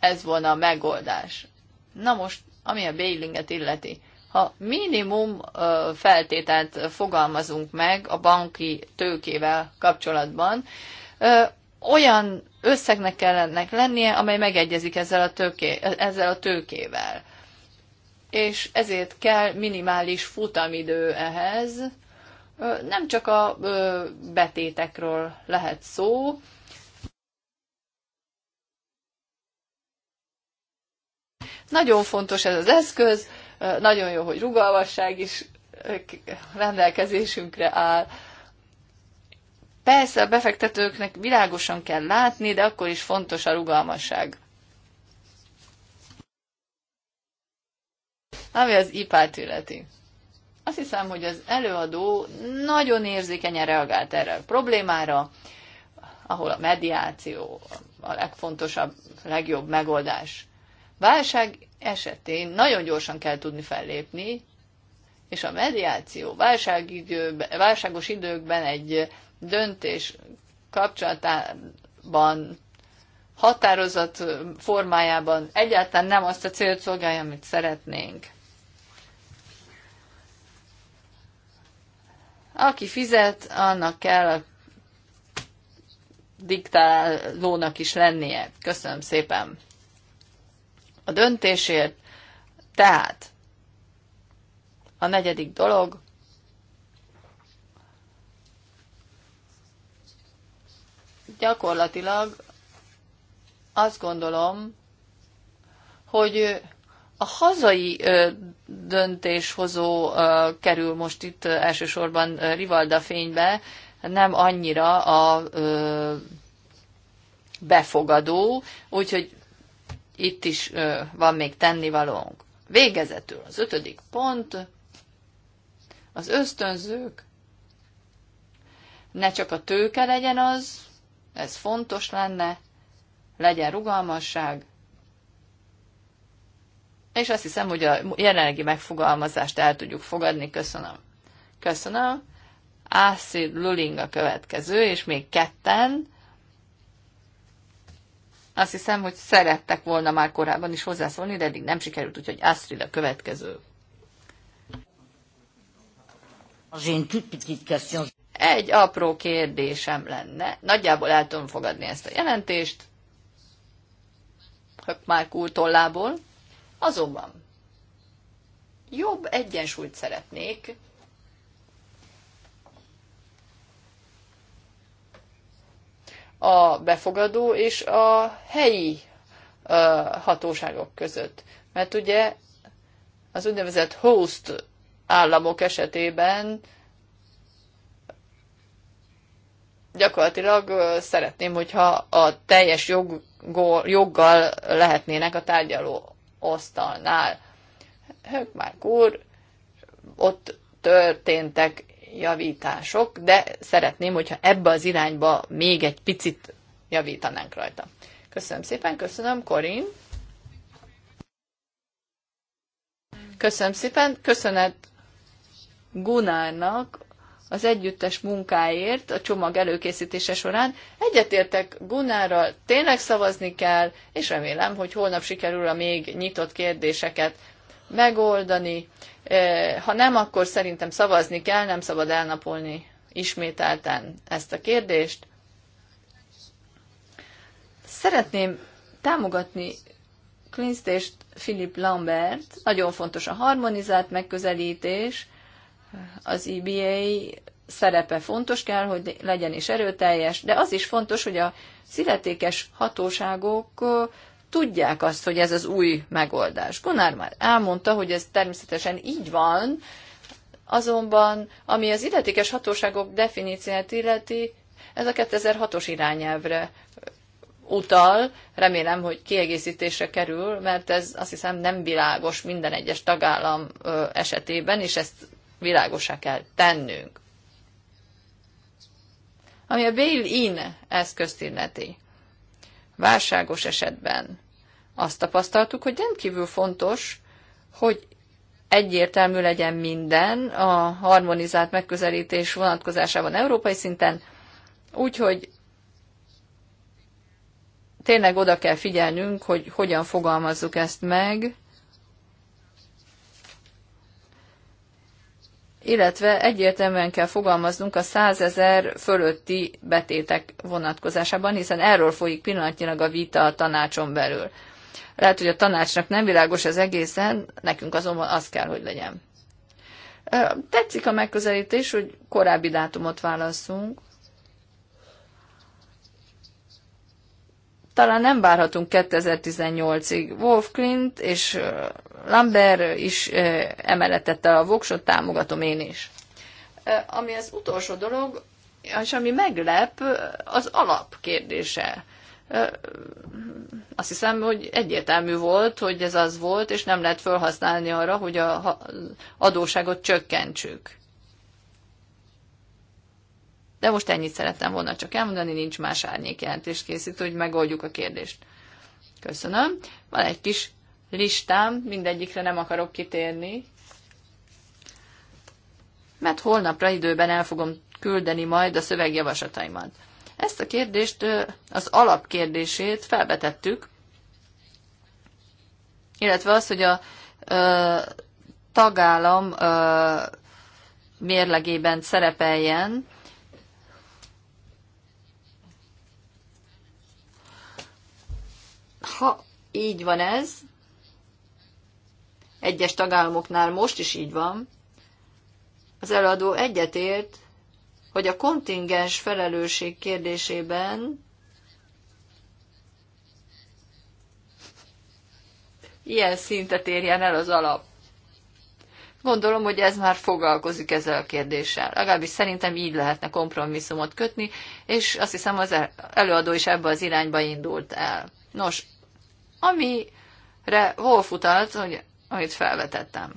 Speaker 4: ez volna a megoldás. Na most, ami a bailinget illeti ha minimum feltételt fogalmazunk meg a banki tőkével kapcsolatban, olyan összegnek kell ennek lennie, amely megegyezik ezzel a, tőké, ezzel a tőkével. És ezért kell minimális futamidő ehhez. Nem csak a betétekről lehet szó, Nagyon fontos ez az eszköz, nagyon jó, hogy rugalmasság is eh, rendelkezésünkre áll. Persze a befektetőknek világosan kell látni, de akkor is fontos a rugalmasság. Ami az ipát illeti. Azt hiszem, hogy az előadó nagyon érzékenyen reagált erre a problémára, ahol a mediáció a legfontosabb, legjobb megoldás. Válság esetén nagyon gyorsan kell tudni fellépni, és a mediáció válságidőben, válságos időkben egy döntés kapcsolatában határozat formájában egyáltalán nem azt a célt szolgálja, amit szeretnénk. Aki fizet, annak kell a diktálónak is lennie. Köszönöm szépen! döntésért. Tehát a negyedik dolog, gyakorlatilag azt gondolom, hogy a hazai döntéshozó kerül most itt elsősorban Rivalda fénybe, nem annyira a befogadó, úgyhogy itt is van még tennivalónk. Végezetül az ötödik pont, az ösztönzők, ne csak a tőke legyen az, ez fontos lenne, legyen rugalmasság, és azt hiszem, hogy a jelenlegi megfogalmazást el tudjuk fogadni. Köszönöm. Köszönöm. Ászid Luling a következő, és még ketten, azt hiszem, hogy szerettek volna már korábban is hozzászólni, de eddig nem sikerült, úgyhogy Astrid a következő. Egy apró kérdésem lenne. Nagyjából el tudom fogadni ezt a jelentést. Hökmárk úr tollából. Azonban jobb egyensúlyt szeretnék a befogadó és a helyi hatóságok között. Mert ugye az úgynevezett host államok esetében gyakorlatilag szeretném, hogyha a teljes jog, joggal lehetnének a tárgyaló asztalnál. Hökmárk úr, ott történtek javítások, de szeretném, hogyha ebbe az irányba még egy picit javítanánk rajta. Köszönöm szépen, köszönöm, Korin. Köszönöm szépen, köszönet Gunárnak az együttes munkáért a csomag előkészítése során. Egyetértek Gunárral, tényleg szavazni kell, és remélem, hogy holnap sikerül a még nyitott kérdéseket megoldani. Ha nem, akkor szerintem szavazni kell, nem szabad elnapolni ismételten ezt a kérdést. Szeretném támogatni Klinzt és Philip Lambert. Nagyon fontos a harmonizált megközelítés, az EBA szerepe fontos kell, hogy legyen is erőteljes, de az is fontos, hogy a illetékes hatóságok tudják azt, hogy ez az új megoldás. Gunnar már elmondta, hogy ez természetesen így van, azonban ami az illetékes hatóságok definíciát illeti, ez a 2006-os irányelvre utal, remélem, hogy kiegészítésre kerül, mert ez azt hiszem nem világos minden egyes tagállam esetében, és ezt világosá kell tennünk. Ami a bail-in eszközt illeti válságos esetben. Azt tapasztaltuk, hogy rendkívül fontos, hogy egyértelmű legyen minden a harmonizált megközelítés vonatkozásában európai szinten, úgyhogy tényleg oda kell figyelnünk, hogy hogyan fogalmazzuk ezt meg, illetve egyértelműen kell fogalmaznunk a 100 ezer fölötti betétek vonatkozásában, hiszen erről folyik pillanatnyilag a vita a tanácson belül. Lehet, hogy a tanácsnak nem világos az egészen, nekünk azonban az kell, hogy legyen. Tetszik a megközelítés, hogy korábbi dátumot válaszunk, talán nem várhatunk 2018-ig. Wolf Klint és Lambert is emeletette a voksot, támogatom én is. Ami az utolsó dolog, és ami meglep, az alapkérdése. Azt hiszem, hogy egyértelmű volt, hogy ez az volt, és nem lehet felhasználni arra, hogy a adóságot csökkentsük. De most ennyit szerettem volna csak elmondani, nincs más jelentés készít, hogy megoldjuk a kérdést. Köszönöm. Van egy kis listám, mindegyikre nem akarok kitérni, mert holnapra időben el fogom küldeni majd a szövegjavaslataimat. Ezt a kérdést, az alapkérdését felvetettük, illetve az, hogy a ö, tagállam ö, mérlegében szerepeljen, Ha így van ez, egyes tagállamoknál most is így van, az eladó egyetért, hogy a kontingens felelősség kérdésében ilyen szintet érjen el az alap. Gondolom, hogy ez már foglalkozik ezzel a kérdéssel. Legalábbis szerintem így lehetne kompromisszumot kötni, és azt hiszem az előadó is ebbe az irányba indult el. Nos, amire Wolf utalt, hogy, amit felvetettem.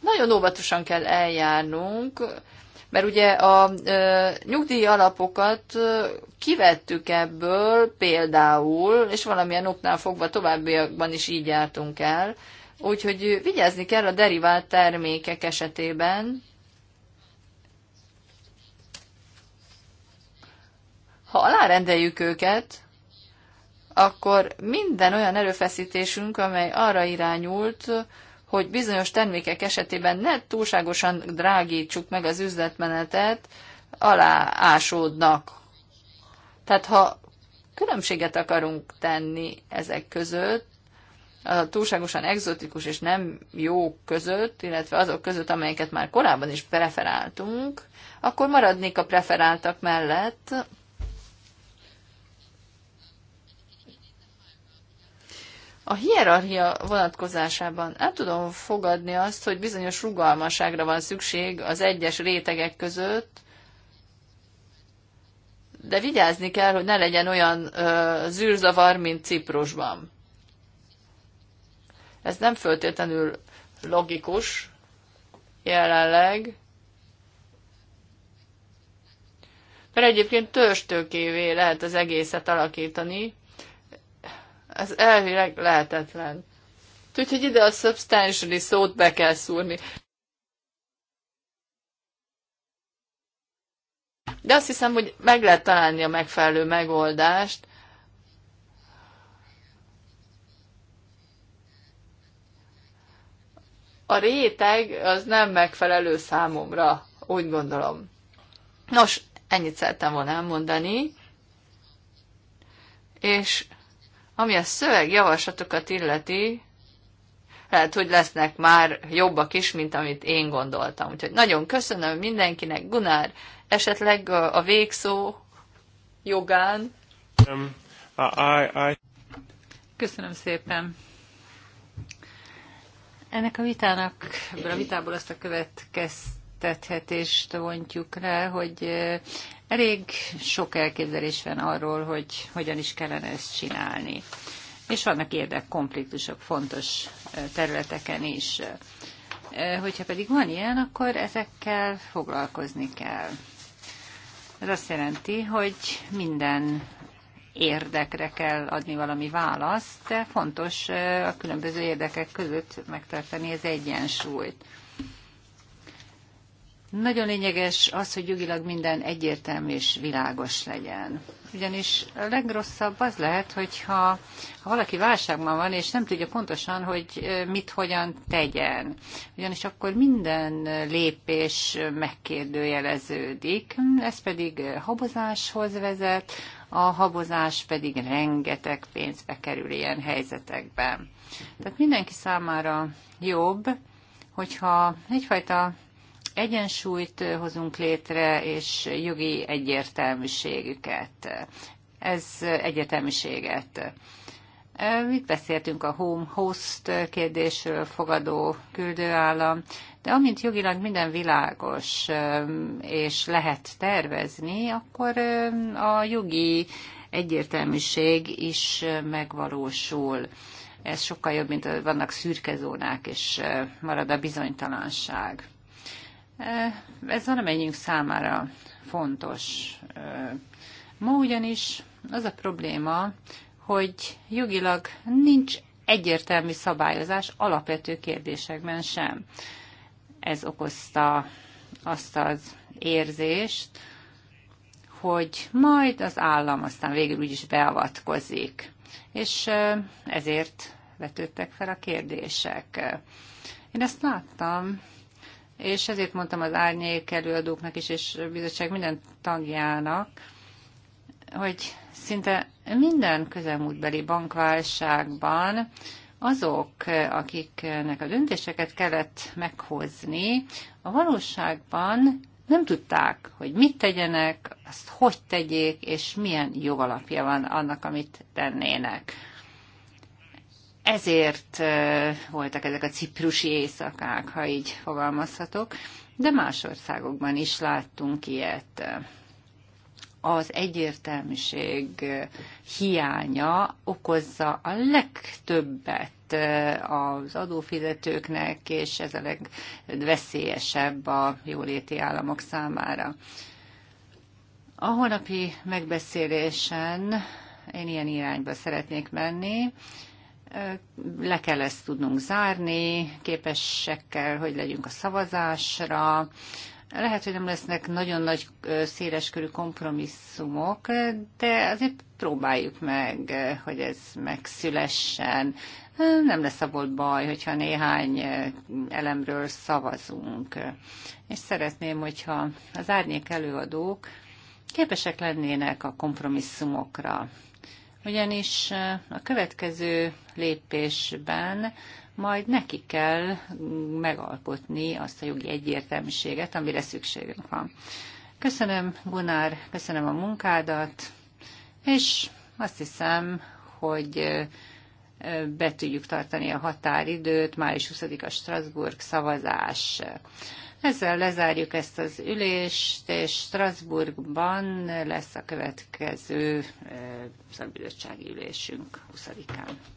Speaker 4: Nagyon óvatosan kell eljárnunk, mert ugye a ö, nyugdíj alapokat ö, kivettük ebből például, és valamilyen oknál fogva továbbiakban is így jártunk el, úgyhogy vigyázni kell a derivált termékek esetében, Ha alárendeljük őket, akkor minden olyan erőfeszítésünk, amely arra irányult, hogy bizonyos termékek esetében ne túlságosan drágítsuk meg az üzletmenetet, aláásódnak. Tehát ha különbséget akarunk tenni ezek között, a túlságosan egzotikus és nem jó között, illetve azok között, amelyeket már korábban is preferáltunk, akkor maradnék a preferáltak mellett, A hierarchia vonatkozásában el tudom fogadni azt, hogy bizonyos rugalmaságra van szükség az egyes rétegek között, de vigyázni kell, hogy ne legyen olyan ö, zűrzavar, mint Ciprusban. Ez nem föltétlenül logikus jelenleg, mert egyébként törstőkévé lehet az egészet alakítani, ez elvileg lehetetlen. Úgyhogy ide a substantially szót be kell szúrni. De azt hiszem, hogy meg lehet találni a megfelelő megoldást. A réteg az nem megfelelő számomra, úgy gondolom. Nos, ennyit szerettem volna elmondani, és ami a szövegjavaslatokat illeti, lehet, hogy lesznek már jobbak is, mint amit én gondoltam. Úgyhogy nagyon köszönöm mindenkinek. Gunár, esetleg a, végszó
Speaker 1: jogán. Um, I, I... Köszönöm szépen. Ennek a vitának, ebből a vitából azt a következtethetést vontjuk le, hogy Elég sok elképzelés van arról, hogy hogyan is kellene ezt csinálni. És vannak érdekkonfliktusok fontos területeken is. Hogyha pedig van ilyen, akkor ezekkel foglalkozni kell. Ez azt jelenti, hogy minden érdekre kell adni valami választ, de fontos a különböző érdekek között megtartani az egyensúlyt. Nagyon lényeges az, hogy jogilag minden egyértelmű és világos legyen. Ugyanis a legrosszabb az lehet, hogyha ha valaki válságban van, és nem tudja pontosan, hogy mit hogyan tegyen. Ugyanis akkor minden lépés megkérdőjeleződik, ez pedig habozáshoz vezet, a habozás pedig rengeteg pénzbe kerül ilyen helyzetekben. Tehát mindenki számára jobb, hogyha egyfajta egyensúlyt hozunk létre, és jogi egyértelműségüket. Ez egyértelműséget. Mit beszéltünk a home host kérdésről, fogadó küldőállam, de amint jogilag minden világos és lehet tervezni, akkor a jogi egyértelműség is megvalósul. Ez sokkal jobb, mint vannak szürke zónák, és marad a bizonytalanság. E, ez valamennyiünk számára fontos. E, ma ugyanis az a probléma, hogy jogilag nincs egyértelmű szabályozás alapvető kérdésekben sem. Ez okozta azt az érzést, hogy majd az állam aztán végül úgyis beavatkozik. És e, ezért vetődtek fel a kérdések. Én ezt láttam és ezért mondtam az árnyék előadóknak is, és a bizottság minden tagjának, hogy szinte minden közelmúltbeli bankválságban azok, akiknek a döntéseket kellett meghozni, a valóságban nem tudták, hogy mit tegyenek, azt hogy tegyék, és milyen jogalapja van annak, amit tennének. Ezért voltak ezek a ciprusi éjszakák, ha így fogalmazhatok, de más országokban is láttunk ilyet. Az egyértelműség hiánya okozza a legtöbbet az adófizetőknek, és ez a legveszélyesebb a jóléti államok számára. A holnapi megbeszélésen én ilyen irányba szeretnék menni, le kell ezt tudnunk zárni, képesek kell, hogy legyünk a szavazásra. Lehet, hogy nem lesznek nagyon nagy széleskörű kompromisszumok, de azért próbáljuk meg, hogy ez megszülessen. Nem lesz abból baj, hogyha néhány elemről szavazunk. És szeretném, hogyha az árnyék előadók képesek lennének a kompromisszumokra ugyanis a következő lépésben majd neki kell megalkotni azt a jogi egyértelműséget, amire szükségünk van. Köszönöm, Gunár, köszönöm a munkádat, és azt hiszem, hogy be tudjuk tartani a határidőt, május 20-a Strasbourg szavazás. Ezzel lezárjuk ezt az ülést, és Strasbourgban lesz a következő eh, szakbizottsági ülésünk 20-án.